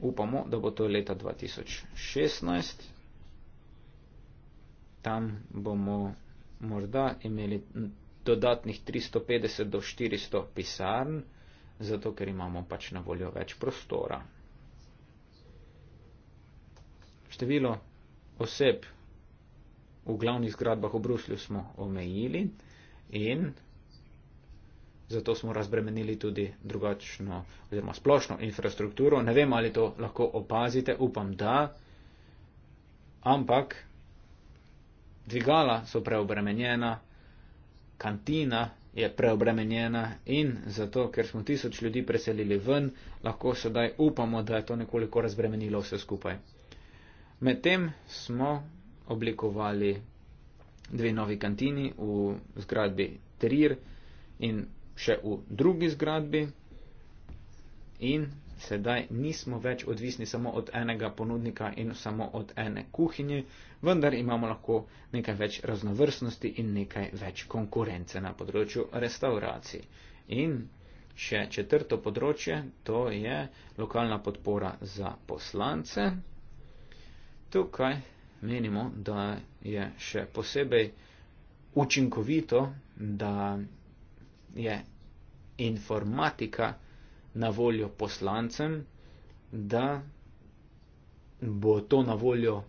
upamo, da bo to leta 2016. Tam bomo morda imeli dodatnih 350 do 400 pisarn zato ker imamo pač na voljo več prostora. Število oseb v glavnih zgradbah v Bruslju smo omejili in zato smo razbremenili tudi drugačno oziroma splošno infrastrukturo. Ne vem, ali to lahko opazite, upam, da. Ampak dvigala so preobremenjena, kantina je preobremenjena in zato, ker smo tisoč ljudi preselili ven, lahko sedaj upamo, da je to nekoliko razbremenilo vse skupaj. Medtem smo oblikovali dve novi kantini v zgradbi Trier in še v drugi zgradbi in sedaj nismo več odvisni samo od enega ponudnika in samo od ene kuhinje, vendar imamo lahko nekaj več raznovrstnosti in nekaj več konkurence na področju restauracij. In še četrto področje, to je lokalna podpora za poslance. Tukaj menimo, da je še posebej učinkovito, da je informatika na voljo poslancem, da bo to na voljo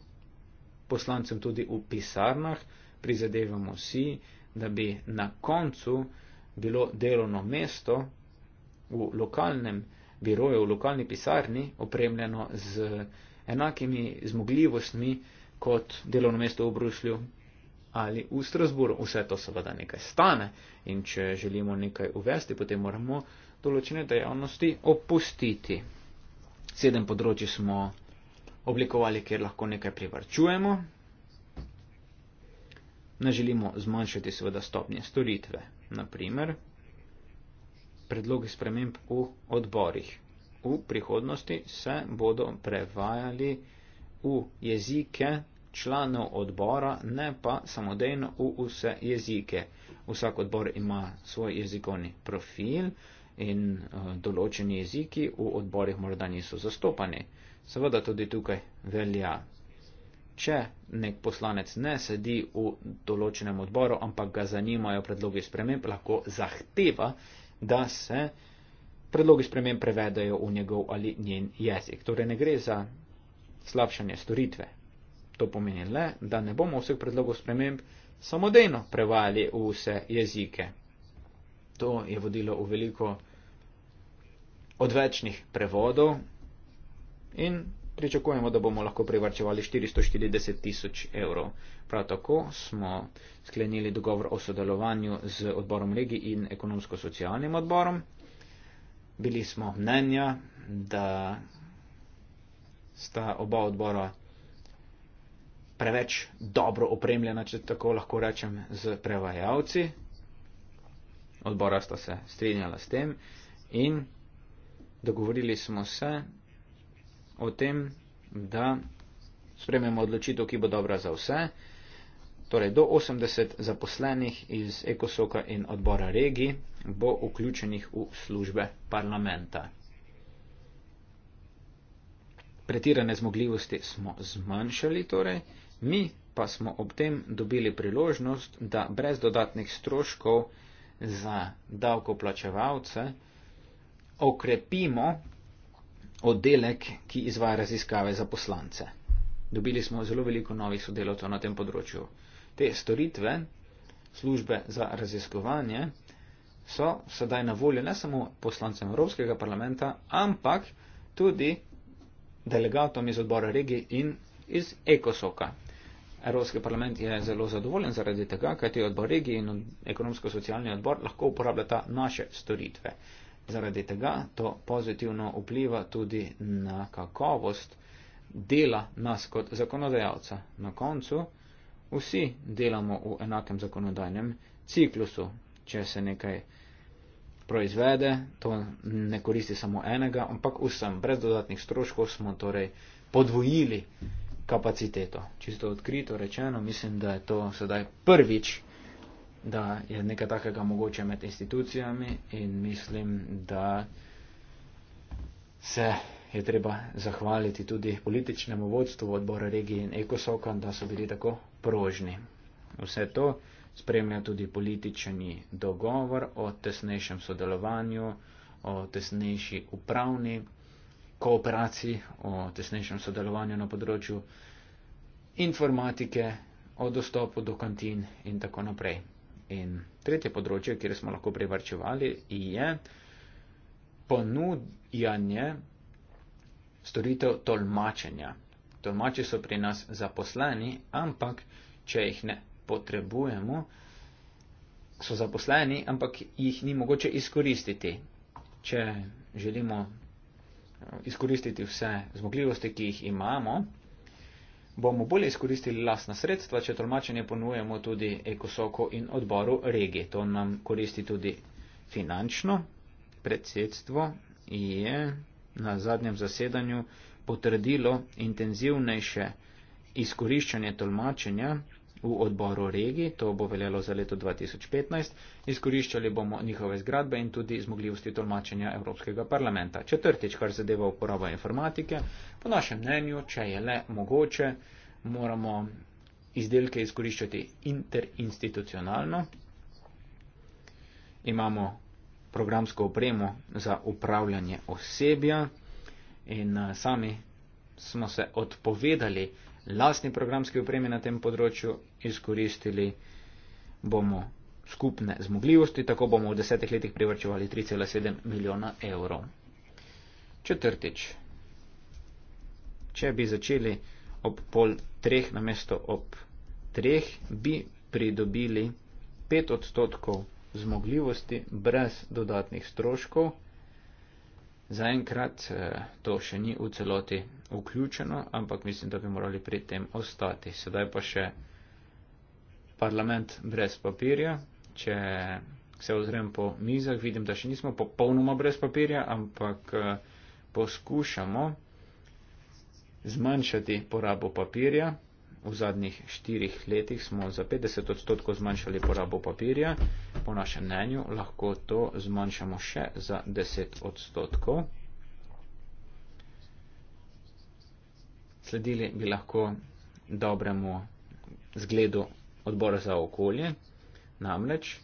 poslancem tudi v pisarnah, prizadevamo si, da bi na koncu bilo delovno mesto v lokalnem biroju, v lokalni pisarni opremljeno z enakimi zmogljivostmi kot delovno mesto v Bruslju ali v Strasburu. Vse to seveda nekaj stane in če želimo nekaj uvesti, potem moramo določene dejavnosti opustiti. Sedem področji smo oblikovali, kjer lahko nekaj privrčujemo. Ne želimo zmanjšati seveda stopnje storitve. Naprimer, predlogi sprememb v odborih. V prihodnosti se bodo prevajali v jezike članov odbora, ne pa samodejno v vse jezike. Vsak odbor ima svoj jezikovni profil, in eh, določeni jeziki v odborih morda niso zastopani. Seveda tudi tukaj velja. Če nek poslanec ne sedi v določenem odboru, ampak ga zanimajo predlogi sprememb, lahko zahteva, da se predlogi sprememb prevedajo v njegov ali njen jezik. Torej ne gre za slabšanje storitve. To pomeni le, da ne bomo vseh predlogov sprememb samodejno prevajali v vse jezike. To je vodilo v veliko odvečnih prevodov in pričakujemo, da bomo lahko privrčevali 440 tisoč evrov. Prav tako smo sklenili dogovor o sodelovanju z odborom regij in ekonomsko-socialnim odborom. Bili smo mnenja, da sta oba odbora preveč dobro opremljena, če tako lahko rečem, z prevajalci odbora sta se strinjala s tem in dogovorili smo se o tem, da sprememo odločitev, ki bo dobra za vse, torej do 80 zaposlenih iz Ekosoka in odbora regi bo vključenih v službe parlamenta. Pretirane zmogljivosti smo zmanjšali, torej mi pa smo ob tem dobili priložnost, da brez dodatnih stroškov za davkoplačevalce, okrepimo oddelek, ki izvaja raziskave za poslance. Dobili smo zelo veliko novih sodelovcev na tem področju. Te storitve, službe za raziskovanje, so sedaj na voljo ne samo poslancem Evropskega parlamenta, ampak tudi delegatom iz odbora regije in iz Ekosoka. Evropski parlament je zelo zadovoljen zaradi tega, kajti odbor regij in ekonomsko-socialni odbor lahko uporabljata naše storitve. Zaradi tega to pozitivno vpliva tudi na kakovost dela nas kot zakonodajalca. Na koncu vsi delamo v enakem zakonodajnem ciklusu. Če se nekaj proizvede, to ne koristi samo enega, ampak vsem brez dodatnih stroškov smo torej podvojili kapaciteto. Čisto odkrito rečeno, mislim, da je to sedaj prvič, da je nekaj takega mogoče med institucijami in mislim, da se je treba zahvaliti tudi političnemu vodstvu odbora regije in ekosoka, da so bili tako prožni. Vse to spremlja tudi politični dogovor o tesnejšem sodelovanju, o tesnejši upravni kooperaciji, o tesnejšem sodelovanju na področju informatike, o dostopu do kantin in tako naprej. In tretje področje, kjer smo lahko privrčevali, je ponudjanje storitev tolmačenja. Tolmači so pri nas zaposleni, ampak če jih ne potrebujemo, so zaposleni, ampak jih ni mogoče izkoristiti. Če želimo izkoristiti vse zmogljivosti, ki jih imamo, bomo bolje izkoristili lasna sredstva, če tolmačenje ponujemo tudi Ekosoko in odboru regije. To nam koristi tudi finančno. Predsedstvo je na zadnjem zasedanju potrdilo intenzivnejše izkoriščanje tolmačenja v odboru regij, to bo veljalo za leto 2015, izkoriščali bomo njihove zgradbe in tudi zmogljivosti tolmačenja Evropskega parlamenta. Četrtič, kar zadeva uporabo informatike, po našem mnenju, če je le mogoče, moramo izdelke izkoriščati interinstitucionalno. Imamo programsko opremo za upravljanje osebja in eh, sami smo se odpovedali lastni programski opremi na tem področju, izkoristili bomo skupne zmogljivosti, tako bomo v desetih letih privrčevali 3,7 milijona evrov. Četrtič, če bi začeli ob pol treh na mesto ob treh, bi pridobili 5 odstotkov zmogljivosti brez dodatnih stroškov. Zaenkrat eh, to še ni v celoti vključeno, ampak mislim, da bi morali pri tem ostati. Sedaj pa še parlament brez papirja. Če se ozrem po mizah, vidim, da še nismo popolnoma brez papirja, ampak eh, poskušamo zmanjšati porabo papirja v zadnjih štirih letih smo za 50 odstotkov zmanjšali porabo papirja. Po našem mnenju lahko to zmanjšamo še za 10 odstotkov. Sledili bi lahko dobremu zgledu odbora za okolje, namreč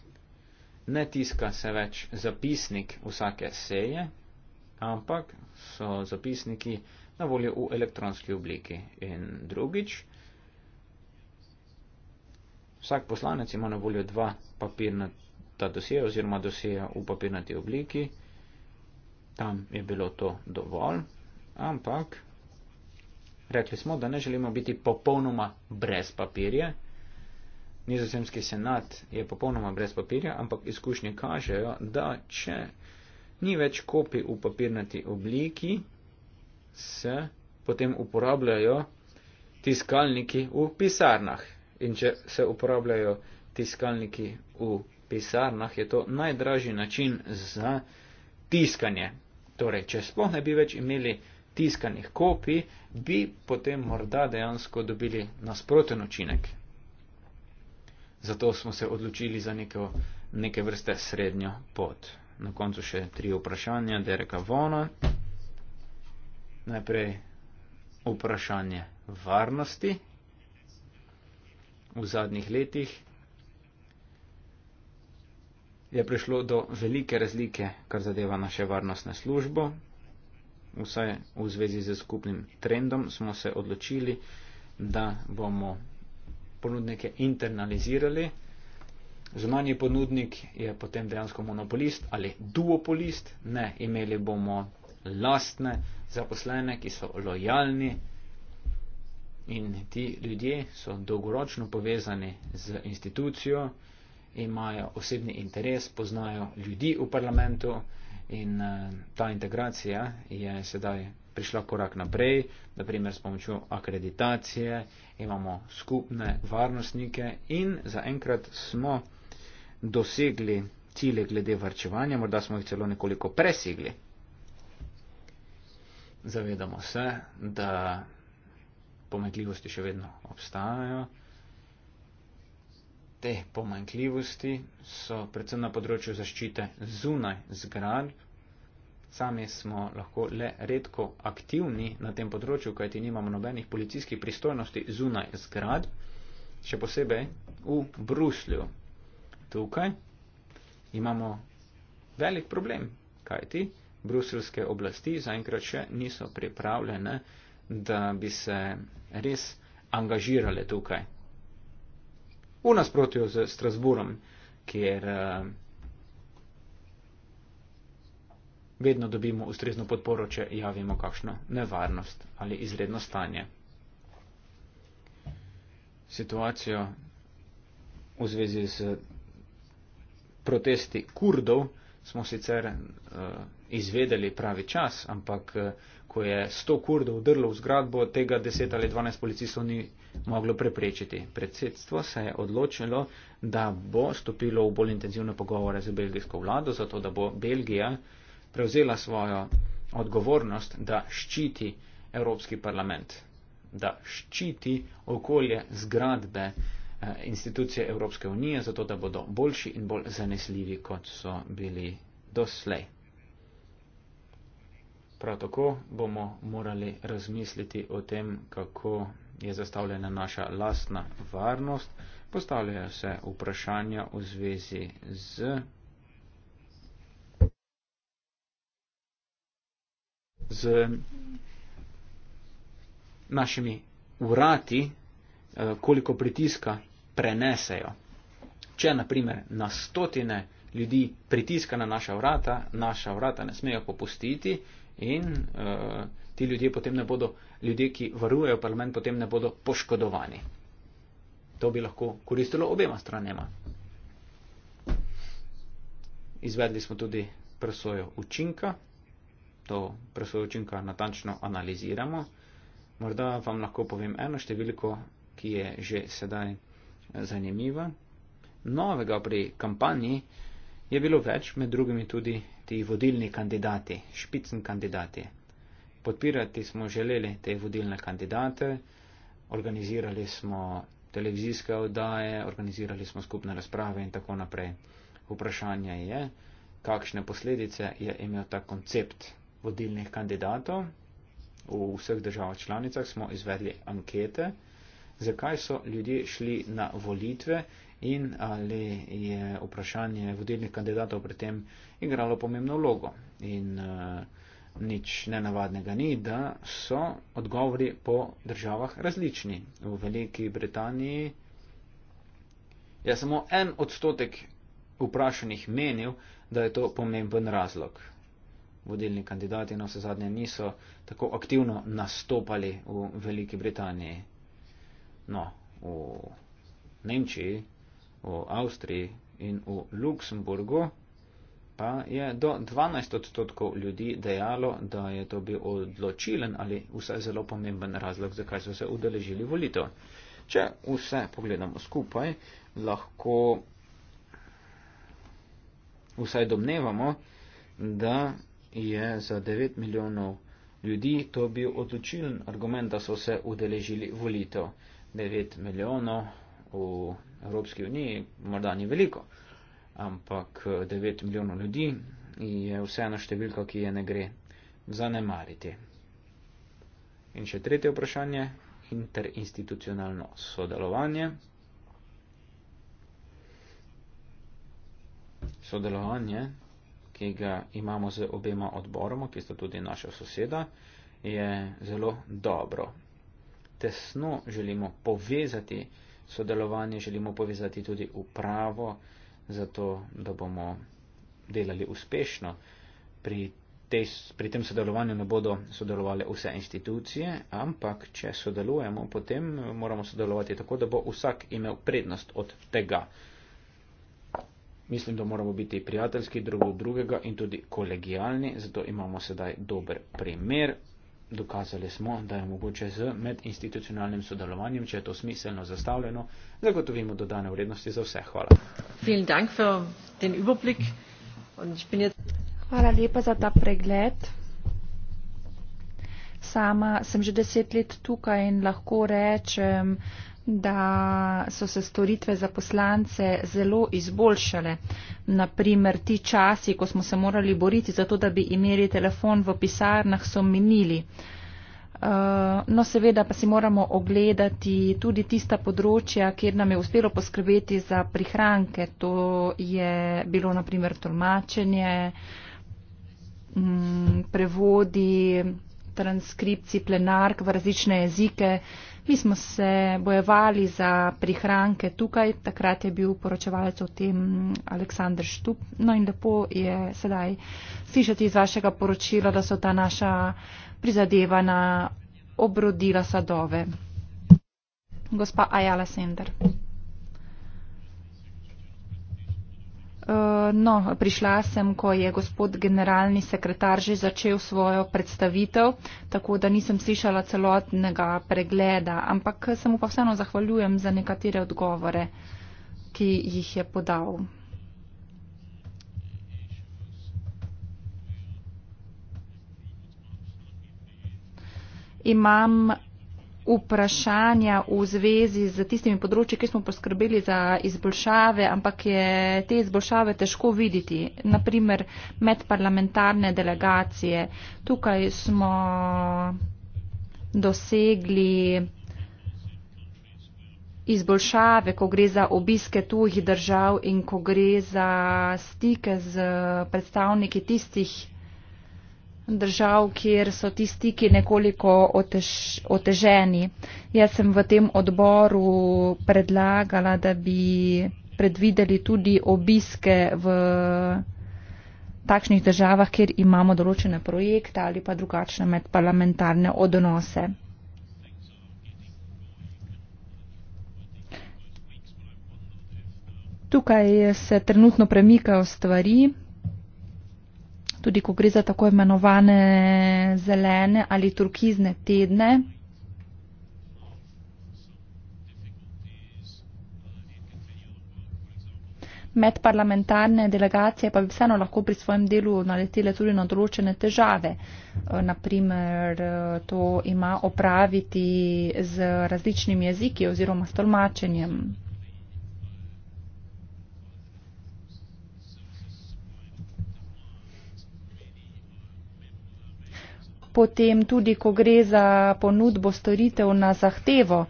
ne tiska se več zapisnik vsake seje, ampak so zapisniki na voljo v elektronski obliki. In drugič, Vsak poslanec ima na voljo dva papirnata doseja oziroma doseja v papirnati obliki. Tam je bilo to dovolj, ampak rekli smo, da ne želimo biti popolnoma brez papirja. Nizozemski senat je popolnoma brez papirja, ampak izkušnje kažejo, da če ni več kopij v papirnati obliki, se potem uporabljajo tiskalniki v pisarnah. In če se uporabljajo tiskalniki v pisarnah, je to najdražji način za tiskanje. Torej, če sploh ne bi več imeli tiskanih kopij, bi potem morda dejansko dobili nasproten učinek. Zato smo se odločili za neko, neke vrste srednjo pot. Na koncu še tri vprašanja Dereka Vona. Najprej vprašanje varnosti v zadnjih letih, je prišlo do velike razlike, kar zadeva naše varnostne službo. Vsaj v zvezi z skupnim trendom smo se odločili, da bomo ponudnike internalizirali. Zunanji ponudnik je potem dejansko monopolist ali duopolist. Ne, imeli bomo lastne zaposlene, ki so lojalni in ti ljudje so dolgoročno povezani z institucijo, imajo osebni interes, poznajo ljudi v parlamentu in eh, ta integracija je sedaj prišla korak naprej, naprimer s pomočjo akreditacije, imamo skupne varnostnike in zaenkrat smo dosegli cilje glede varčevanja, morda smo jih celo nekoliko presegli. Zavedamo se, da pomenkljivosti še vedno obstajajo. Te pomenkljivosti so predvsem na področju zaščite zunaj zgradb. Sami smo lahko le redko aktivni na tem področju, kajti nimamo nobenih policijskih pristojnosti zunaj zgradb, še posebej v Bruslju. Tukaj imamo velik problem, kajti bruseljske oblasti zaenkrat še niso pripravljene da bi se res angažirale tukaj. V nasprotju z Strasburom, kjer eh, vedno dobimo ustrezno podporo, če javimo kakšno nevarnost ali izredno stanje. Situacijo v zvezi z protesti kurdov smo sicer. Uh, izvedeli pravi čas, ampak eh, ko je 100 kurdov vdrlo v zgradbo, tega 10 ali 12 policistov ni moglo preprečiti. Predsedstvo se je odločilo, da bo stopilo v bolj intenzivne pogovore z belgijsko vlado, zato da bo Belgija prevzela svojo odgovornost, da ščiti Evropski parlament, da ščiti okolje zgradbe eh, institucije Evropske unije, zato da bodo boljši in bolj zanesljivi, kot so bili doslej. Prav tako bomo morali razmisliti o tem, kako je zastavljena naša lastna varnost. Postavljajo se vprašanja v zvezi z z našimi urati, eh, koliko pritiska prenesejo. Če naprimer na stotine ljudi pritiska na naša vrata, naša vrata ne smejo popustiti, in uh, ti ljudje potem ne bodo, ljudje, ki varujejo parlament, potem ne bodo poškodovani. To bi lahko koristilo obema stranema. Izvedli smo tudi presojo učinka. To presojo učinka natančno analiziramo. Morda vam lahko povem eno številko, ki je že sedaj eh, zanimiva. Novega pri kampanji je bilo več, med drugimi tudi ti vodilni kandidati, špicen kandidati. Podpirati smo želeli te vodilne kandidate, organizirali smo televizijske oddaje, organizirali smo skupne razprave in tako naprej. Vprašanje je, kakšne posledice je imel ta koncept vodilnih kandidatov. V vseh državah članicah smo izvedli ankete, zakaj so ljudje šli na volitve in ali je vprašanje vodilnih kandidatov pri tem igralo pomembno vlogo. In uh, nič nenavadnega ni, da so odgovori po državah različni. V Veliki Britaniji je samo en odstotek vprašanih menil, da je to pomemben razlog. Vodilni kandidati na vse zadnje niso tako aktivno nastopali v Veliki Britaniji. No, v Nemčiji v Avstriji in v Luksemburgu, pa je do 12 odstotkov ljudi dejalo, da je to bil odločilen ali vsaj zelo pomemben razlog, zakaj so se udeležili volitev. Če vse pogledamo skupaj, lahko vsaj domnevamo, da je za 9 milijonov ljudi to bil odločilen argument, da so se udeležili volitev. 9 milijonov v Evropski uniji, morda ni veliko, ampak 9 milijonov ljudi je vseeno številka, ki je ne gre zanemariti. In še tretje vprašanje, interinstitucionalno sodelovanje. Sodelovanje, ki ga imamo z obema odboroma, ki sta tudi naša soseda, je zelo dobro. Tesno želimo povezati sodelovanje želimo povezati tudi v pravo, zato da bomo delali uspešno. Pri, te, pri tem sodelovanju ne bodo sodelovali vse institucije, ampak če sodelujemo, potem moramo sodelovati tako, da bo vsak imel prednost od tega. Mislim, da moramo biti prijateljski drug drugega in tudi kolegijalni, zato imamo sedaj dober primer dokazali smo, da je mogoče z medinstitucionalnim sodelovanjem, če je to smiselno zastavljeno, zagotovimo dodane vrednosti za vse. Hvala. Hvala lepa za ta pregled. Sama sem že deset let tukaj in lahko rečem, da so se storitve za poslance zelo izboljšale. Naprimer, ti časi, ko smo se morali boriti za to, da bi imeli telefon v pisarnah, so minili. Uh, no, seveda pa si moramo ogledati tudi tista področja, kjer nam je uspelo poskrbeti za prihranke. To je bilo naprimer tolmačenje, mm, prevodi, transkripci, plenark v različne jezike. Mi smo se bojevali za prihranke tukaj, takrat je bil poročevalec o tem Aleksandr Štup. No in lepo je sedaj slišati iz vašega poročila, da so ta naša prizadevana obrodila sadove. Gospa Ajala Sender. Eh, no, prišla sem, ko je gospod generalni sekretar že začel svojo predstavitev, tako da nisem slišala celotnega pregleda, ampak se mu pa vseeno zahvaljujem za nekatere odgovore, ki jih je podal. Imam vprašanja v zvezi z tistimi področji, ki smo poskrbeli za izboljšave, ampak je te izboljšave težko videti. Naprimer, medparlamentarne delegacije. Tukaj smo dosegli izboljšave, ko gre za obiske tujih držav in ko gre za stike z predstavniki tistih, držav, kjer so ti stiki nekoliko otež, oteženi. Jaz sem v tem odboru predlagala, da bi predvideli tudi obiske v takšnih državah, kjer imamo določene projekte ali pa drugačne medparlamentarne odnose. Tukaj se trenutno premikajo stvari tudi ko gre za tako imenovane zelene ali turkizne tedne. Medparlamentarne delegacije pa bi vseeno lahko pri svojem delu naletele tudi na določene težave. Eh, Naprimer, eh, to ima opraviti z različnimi jeziki oziroma s tolmačenjem. potem tudi, ko gre za ponudbo storitev na zahtevo,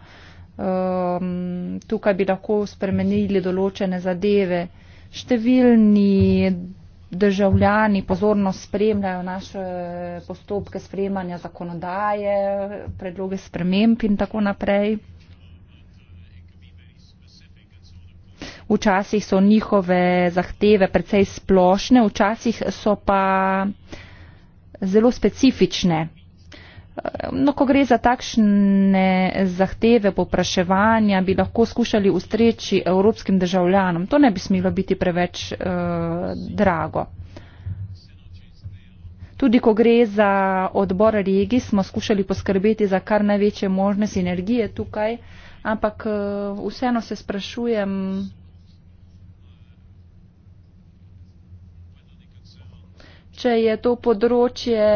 um, tukaj bi lahko spremenili določene zadeve. Številni državljani pozorno spremljajo naše postopke spremanja zakonodaje, predloge sprememb in tako naprej. Včasih so njihove zahteve precej splošne, včasih so pa zelo specifične. No, ko gre za takšne zahteve popraševanja, bi lahko skušali ustreči evropskim državljanom. To ne bi smelo biti preveč uh, drago. Tudi ko gre za odbor regij, smo skušali poskrbeti za kar največje možne sinergije tukaj, ampak uh, vseeno se sprašujem, če je to področje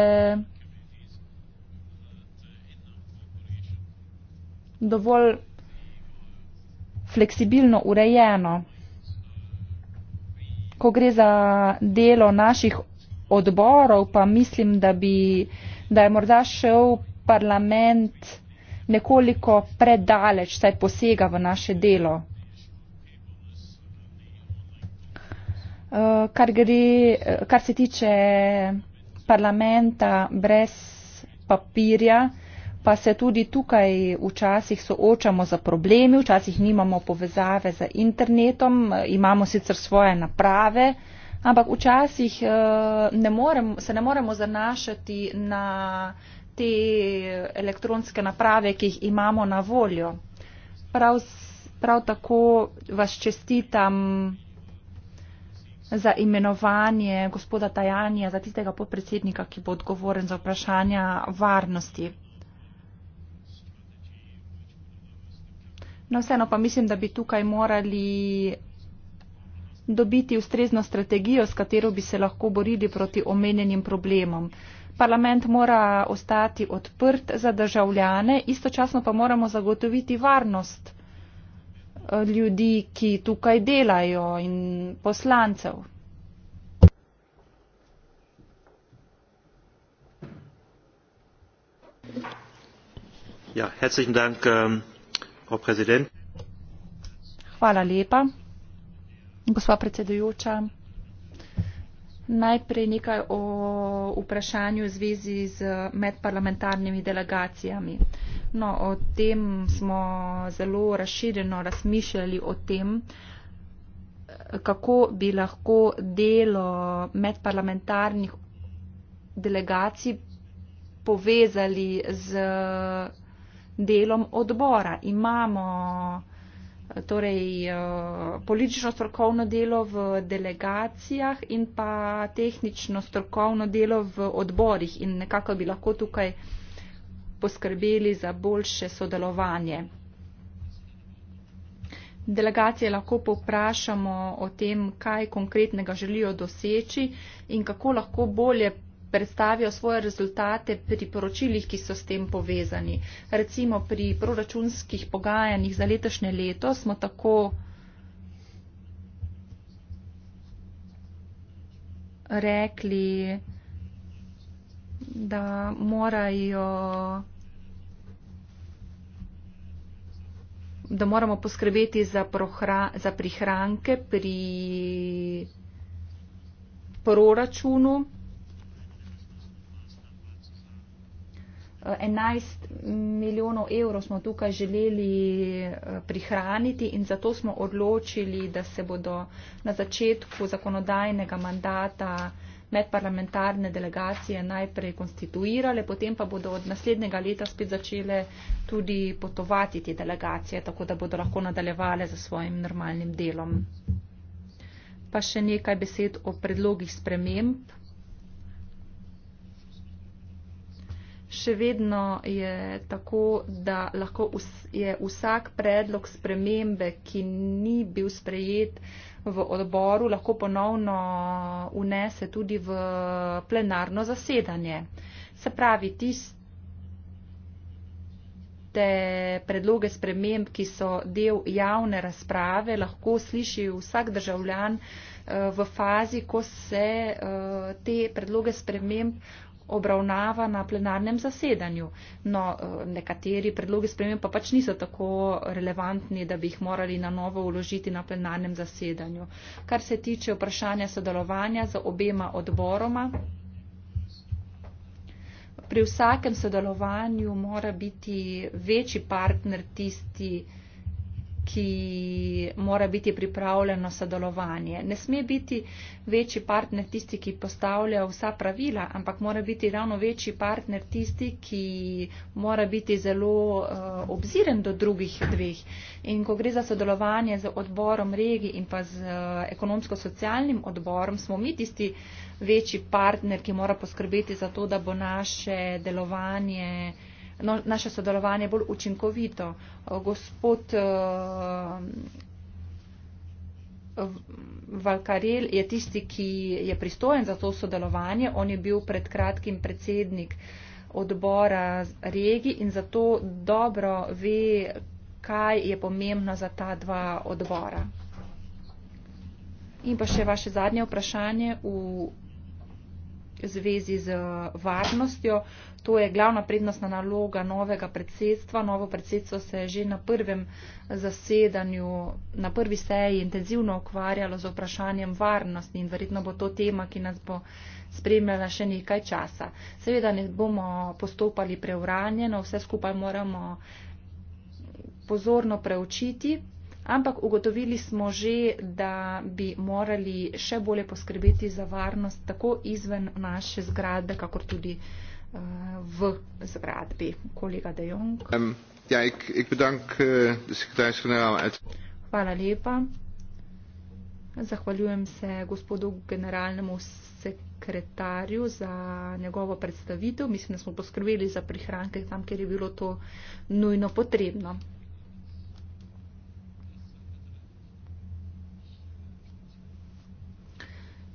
dovolj fleksibilno urejeno. Ko gre za delo naših odborov, pa mislim, da, bi, da je morda šel parlament nekoliko predaleč, saj posega v naše delo. Eh, kar, gre, eh, kar se tiče parlamenta brez papirja, pa se tudi tukaj včasih soočamo za problemi, včasih nimamo povezave z internetom, eh, imamo sicer svoje naprave, ampak včasih ne morem, se ne moremo zanašati na te elektronske naprave, ki jih imamo na voljo. Prav, prav tako vas čestitam za imenovanje gospoda Tajanija za tistega podpredsednika, ki bo odgovoren za vprašanja varnosti. No, vseeno pa mislim, da bi tukaj morali dobiti ustrezno strategijo, s katero bi se lahko borili proti omenjenim problemom. Parlament mora ostati odprt za državljane, istočasno pa moramo zagotoviti varnost. Eh, ljudi, ki tukaj delajo in poslancev. Ja, herzlichen Dank, um, Frau Präsident. Hvala lepa, gospa predsedujoča. Najprej nekaj o vprašanju v zvezi z medparlamentarnimi delegacijami. Uh, trenutno o tem smo zelo razširjeno razmišljali o tem, kako bi lahko delo medparlamentarnih delegacij povezali z delom odbora. Imamo torej, eh, politično strokovno delo v delegacijah in pa tehnično strokovno delo v odborih in nekako bi lahko tukaj poskrbeli za boljše sodelovanje. Delegacije lahko poprašamo o tem, kaj konkretnega želijo doseči in kako lahko bolje predstavijo svoje rezultate pri poročilih, ki so s tem povezani. Recimo pri proračunskih pogajanjih za letošnje leto smo tako rekli, da morajo da moramo poskrbeti za, prohra, za prihranke pri proračunu. 11 milijonov evrov smo tukaj želeli eh, prihraniti in zato smo odločili, da se bodo na začetku zakonodajnega mandata uh, medparlamentarne delegacije najprej konstituirale, potem pa bodo od naslednjega leta spet začele tudi potovati te delegacije, tako da bodo lahko nadaljevale za svojim normalnim delom. Pa še nekaj besed o predlogih sprememb. Še vedno je tako, da lahko je vsak predlog spremembe, ki ni bil sprejet, v odboru lahko ponovno unese tudi v plenarno zasedanje. Se pravi, tiste predloge sprememb, ki so del javne razprave, lahko sliši vsak državljan eh, v fazi, ko se eh, te predloge sprememb obravnava na plenarnem zasedanju. No, eh, nekateri predlogi spremem pa pač niso tako relevantni, da bi jih morali na novo uložiti na plenarnem zasedanju. Kar se tiče vprašanja sodelovanja z obema odboroma, pri vsakem sodelovanju mora biti večji partner tisti, ki ki mora biti pripravljeno sodelovanje. Ne sme biti večji partner tisti, ki postavlja vsa pravila, ampak mora biti ravno večji partner tisti, ki mora biti zelo uh, obziren do drugih dveh. In ko gre za sodelovanje z odborom regi in pa z uh, ekonomsko-socialnim odborom, smo mi tisti večji partner, ki mora poskrbeti za to, da bo naše delovanje uh, no, naše sodelovanje bolj učinkovito. Eh, gospod uh, Valkarel je tisti, ki je pristojen za to sodelovanje. On je bil pred kratkim predsednik odbora regi in zato dobro ve, kaj je pomembno za ta dva odbora. In pa še vaše zadnje vprašanje v zvezi z varnostjo. To je glavna prednostna naloga novega predsedstva. Novo predsedstvo se je že na prvem zasedanju, na prvi seji intenzivno ukvarjalo z vprašanjem varnosti in verjetno bo to tema, ki nas bo spremljala še nekaj časa. Seveda ne bomo postopali preuranjeno, vse skupaj moramo pozorno preučiti. Ampak ugotovili smo že, da bi morali še bolje poskrbeti za varnost tako izven naše zgradbe, kakor tudi uh, v zgradbi. Kolega Dejong. Um, ja, ik, ik bedank, uh, Hvala lepa. Zahvaljujem se gospodu generalnemu sekretarju za njegovo predstavitev. Mislim, da smo poskrbeli za prihranke tam, kjer je bilo to nujno potrebno.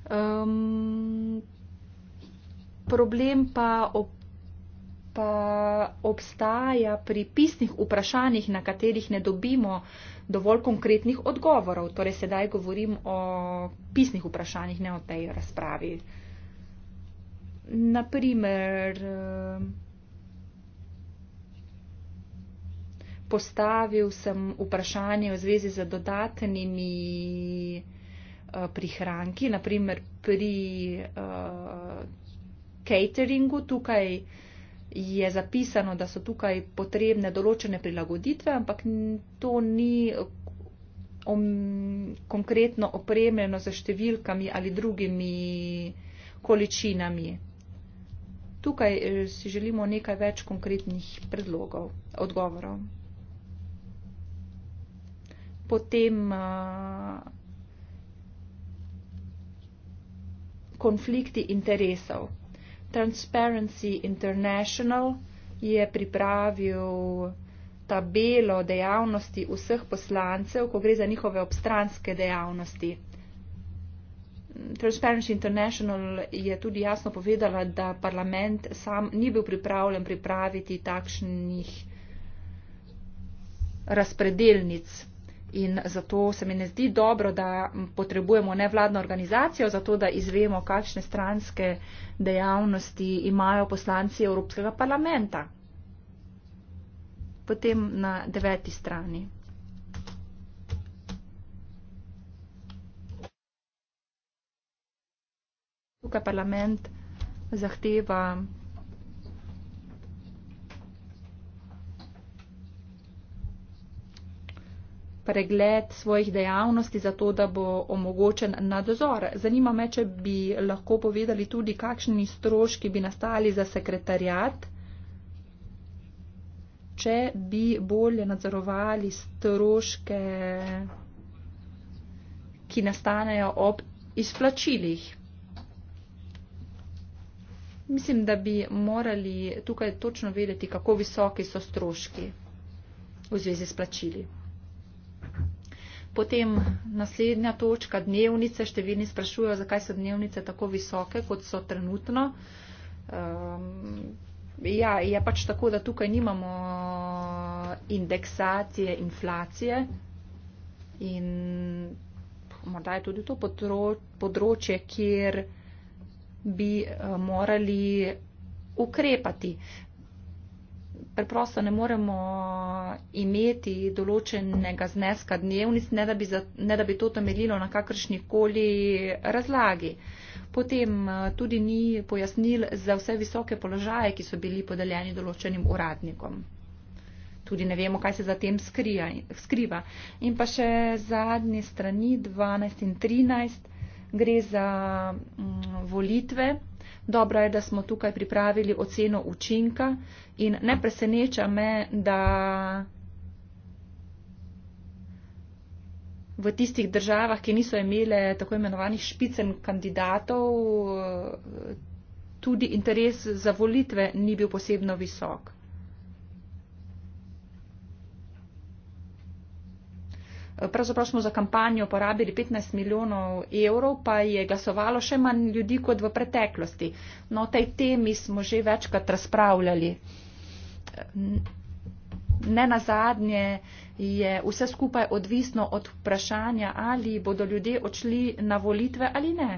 Um, problem pa, ob, pa obstaja pri pisnih vprašanjih, na katerih ne dobimo dovolj konkretnih odgovorov. Torej, sedaj govorim o pisnih vprašanjih, ne o tej razpravi. Naprimer, postavil sem vprašanje v zvezi z dodatnimi Eh, prihranki, naprimer pri uh, cateringu. Tukaj je zapisano, da so tukaj potrebne določene prilagoditve, ampak to ni um, konkretno opremljeno za številkami ali drugimi količinami. Tukaj eh, si želimo nekaj več konkretnih predlogov, odgovorov. Potem uh, konflikti interesov. Transparency International je pripravil tabelo dejavnosti vseh poslancev, ko gre za njihove obstranske dejavnosti. Transparency International je tudi jasno povedala, da parlament sam ni bil pripravljen pripraviti takšnih razpredelnic. In zato se mi ne zdi dobro, da potrebujemo nevladno organizacijo, zato da izvemo, kakšne stranske dejavnosti imajo poslanci Evropskega parlamenta. Potem na deveti strani. Tukaj parlament zahteva pregled svojih dejavnosti, zato da bo omogočen nadzor. Zanima me, če bi lahko povedali tudi, kakšni stroški bi nastali za sekretarjat, če bi bolje nadzorovali stroške, ki nastanejo ob izplačilih. Mislim, da bi morali tukaj točno vedeti, kako visoki so stroški v zvezi s plačili. Potem naslednja točka, dnevnice. Številni sprašujejo, zakaj so dnevnice tako visoke, kot so trenutno. Um, ja, je pač tako, da tukaj nimamo eh, indeksacije, inflacije in morda je tudi to področje, kjer bi eh, morali ukrepati preprosto ne moremo imeti določenega zneska dnevnic, ne da bi, za, ne da bi to temeljilo na kakršni koli razlagi. Potem eh, tudi ni pojasnil za vse visoke položaje, ki so bili podeljeni določenim uradnikom. Tudi ne vemo, kaj se za tem skrija, skriva. In pa še zadnji strani 12 in 13 gre za mm, volitve. Dobro je, da smo tukaj pripravili oceno učinka in ne preseneča me, da v tistih državah, ki niso imele tako imenovanih špicen kandidatov, tudi interes za volitve ni bil posebno visok. pravzaprav smo za kampanjo porabili 15 milijonov evrov, pa je glasovalo še manj ljudi kot v preteklosti. No, o tej temi smo že večkrat razpravljali. Ne na zadnje je vse skupaj odvisno od vprašanja, ali bodo ljudje odšli na volitve ali ne.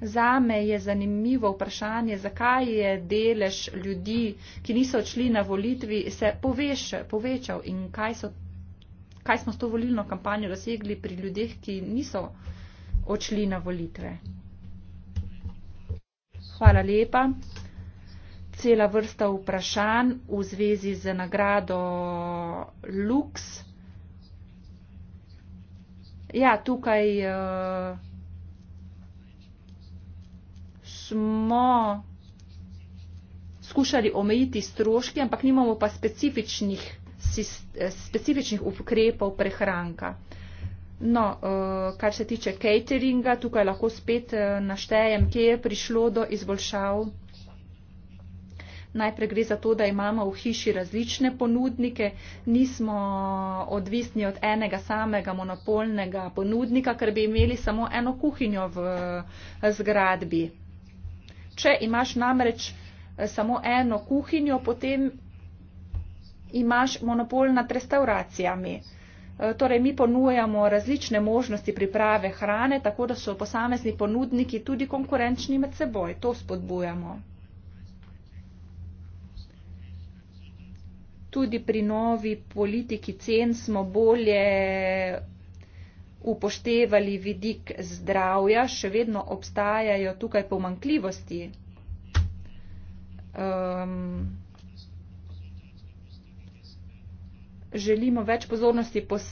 Zame je zanimivo vprašanje, zakaj je delež ljudi, ki niso odšli na volitvi, se poveš, povečal in kaj, so, kaj smo s to volilno kampanjo dosegli pri ljudeh, ki niso odšli na volitve. Hvala lepa. Cela vrsta vprašanj v zvezi z nagrado Lux. Ja, tukaj. Uh, smo skušali omejiti stroške, ampak nimamo pa specifičnih, eh, specifičnih ukrepov prehranka. No, eh, kar se tiče cateringa, tukaj lahko spet eh, naštejem, kje je prišlo do izboljšav. Najprej gre za to, da imamo v hiši različne ponudnike, nismo odvisni od enega samega monopolnega ponudnika, ker bi imeli samo eno kuhinjo v zgradbi. Če imaš namreč eh, samo eno kuhinjo, potem imaš monopol nad restauracijami. Eh, torej, mi ponujamo različne možnosti priprave hrane, tako da so posamezni ponudniki tudi konkurenčni med seboj. To spodbujamo. Tudi pri novi politiki cen smo bolje upoštevali vidik zdravja, še vedno obstajajo tukaj pomankljivosti. Um, želimo več pozornosti pos,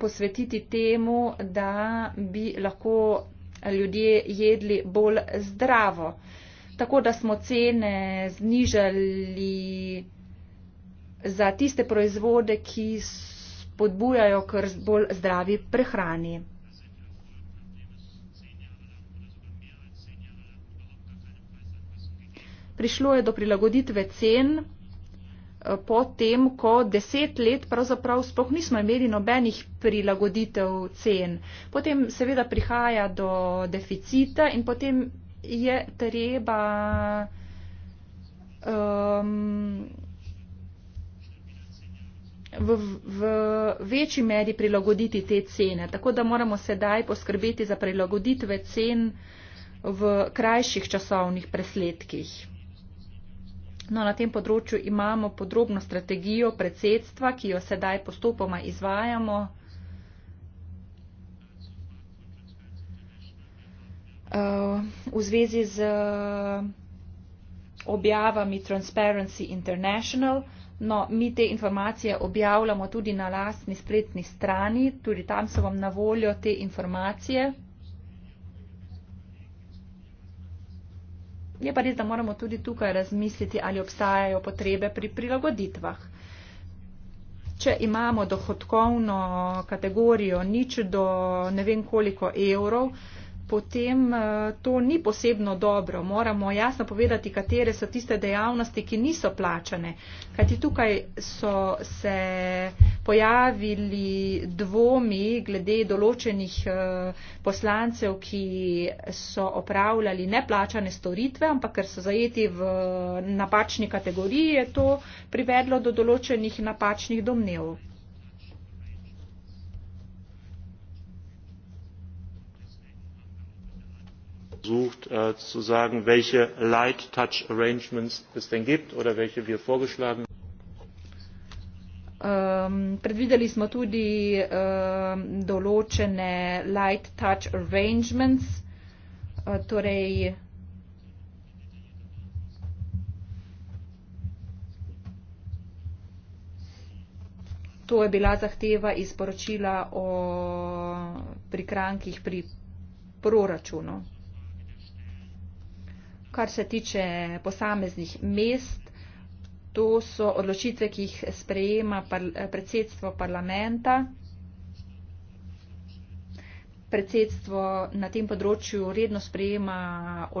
posvetiti temu, da bi lahko ljudje jedli bolj zdravo. Tako da smo cene znižali za tiste proizvode, ki so spodbujajo k bolj zdravi prehrani. Prišlo je do prilagoditve cen eh, potem, ko deset let pravzaprav sploh nismo imeli nobenih prilagoditev cen. Potem seveda prihaja do deficita in potem je treba um, v, v večji meri prilagoditi te cene. Tako da moramo sedaj poskrbeti za prilagoditve cen v krajših časovnih presledkih. No, na tem področju imamo podrobno strategijo predsedstva, ki jo sedaj postopoma izvajamo. Uh, v zvezi z objavami Transparency International. No, mi te informacije objavljamo tudi na lastni spletni strani, tudi tam so vam na voljo te informacije. Je pa res, da moramo tudi tukaj razmisliti, ali obstajajo potrebe pri prilagoditvah. Če imamo dohodkovno kategorijo nič do ne vem koliko evrov, potem eh, to ni posebno dobro. Moramo jasno povedati, katere so tiste dejavnosti, ki niso plačane. Kajti tukaj so se pojavili dvomi glede določenih eh, poslancev, ki so opravljali neplačane storitve, ampak ker so zajeti v napačni kategoriji, je to privedlo do določenih napačnih domnev. versucht äh, zu sagen, welche Light Touch Arrangements es denn gibt oder welche wir vorgeschlagen haben. Um, predvideli smo tudi um, določene light touch arrangements, uh, torej to je bila zahteva iz poročila o prikrankih pri proračunu. Kar se tiče posameznih mest, to so odločitve, ki jih sprejema predsedstvo parlamenta. Predsedstvo na tem področju redno sprejema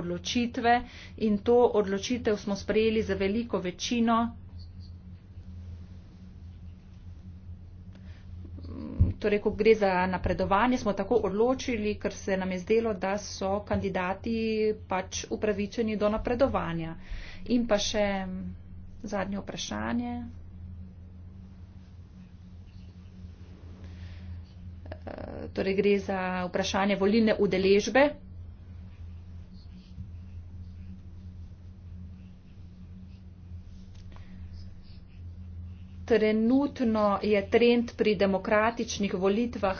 odločitve in to odločitev smo sprejeli za veliko večino. torej ko gre za napredovanje, smo tako odločili, ker se nam je zdelo, da so kandidati pač upravičeni do napredovanja. In pa še zadnje vprašanje. Torej gre za vprašanje volilne udeležbe. trenutno je trend pri demokratičnih volitvah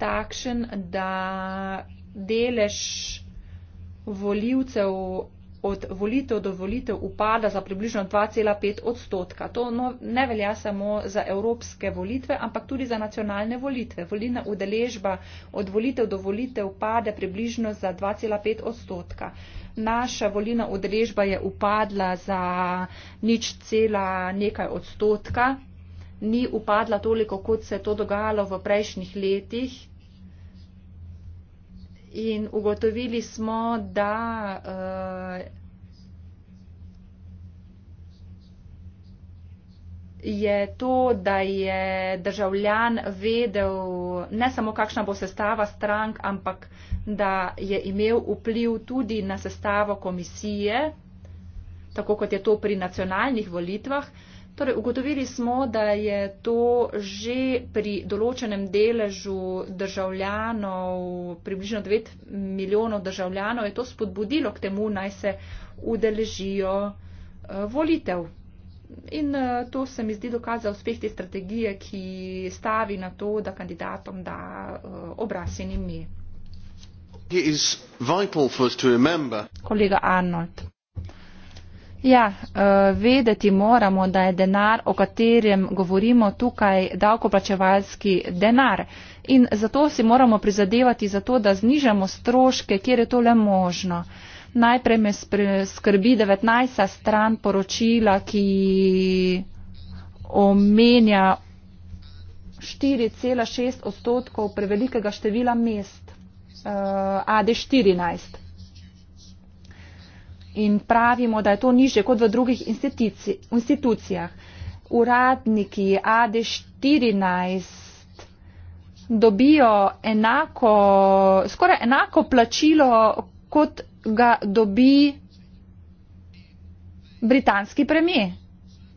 takšen, da delež voljivcev od volitev do volitev upada za približno 2,5 odstotka. To no, ne velja samo za evropske volitve, ampak tudi za nacionalne volitve. Volina udeležba od volitev do volitev pade približno za 2,5 odstotka. Uh, naša volilna udeležba je upadla za nič cela nekaj odstotka, ni upadla toliko, kot se je to dogajalo v prejšnjih letih. In ugotovili smo, da uh, je to, da je državljan vedel ne samo, kakšna bo sestava strank, ampak da je imel vpliv tudi na sestavo komisije, tako kot je to pri nacionalnih volitvah. Torej, ugotovili smo, da je to že pri določenem deležu državljanov, približno 9 milijonov državljanov, je to spodbudilo k temu, naj se udeležijo eh, volitev. In eh, to se mi zdi dokaz za uspeh te strategije, ki stavi na to, da kandidatom da eh, obraz in ime. Kolega Arnold. Ja, eh, vedeti moramo, da je denar, o katerem govorimo tukaj, davkoplačevalski denar. In zato si moramo prizadevati za to, da znižamo stroške, kjer je to le možno. Uh, Najprej me skrbi 19. stran poročila, ki omenja 4,6 odstotkov prevelikega števila mest uh, eh, AD14. In pravimo, da je to niže kot v drugih institucijah. Uradniki AD14 dobijo enako, skoraj enako plačilo kot ga dobi britanski premije.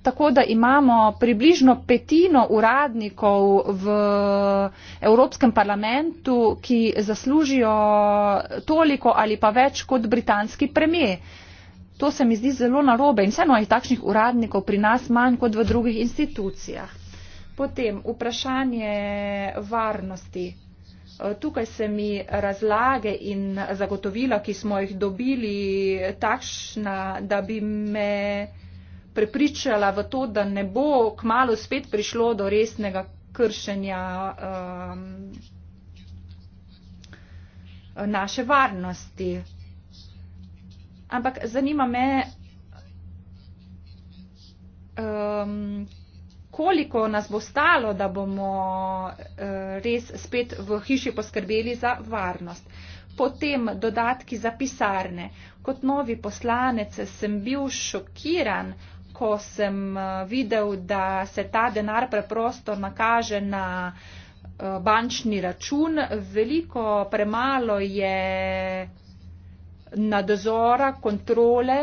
Tako da imamo približno petino uradnikov v Evropskem parlamentu, ki zaslužijo toliko ali pa več kot britanski premije. To se mi zdi zelo narobe in vseeno je takšnih uradnikov pri nas manj kot v drugih institucijah. Potem vprašanje varnosti. Tukaj se mi razlage in zagotovila, ki smo jih dobili, takšna, da bi me prepričala v to, da ne bo kmalo spet prišlo do resnega kršenja um, naše varnosti. Ampak zanima me, um, koliko nas bo stalo, da bomo eh, res spet v hiši poskrbeli za varnost. Potem dodatki za pisarne. Kot novi poslanec sem bil šokiran, ko sem eh, videl, da se ta denar preprosto nakaže na eh, bančni račun. Veliko premalo je nadzora, kontrole,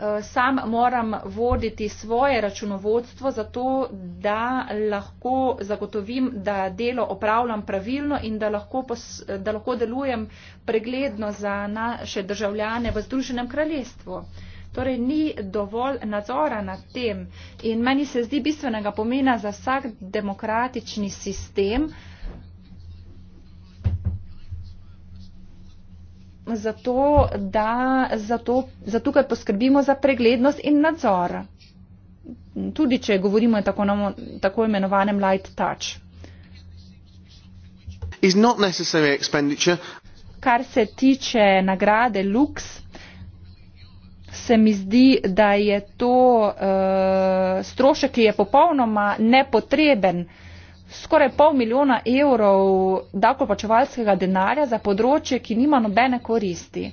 Eh, sam moram voditi svoje računovodstvo, zato da lahko zagotovim, da delo opravljam pravilno in da lahko, pos, da lahko delujem pregledno za naše državljane v Združenem kraljestvu. Torej, ni dovolj nadzora nad tem in meni se zdi bistvenega pomena za vsak demokratični sistem, uh, zato, da zato, zato tukaj poskrbimo za preglednost in nadzor. Tudi, če govorimo o tako, tako imenovanem light touch. Kar se tiče nagrade Lux, se mi zdi, da je to uh, strošek, ki je popolnoma nepotreben. Uh, skoraj pol milijona evrov davkoplačevalskega denarja za področje, ki nima nobene koristi.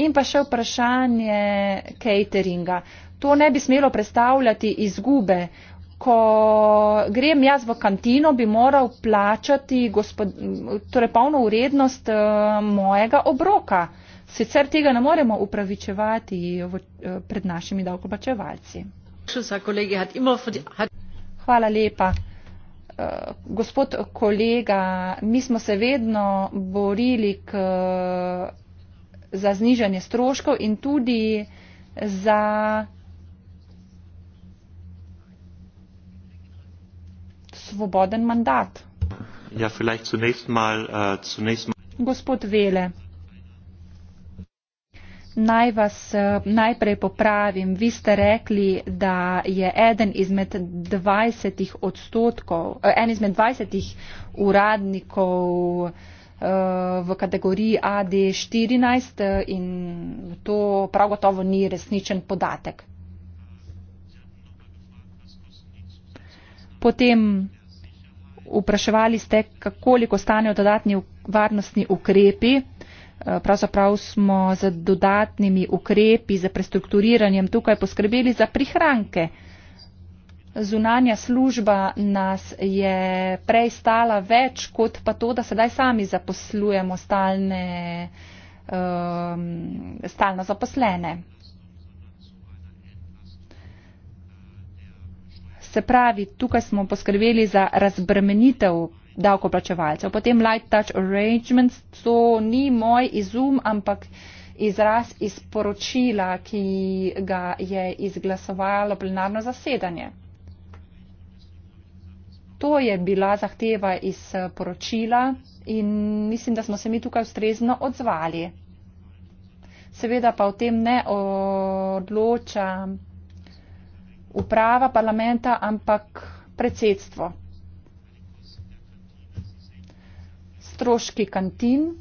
In pa še vprašanje cateringa. To ne bi smelo predstavljati izgube. Ko grem jaz v kantino, bi moral plačati gospod, torej polno urednost eh, mojega obroka. Sicer tega ne moremo upravičevati eh, pred našimi davkoplačevalci. Hvala lepa uh, gospod kolega, mi smo se vedno borili k, za znižanje stroškov in tudi za svoboden mandat. Ja, mal, uh, mal... Gospod Vele. Naj vas eh, najprej popravim. Vi ste rekli, da je eden izmed 20 odstotkov, eh, en izmed 20 uradnikov eh, v kategoriji AD14 in to prav gotovo ni resničen podatek. Potem vpraševali ste, koliko stanejo dodatni varnostni ukrepi. Eh, pravzaprav smo z dodatnimi ukrepi, z prestrukturiranjem tukaj poskrbeli za prihranke. Zunanja služba nas je prej stala več, kot pa to, da sedaj sami zaposlujemo stalne, um, stalno zaposlene. Se pravi, tukaj smo poskrbeli za razbremenitev davkoplačevalcev. Potem light touch arrangements, to ni moj izum, ampak izraz iz poročila, ki ga je izglasovalo plenarno zasedanje. To je bila zahteva iz eh, poročila in mislim, da smo se mi tukaj ustrezno odzvali. Seveda pa o tem ne odloča uprava parlamenta, ampak predsedstvo stroški kantin.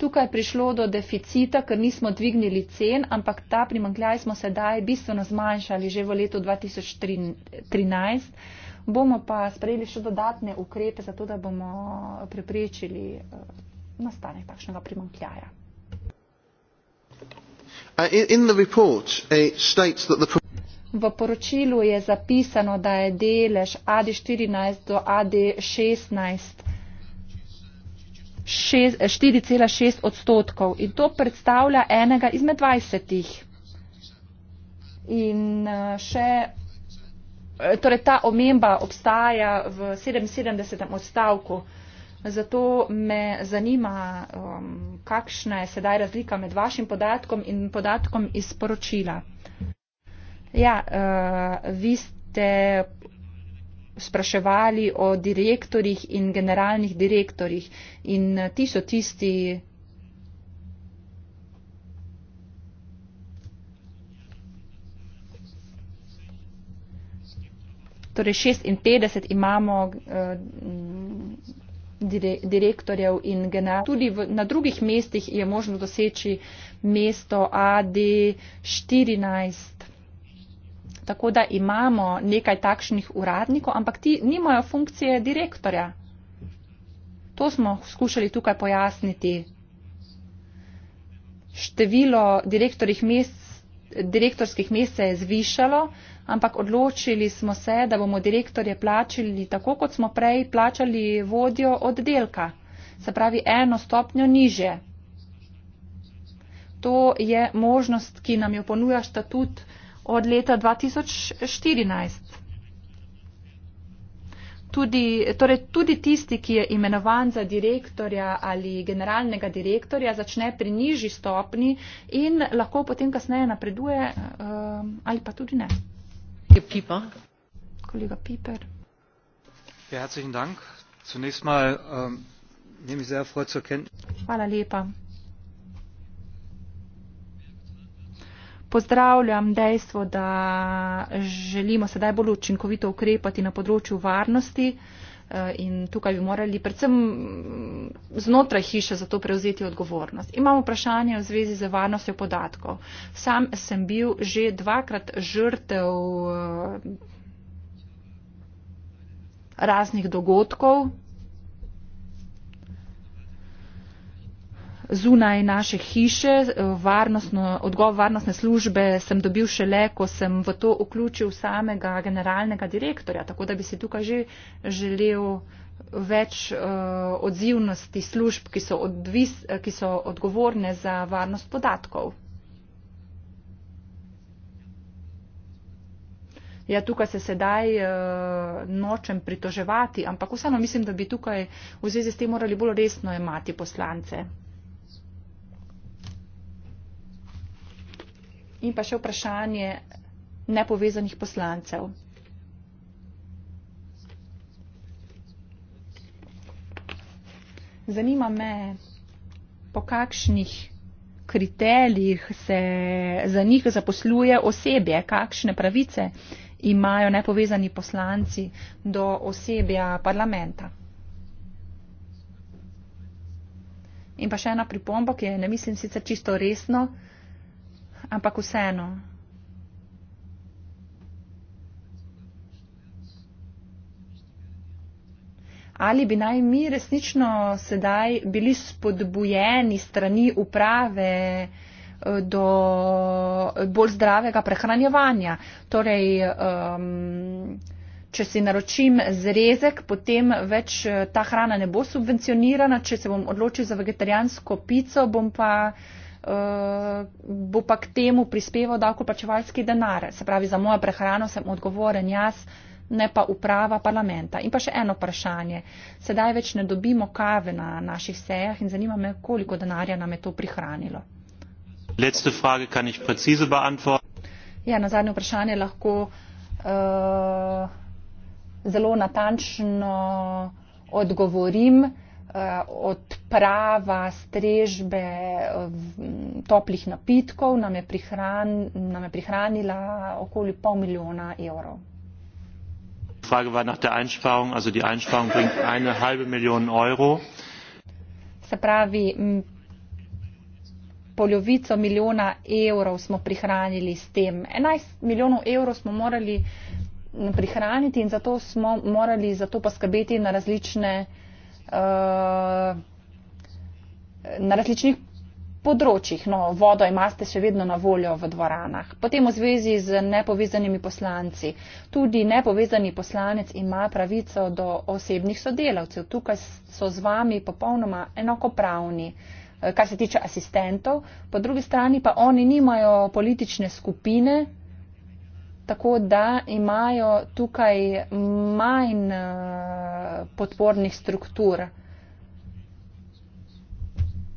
Tukaj je prišlo do deficita, ker nismo dvignili cen, ampak ta primankljaj smo sedaj bistveno zmanjšali že v letu 2013. Bomo pa sprejeli še dodatne ukrepe, zato da bomo preprečili eh, nastanek takšnega primankljaja. Uh, in, in the report, it eh, states that the... V poročilu je zapisano, da je delež AD14 do AD16 4,6 odstotkov in to predstavlja enega izmed 20. In eh, še, eh, torej ta omemba obstaja v 77. odstavku. Zato me zanima, um, kakšna je sedaj razlika med vašim podatkom in podatkom iz poročila. Ja, uh, vi ste spraševali o direktorjih in generalnih direktorjih in eh, ti so tisti. Torej 56 imamo uh, direktorjev in generalov. Tudi v, na drugih mestih je možno doseči mesto AD 14. Tako da imamo nekaj takšnih uradnikov, ampak ti nimajo funkcije direktorja. To smo skušali tukaj pojasniti. Število mest, direktorskih mest se je zvišalo, ampak odločili smo se, da bomo direktorje plačali tako, kot smo prej plačali vodjo oddelka, se pravi eno stopnjo niže. To je možnost, ki nam jo ponuja statut od leta 2014. Tudi, torej, tudi tisti, ki je imenovan za direktorja ali generalnega direktorja, začne pri nižji stopni in lahko potem kasneje napreduje um, ali pa tudi ne. Pipa. Kolega Piper. Ja, ehm, Hvala lepa. pozdravljam dejstvo, da želimo sedaj bolj učinkovito ukrepati na področju varnosti eh, in tukaj bi morali predvsem znotraj hiše za to prevzeti odgovornost. Imam vprašanje v zvezi z varnostjo podatkov. Sam sem bil že dvakrat žrtev eh, raznih dogodkov, zunaj naše hiše, odgovor varnostne službe sem dobil šele, ko sem v to vključil samega generalnega direktorja, tako da bi si tukaj že želel več uh, odzivnosti služb, ki so, odvis, ki so odgovorne za varnost podatkov. Ja, tukaj se sedaj uh, nočem pritoževati, ampak vseeno mislim, da bi tukaj v zvezi s tem morali bolj resno imati poslance. in pa še vprašanje nepovezanih poslancev. Zanima me, po kakšnih kriterijih se za njih zaposluje osebje, kakšne pravice imajo nepovezani poslanci do osebja parlamenta. In pa še ena pripomba, ki je ne mislim sicer čisto resno, ampak vseeno. Ali bi naj mi resnično sedaj bili spodbujeni strani uprave eh, do bolj zdravega prehranjevanja? Torej, um, če si naročim zrezek, potem več eh, ta hrana ne bo subvencionirana, če se bom odločil za vegetarijansko pico, bom pa uh, Eh, bo pa k temu prispeval davkoplačevalski denar. Se pravi, za mojo prehrano sem odgovoren jaz, ne pa uprava parlamenta. In pa še eno vprašanje. Sedaj več ne dobimo kave na naših sejah in zanima me, koliko denarja nam je to prihranilo. Ja, na zadnje vprašanje lahko uh, zelo natančno odgovorim. Eh, odprava strežbe eh, toplih napitkov nam je, prihran, nam je prihranila okoli pol milijona evrov. Se pravi, polovico milijona evrov smo prihranili s tem. 11 milijonov evrov smo morali prihraniti in zato smo morali za to poskrbeti na različne. Eh, na različnih področjih. No, vodo imate še vedno na voljo v dvoranah. Potem v zvezi z nepovezanimi poslanci. Tudi nepovezani poslanec ima pravico do osebnih sodelavcev. Tukaj so z vami popolnoma enakopravni, eh, kar se tiče asistentov. Po drugi strani pa oni nimajo politične skupine, tako da imajo tukaj manj eh, podpornih struktur.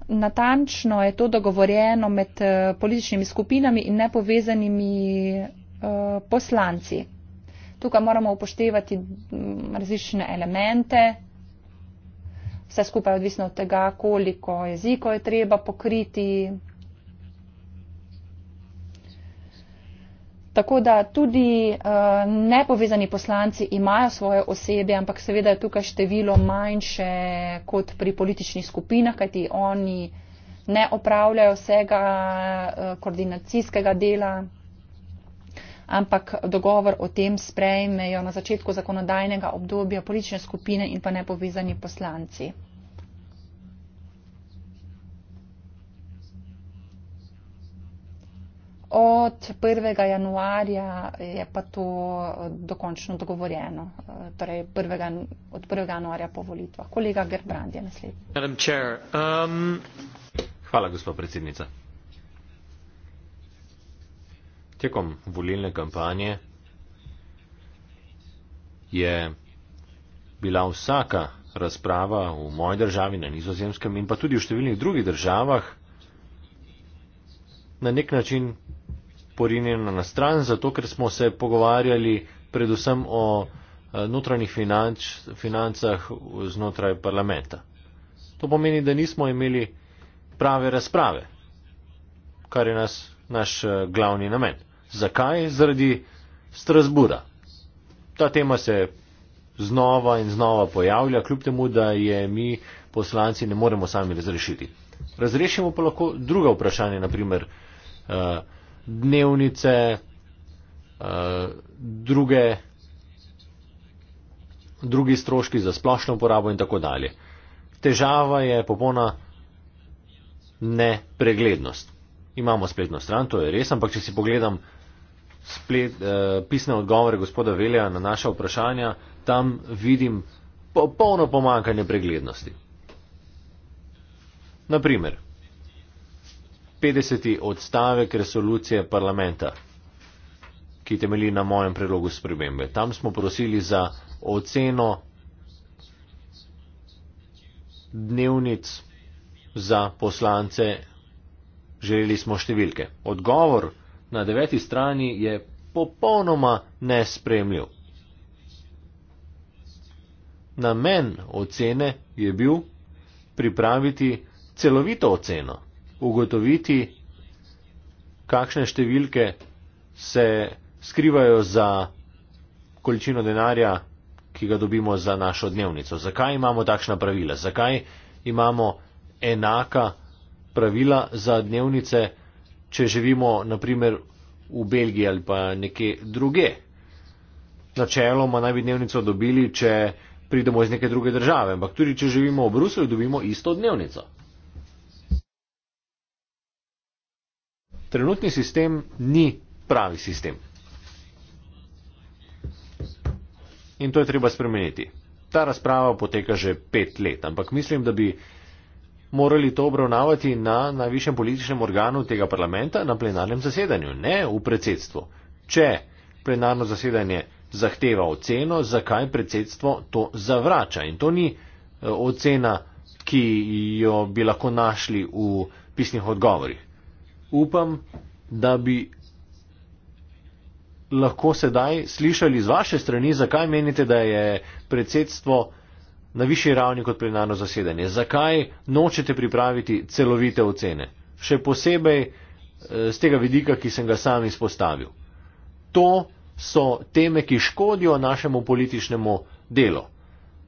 Natančno je to dogovorjeno med eh, političnimi skupinami in nepovezanimi eh, poslanci. Tukaj moramo upoštevati mm, različne elemente. Vse skupaj je odvisno od tega, koliko jezikov je treba pokriti, Tako da tudi uh, nepovezani poslanci imajo svoje osebe, ampak seveda je tukaj število manjše kot pri političnih skupinah, kajti oni ne opravljajo vsega uh, koordinacijskega dela, ampak dogovor o tem sprejmejo na začetku zakonodajnega obdobja politične skupine in pa nepovezani poslanci. Od 1. januarja je pa to eh, dokončno dogovorjeno, eh, torej prvega, od 1. januarja po volitvah. Kolega Gerbrand je naslednji. Um, Hvala, gospod predsednica. Tekom volilne kampanje je bila vsaka razprava v moji državi na nizozemskem in pa tudi v številnih drugih državah na nek način porinjena na stran, zato ker smo se pogovarjali predvsem o eh, notranjih financ, financah znotraj parlamenta. To pomeni, da nismo imeli prave razprave, kar je nas, naš eh, glavni namen. Zakaj? Zaradi Strasbura. Ta tema se znova in znova pojavlja, kljub temu, da je mi poslanci ne moremo sami razrešiti. Razrešimo pa lahko druga vprašanja, naprimer, uh, eh, dnevnice, eh, druge, drugi stroški za splošno uporabo in tako dalje. Težava je popolna nepreglednost. Imamo spletno stran, to je res, ampak če si pogledam splet, eh, pisne odgovore gospoda Velja na naša vprašanja, tam vidim popolno pomankanje preglednosti. Naprimer, petdeset odstavek resolucije parlamenta, ki temelji na mojem predlogu spremembe. Tam smo prosili za oceno dnevnic za poslance, želeli smo številke. Odgovor na deveti strani je popolnoma nespremljiv. Namen ocene je bil pripraviti celovito oceno ugotoviti, kakšne številke se skrivajo za količino denarja, ki ga dobimo za našo dnevnico. Zakaj imamo takšna pravila? Zakaj imamo enaka pravila za dnevnice, če živimo naprimer v Belgiji ali pa nekje druge? Načeloma naj bi dnevnico dobili, če pridemo iz neke druge države, ampak tudi, če živimo v Bruslju, dobimo isto dnevnico. trenutni sistem ni pravi sistem. In to je treba spremeniti. Ta razprava poteka že pet let, ampak mislim, da bi morali to obravnavati na najvišjem političnem organu tega parlamenta, na plenarnem zasedanju, ne v predsedstvu. Če plenarno zasedanje zahteva oceno, zakaj predsedstvo to zavrača. In to ni eh, ocena, ki jo bi lahko našli v pisnih odgovorih upam, da bi lahko sedaj slišali z vaše strani, zakaj menite, da je predsedstvo na višji ravni kot plenarno zasedanje. Zakaj nočete pripraviti celovite ocene? Še posebej eh, z tega vidika, ki sem ga sam izpostavil. To so teme, ki škodijo našemu političnemu delu.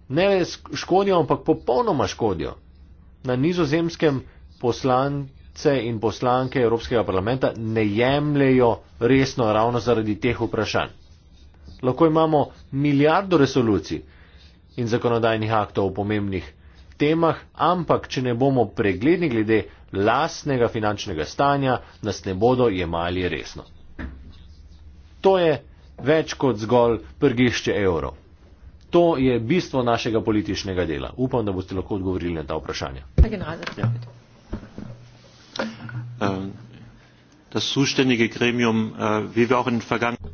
Ne škodijo, ampak popolnoma škodijo. Na nizozemskem poslan, poslance in poslanke Evropskega parlamenta ne jemljajo resno ravno zaradi teh vprašanj. Lahko imamo milijardo resolucij in zakonodajnih aktov o pomembnih temah, ampak če ne bomo pregledni glede lastnega finančnega stanja, nas ne bodo jemali resno. To je več kot zgolj prgišče evro. To je bistvo našega političnega dela. Upam, da boste lahko odgovorili na ta vprašanja. Ja. Äh, das zuständige Gremium, äh, wie wir auch in der Vergangenheit.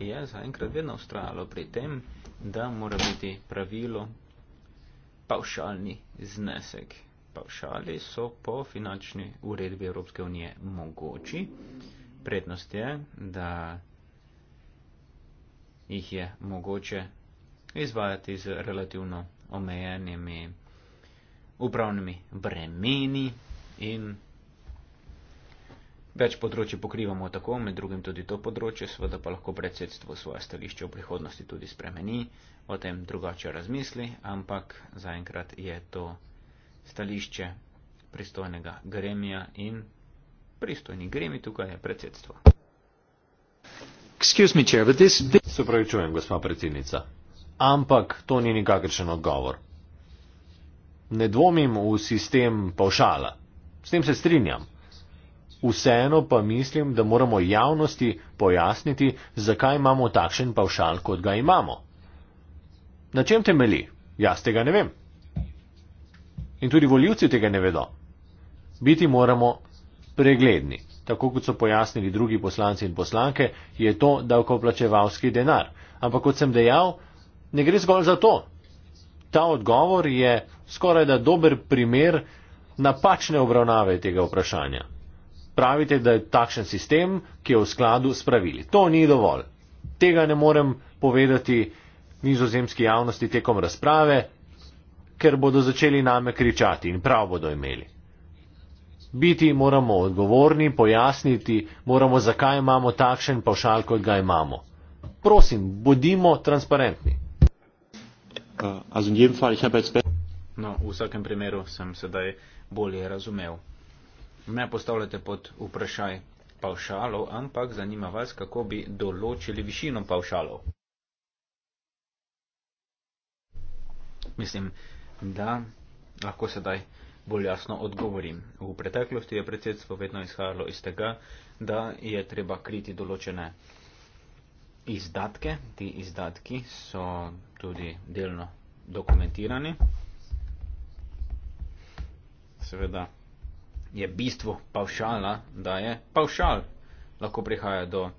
Je zaenkrat vedno ustrajalo pri tem, da mora biti pravilo pavšalni znesek. Pavšali so po finančni uredbi Evropske unije mogoči. Prednost je, da jih je mogoče izvajati z relativno omejenimi upravnimi bremeni in več področji pokrivamo tako, med drugim tudi to področje, seveda pa lahko predsedstvo svoje stališče v prihodnosti tudi spremeni, o tem drugače razmisli, ampak zaenkrat je to stališče pristojnega gremija in pristojni gremij tukaj je predsedstvo. Excuse me, chair, but this... Se pravi, čujem, gospa predsednica ampak to ni nikakršen odgovor. Ne dvomim v sistem pavšala, s tem se strinjam. Vseeno pa mislim, da moramo javnosti pojasniti, zakaj imamo takšen pavšal, kot ga imamo. Na čem temeli? Jaz tega ne vem. In tudi voljivci tega ne vedo. Biti moramo pregledni. Tako kot so pojasnili drugi poslanci in poslanke, je to davkoplačevalski denar. Ampak kot sem dejal, ne gre zgolj za to. Ta odgovor je skoraj da dober primer napačne obravnave tega vprašanja. Pravite, da je takšen sistem, ki je v skladu s pravili. To ni dovolj. Tega ne morem povedati nizozemski javnosti tekom razprave, ker bodo začeli name kričati in prav bodo imeli. Biti moramo odgovorni, pojasniti moramo, zakaj imamo takšen pavšal, kot ga imamo. Prosim, bodimo transparentni. Eh, also in jedem Fall, ich habe jetzt besser. No, v vsakem primeru sem sedaj bolje razumel. Ne postavljate pod vprašaj pavšalov, ampak zanima vas, kako bi določili višino pavšalov. Mislim, da lahko sedaj bolj jasno odgovorim. V preteklosti je predsedstvo vedno izhajalo iz tega, da je treba kriti določene izdatke. Ti izdatki so tudi delno dokumentirani. Seveda je bistvo pavšala, da je pavšal. Lahko prihaja do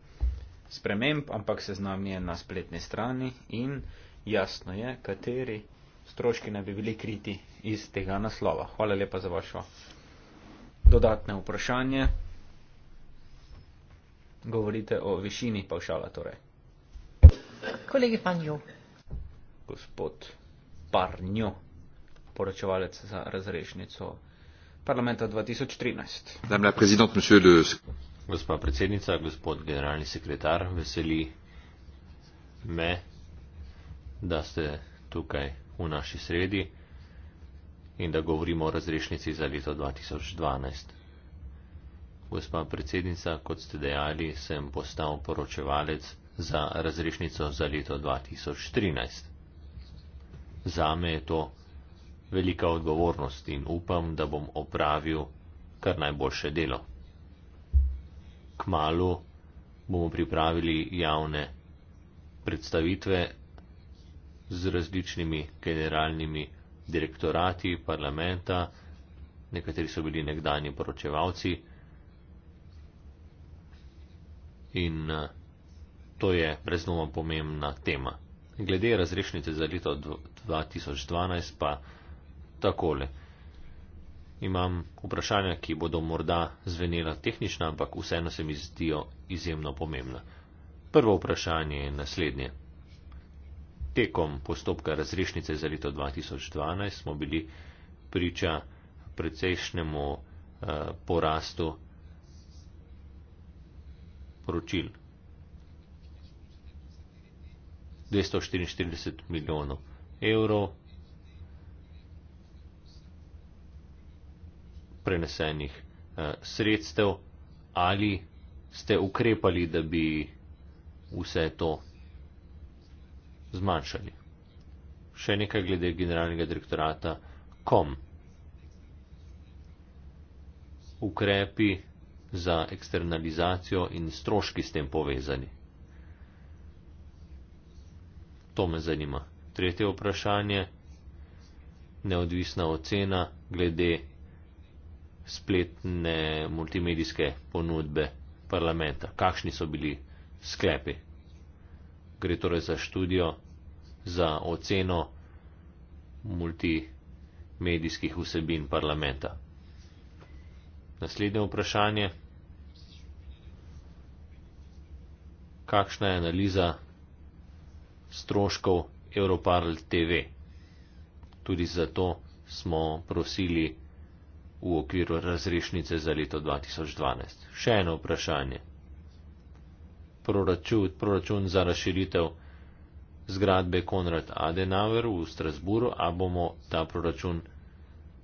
sprememb, ampak se znam je na spletni strani in jasno je, kateri stroški naj bi bili kriti iz tega naslova. Hvala lepa za vašo dodatne vprašanje. Govorite o višini pavšala torej. Kolegi Fanjo gospod Parnjo, poročevalec za razrešnico parlamenta 2013. Le... Gospa predsednica, gospod generalni sekretar, veseli me, da ste tukaj v naši sredi in da govorimo o razrešnici za leto 2012. Gospa predsednica, kot ste dejali, sem postal poročevalec za razrešnico za leto 2013. Zame je to velika odgovornost in upam, da bom opravil kar najboljše delo. Kmalo bomo pripravili javne predstavitve z različnimi generalnimi direktorati parlamenta, nekateri so bili nekdani poročevalci in eh, to je brez dvoma pomembna tema. Glede razrešnice za leto 2012 pa takole. Imam vprašanja, ki bodo morda zvenela tehnična, ampak vseeno se mi zdijo izjemno pomembna. Prvo vprašanje je naslednje. Tekom postopka razrešnice za leto 2012 smo bili priča precejšnjemu uh, porastu poročil 244 milijonov evrov prenesenih eh, sredstev. Ali ste ukrepali, da bi vse to zmanjšali? Še nekaj glede generalnega direktorata kom. Ukrepi za eksternalizacijo in stroški s tem povezani. To me zanima. Tretje vprašanje. Neodvisna ocena glede spletne multimedijske ponudbe parlamenta. Kakšni so bili sklepi? Gre torej za študijo, za oceno multimedijskih vsebin parlamenta. Naslednje vprašanje. Kakšna je analiza stroškov Europarl TV. Tudi zato smo prosili v okviru razrešnice za leto 2012. Še eno vprašanje. Proračun, proračun za razširitev zgradbe Konrad Adenauer v Strasburu, a bomo ta proračun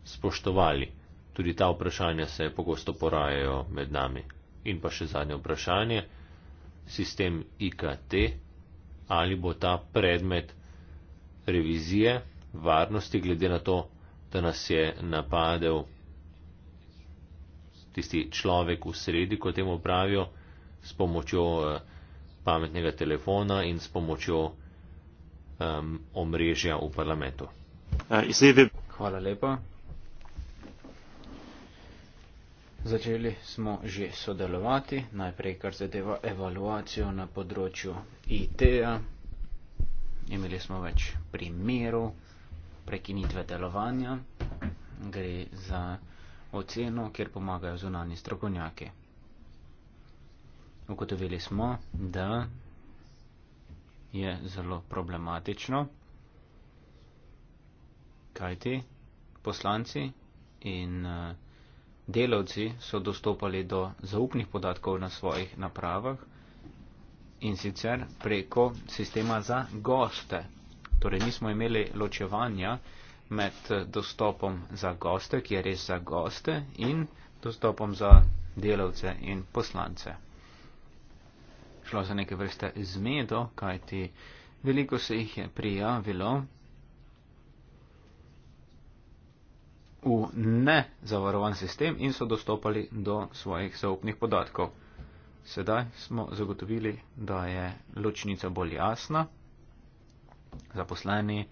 spoštovali. Tudi ta vprašanja se pogosto porajajo med nami. In pa še zadnje vprašanje. Sistem IKT ali bo ta predmet revizije varnosti, glede na to, da nas je napadel tisti človek v sredi, kot temu pravijo, s pomočjo eh, pametnega telefona in s pomočjo um, omrežja v parlamentu. Eh, Hvala lepa. Začeli smo že sodelovati, najprej kar zadeva evaluacijo na področju IT-ja. Imeli smo več primerov prekinitve delovanja, gre za oceno, kjer pomagajo zunani strokovnjaki. Ugotovili smo, da je zelo problematično, kajti poslanci in uh, delavci so dostopali do zaupnih podatkov na svojih napravah in sicer preko sistema za goste. Torej nismo imeli ločevanja med dostopom za goste, ki je res za goste, in dostopom za delavce in poslance. Šlo za neke vrste zmedo, kajti veliko se jih je prijavilo v nezavarovan sistem in so dostopali do svojih zaupnih podatkov. Sedaj smo zagotovili, da je ločnica bolj jasna, zaposleni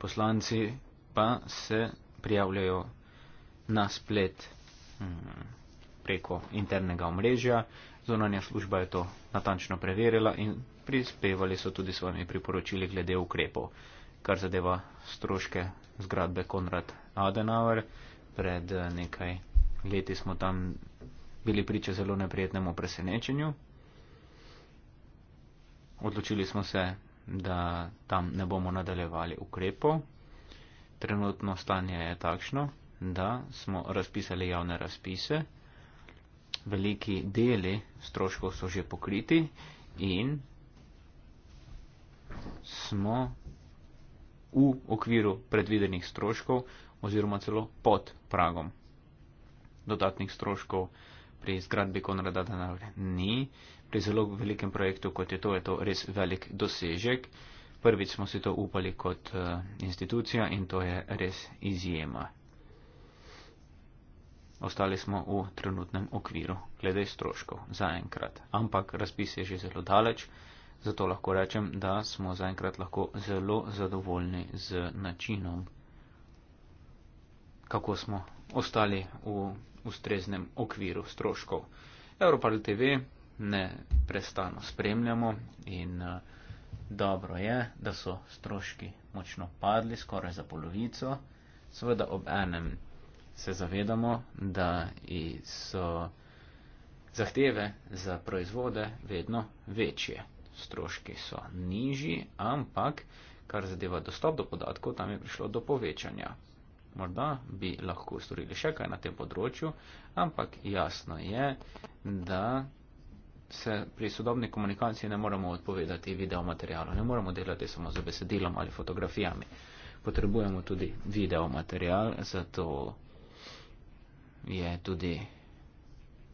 poslanci pa se prijavljajo na splet hm, preko internega omrežja. Zunanja služba je to natančno preverila in prispevali so tudi svojimi priporočili glede ukrepov, kar zadeva stroške zgradbe Konrad Adenauer. Pred eh, nekaj leti smo tam bili priča zelo neprijetnemu presenečenju. Odločili smo se, da tam ne bomo nadaljevali ukrepov. Trenutno stanje je takšno, da smo razpisali javne razpise, veliki deli stroškov so že pokriti in smo v okviru predvidenih stroškov oziroma celo pod pragom. Dodatnih stroškov pri zgradbi Konrada Danavre ni, pri zelo velikem projektu kot je to, je to res velik dosežek. Prvič smo si to upali kot uh, institucija in to je res izjema. Ostali smo v trenutnem okviru, glede stroškov, zaenkrat. Ampak razpis je že zelo daleč, zato lahko rečem, da smo zaenkrat lahko zelo zadovoljni z načinom kako smo ostali v ustreznem okviru stroškov. Europal TV ne prestano spremljamo in eh, dobro je, da so stroški močno padli, skoraj za polovico. Seveda ob enem se zavedamo, da so zahteve za proizvode vedno večje. Stroški so nižji, ampak kar zadeva dostop do podatkov, tam je prišlo do povečanja. Morda bi lahko storili še kaj na tem področju, ampak jasno je, da se pri sodobni komunikaciji ne moremo odpovedati videomaterialu, ne moremo delati samo z besedilom ali fotografijami. Potrebujemo tudi videomaterial, zato je tudi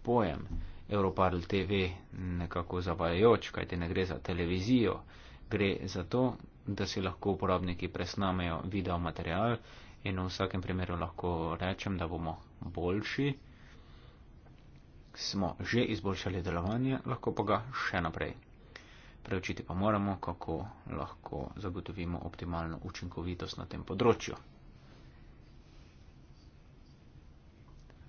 pojem Europarl TV nekako zavajajoč, kajti ne gre za televizijo, gre za to, da si lahko uporabniki presnamejo video material in v vsakem primeru lahko rečem, da bomo boljši. Smo že izboljšali delovanje, lahko pa ga še naprej. Preučiti pa moramo, kako lahko zagotovimo optimalno učinkovitost na tem področju.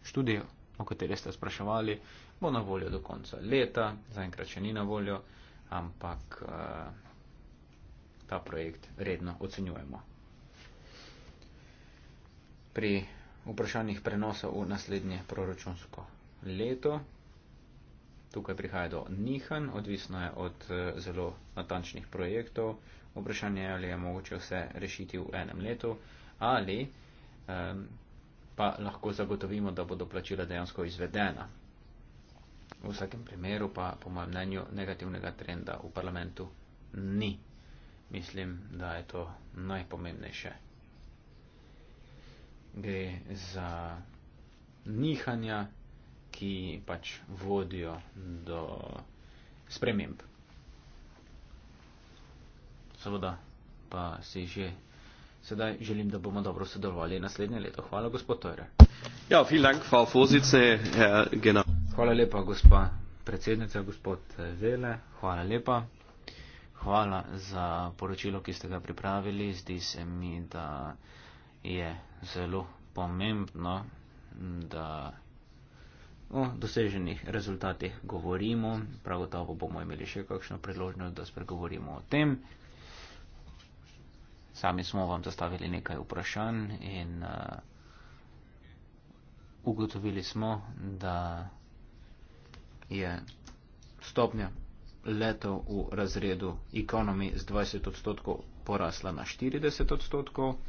Študijo, o kateri ste spraševali, bo na voljo do konca leta, zaenkrat še ni na voljo, ampak. Uh, ta projekt redno ocenjujemo. Pri vprašanjih prenosa v naslednje proračunsko leto. Tukaj prihaja do nihan, odvisno je od eh, zelo natančnih projektov. Vprašanje je, ali je mogoče vse rešiti v enem letu ali um, pa lahko zagotovimo, da bodo plačila dejansko izvedena. V vsakem primeru pa, po mojem mnenju, negativnega trenda v parlamentu ni mislim, da je to najpomembnejše. Gre za nihanja, ki pač vodijo do sprememb. Seveda pa si že sedaj želim, da bomo dobro sodelovali naslednje leto. Hvala, gospod Tore. Ja, dank, vozice, eh, hvala lepa, gospa predsednica, gospod Vele. Hvala lepa. Hvala za poročilo, ki ste ga pripravili. Zdi se mi, da je zelo pomembno, da o doseženih rezultatih govorimo. Prav gotovo bomo imeli še kakšno priložnost, da spregovorimo o tem. Sami smo vam zastavili nekaj vprašanj in uh, ugotovili smo, da je stopnja letov v razredu ekonomi z 20 odstotkov porasla na 40 odstotkov.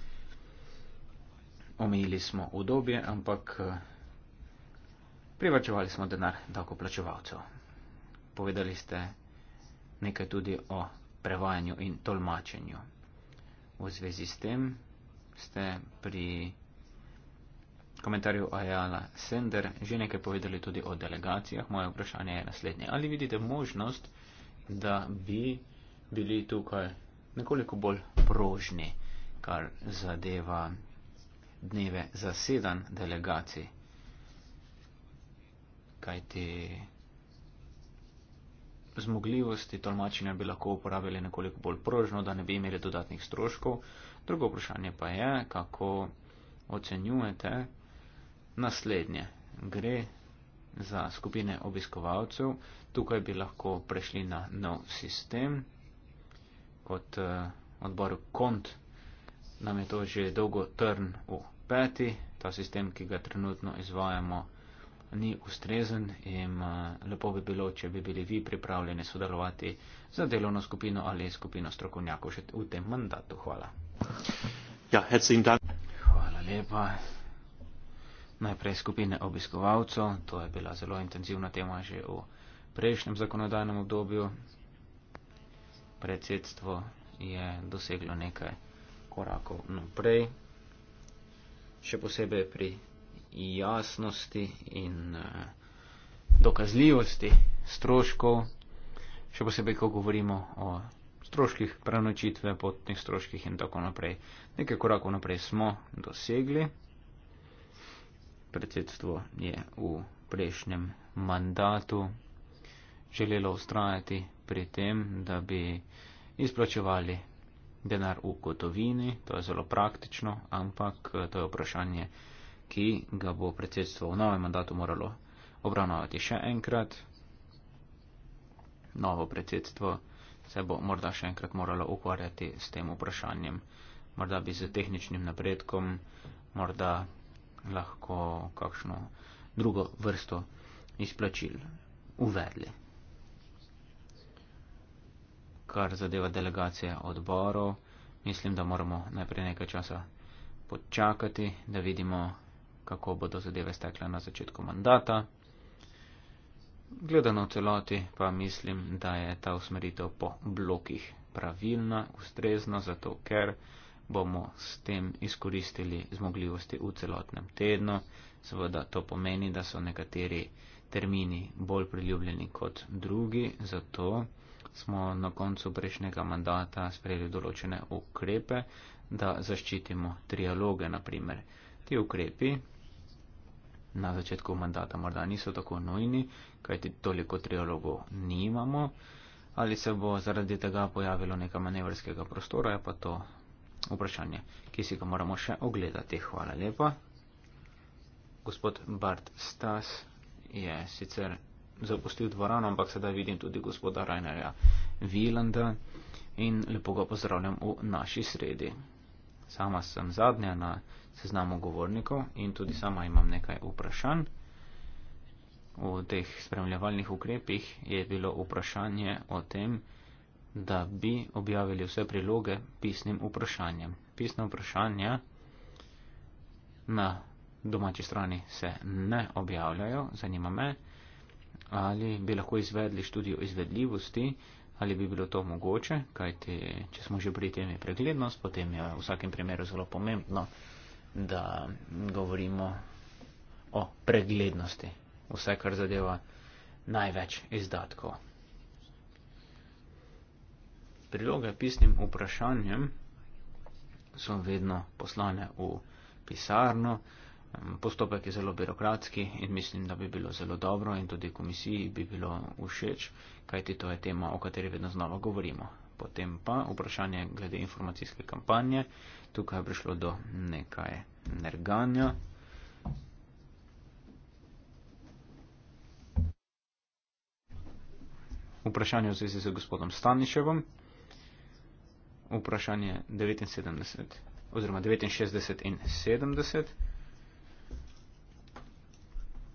Omejili smo udobje, ampak eh, privačevali smo denar davkoplačevalcev. Povedali ste nekaj tudi o prevajanju in tolmačenju. V zvezi s tem ste pri komentarju Ajala Sender že nekaj povedali tudi o delegacijah. Moje vprašanje je naslednje. Ali vidite možnost, da bi bili tukaj nekoliko bolj prožni, kar zadeva dneve zasedan delegacij. Kajti zmogljivosti tolmačenja bi lahko uporabili nekoliko bolj prožno, da ne bi imeli dodatnih stroškov. Drugo vprašanje pa je, kako ocenjujete naslednje. Gre za skupine obiskovalcev. Tukaj bi lahko prešli na nov sistem. Kot eh, odbor kont nam je to že dolgo trn v peti. Ta sistem, ki ga trenutno izvajamo, ni ustrezen in eh, lepo bi bilo, če bi bili vi pripravljeni sodelovati za delovno skupino ali skupino strokovnjakov še v tem mandatu. Hvala. Ja, herzlichen Dank. Hvala lepa najprej skupine obiskovalcev, to je bila zelo intenzivna tema že v prejšnjem zakonodajnem obdobju. Predsedstvo je doseglo nekaj korakov naprej, še posebej pri jasnosti in eh, dokazljivosti stroškov, še posebej, ko govorimo o stroških prenočitve, potnih stroških in tako naprej. Nekaj korakov naprej smo dosegli predsedstvo je v prejšnjem mandatu želelo ustrajati pri tem, da bi izplačevali denar v gotovini. To je zelo praktično, ampak to je vprašanje, ki ga bo predsedstvo v novem mandatu moralo obravnavati še enkrat. Novo predsedstvo se bo morda še enkrat moralo ukvarjati s tem vprašanjem. Morda bi z tehničnim napredkom, morda lahko kakšno drugo vrsto izplačil uvedli. Kar zadeva delegacije odborov, mislim, da moramo najprej nekaj časa počakati, da vidimo, kako bodo zadeve stekle na začetku mandata. Gledano v celoti pa mislim, da je ta usmeritev po blokih pravilna, ustrezna, zato ker bomo s tem izkoristili zmogljivosti v celotnem tednu. Seveda to pomeni, da so nekateri termini bolj priljubljeni kot drugi, zato smo na koncu prejšnjega mandata sprejeli določene ukrepe, da zaščitimo trialoge, naprimer. Ti ukrepi na začetku mandata morda niso tako nujni, kajti toliko trialogov nimamo. Ali se bo zaradi tega pojavilo nekaj manevrskega prostora, je pa to vprašanje, ki si ga moramo še ogledati. Hvala lepa. Gospod Bart Stas je sicer zapustil dvorano, ampak sedaj vidim tudi gospoda Rainerja Vilanda in lepo ga pozdravljam v naši sredi. Sama sem zadnja na seznamu govornikov in tudi sama imam nekaj vprašanj. V teh spremljevalnih ukrepih je bilo vprašanje o tem, da bi objavili vse priloge pisnim vprašanjem. Pisne vprašanja na domači strani se ne objavljajo, zanima me, ali bi lahko izvedli študijo izvedljivosti, ali bi bilo to mogoče, kajti če smo že pri temi preglednost, potem je v vsakem primeru zelo pomembno, da govorimo o preglednosti, vse kar zadeva največ izdatkov priloge pisnim vprašanjem so vedno poslane v pisarno. Postopek je zelo birokratski in mislim, da bi bilo zelo dobro in tudi komisiji bi bilo všeč, kajti to je tema, o kateri vedno znova govorimo. Potem pa vprašanje glede informacijske kampanje. Tukaj je prišlo do nekaj nerganja. Vprašanje v zvezi z gospodom Staniševom vprašanje 79 oziroma 69 in 70.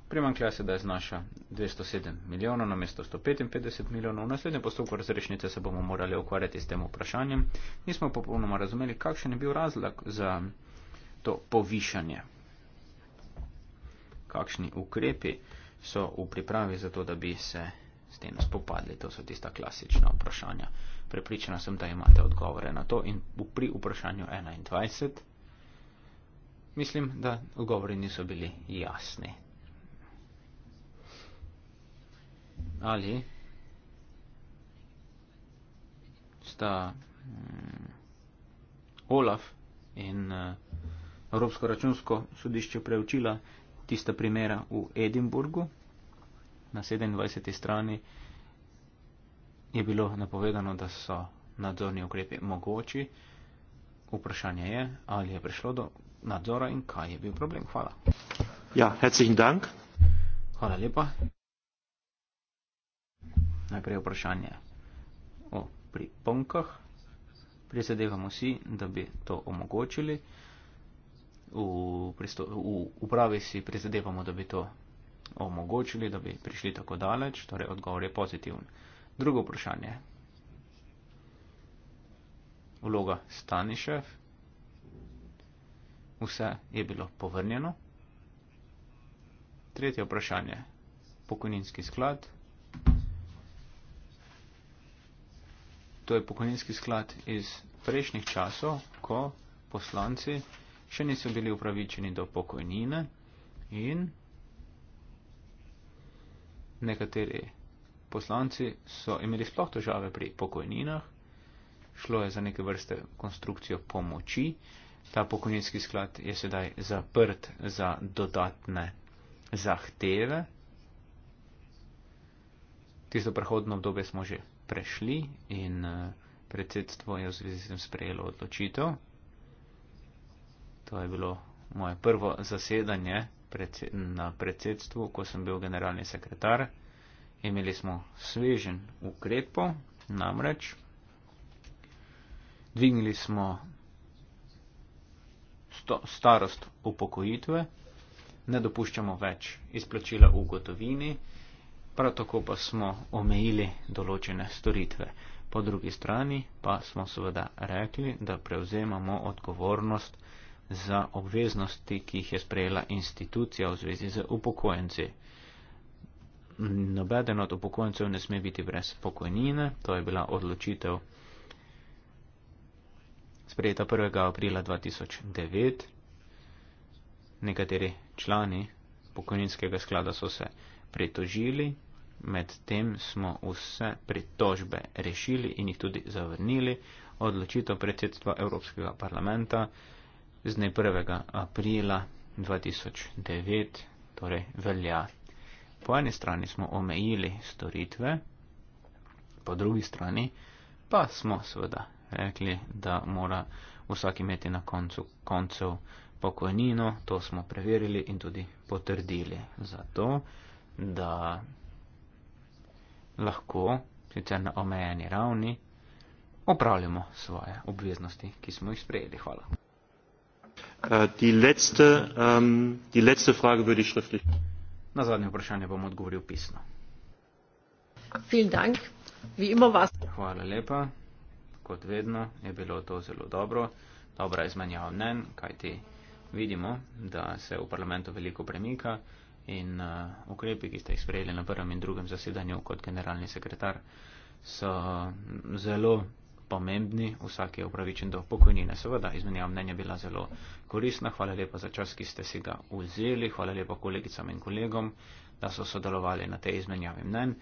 Primankljaj se, da je znaša 207 milijonov na mesto 155 milijonov. V naslednjem postopku razrešnice se bomo morali ukvarjati s tem vprašanjem. Nismo popolnoma razumeli, kakšen je bil razlog za to povišanje. Kakšni ukrepi so v pripravi za to, da bi se s tem spopadli. To so tista klasična vprašanja prepričana sem, da imate odgovore na to in pri vprašanju 21 mislim, da odgovori niso bili jasni. Ali sta mm, Olaf in eh, Evropsko računsko sodišče preučila tista primera v Edinburgu na 27. strani je bilo napovedano, da so nadzorni ukrepi mogoči. Vprašanje je, ali je prišlo do nadzora in kaj je bil problem. Hvala. Ja, herzlichen Dank. Hvala lepa. Najprej vprašanje o pripomkah. Prizadevamo si, da bi to omogočili. V, pristo, v upravi si prizadevamo, da bi to omogočili, da bi prišli tako daleč. Torej, odgovor je pozitiven. Drugo vprašanje. Vloga Stanišev. Vse je bilo povrnjeno. Tretje vprašanje. Pokojninski sklad. To je pokojninski sklad iz prejšnjih časov, ko poslanci še niso bili upravičeni do pokojnine in nekateri poslanci so imeli sploh težave pri pokojninah, šlo je za neke vrste konstrukcijo pomoči. Ta pokojninski sklad je sedaj zaprt za dodatne zahteve. Tisto prehodno obdobje smo že prešli in eh, predsedstvo je v zvezi s tem sprejelo odločitev. To je bilo moje prvo zasedanje na predsedstvu, ko sem bil generalni sekretar imeli smo svežen ukrepov, namreč dvignili smo sto, starost upokojitve, ne dopuščamo več izplačila v gotovini, prav tako pa smo omejili določene storitve. Po drugi strani pa smo seveda rekli, da prevzemamo odgovornost za obveznosti, ki jih je sprejela institucija v zvezi z upokojenci nobeden od upokojencev ne sme biti brez pokojnine. To je bila odločitev sprejeta 1. aprila 2009. Nekateri člani pokojninskega sklada so se pritožili, medtem smo vse pritožbe rešili in jih tudi zavrnili. Odločitev predsedstva Evropskega parlamenta z dne 1. aprila 2009 torej velja po eni strani smo omejili storitve, po drugi strani pa smo seveda rekli, da mora vsak imeti na koncu koncev pokojnino, to smo preverili in tudi potrdili, zato da lahko, sicer na omejeni ravni, opravljamo svoje obveznosti, ki smo jih sprejeli. Hvala. Uh, die letzte, um, die letzte Frage würde ich schriftlich. Na zadnje vprašanje bom odgovoril pisno. Hvala lepa. Kot vedno je bilo to zelo dobro, dobra izmenjava mnen, kajti vidimo, da se v parlamentu veliko premika in uh, ukrepi, ki ste jih sprejeli na prvem in drugem zasedanju kot generalni sekretar, so mm, zelo pomembni, vsak je upravičen do pokojnine. Seveda, izmenjava mnenja bila zelo korisna. Hvala lepa za čas, ki ste si ga vzeli. Hvala lepa kolegicam in kolegom, da so sodelovali na tej izmenjavi mnen.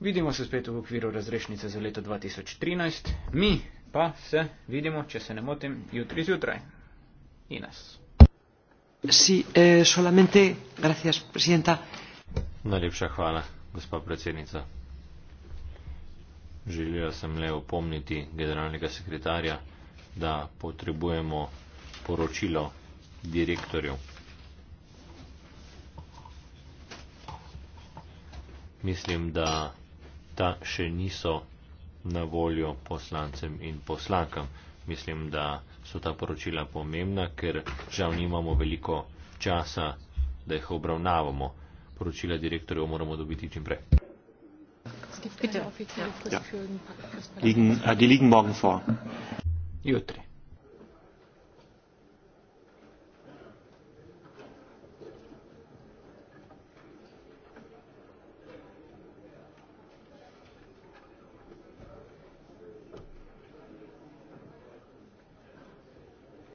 Vidimo se spet v okviru razrešnice za leto 2013. Mi pa se vidimo, če se ne motim, jutri zjutraj. Ines. Si, eh, solamente, gracias, presidenta. Najlepša hvala, gospod predsednica. Želela sem le opomniti generalnega sekretarja, da potrebujemo poročilo direktorjev. Mislim, da ta še niso na voljo poslancem in poslankam. Mislim, da so ta poročila pomembna, ker žal nimamo veliko časa, da jih obravnavamo. Poročila direktorjev moramo dobiti čim prej. Es gibt keine Bitte. offizielle Frist ja. für den Pakt. Liegen, äh, die liegen morgen vor. Jutri.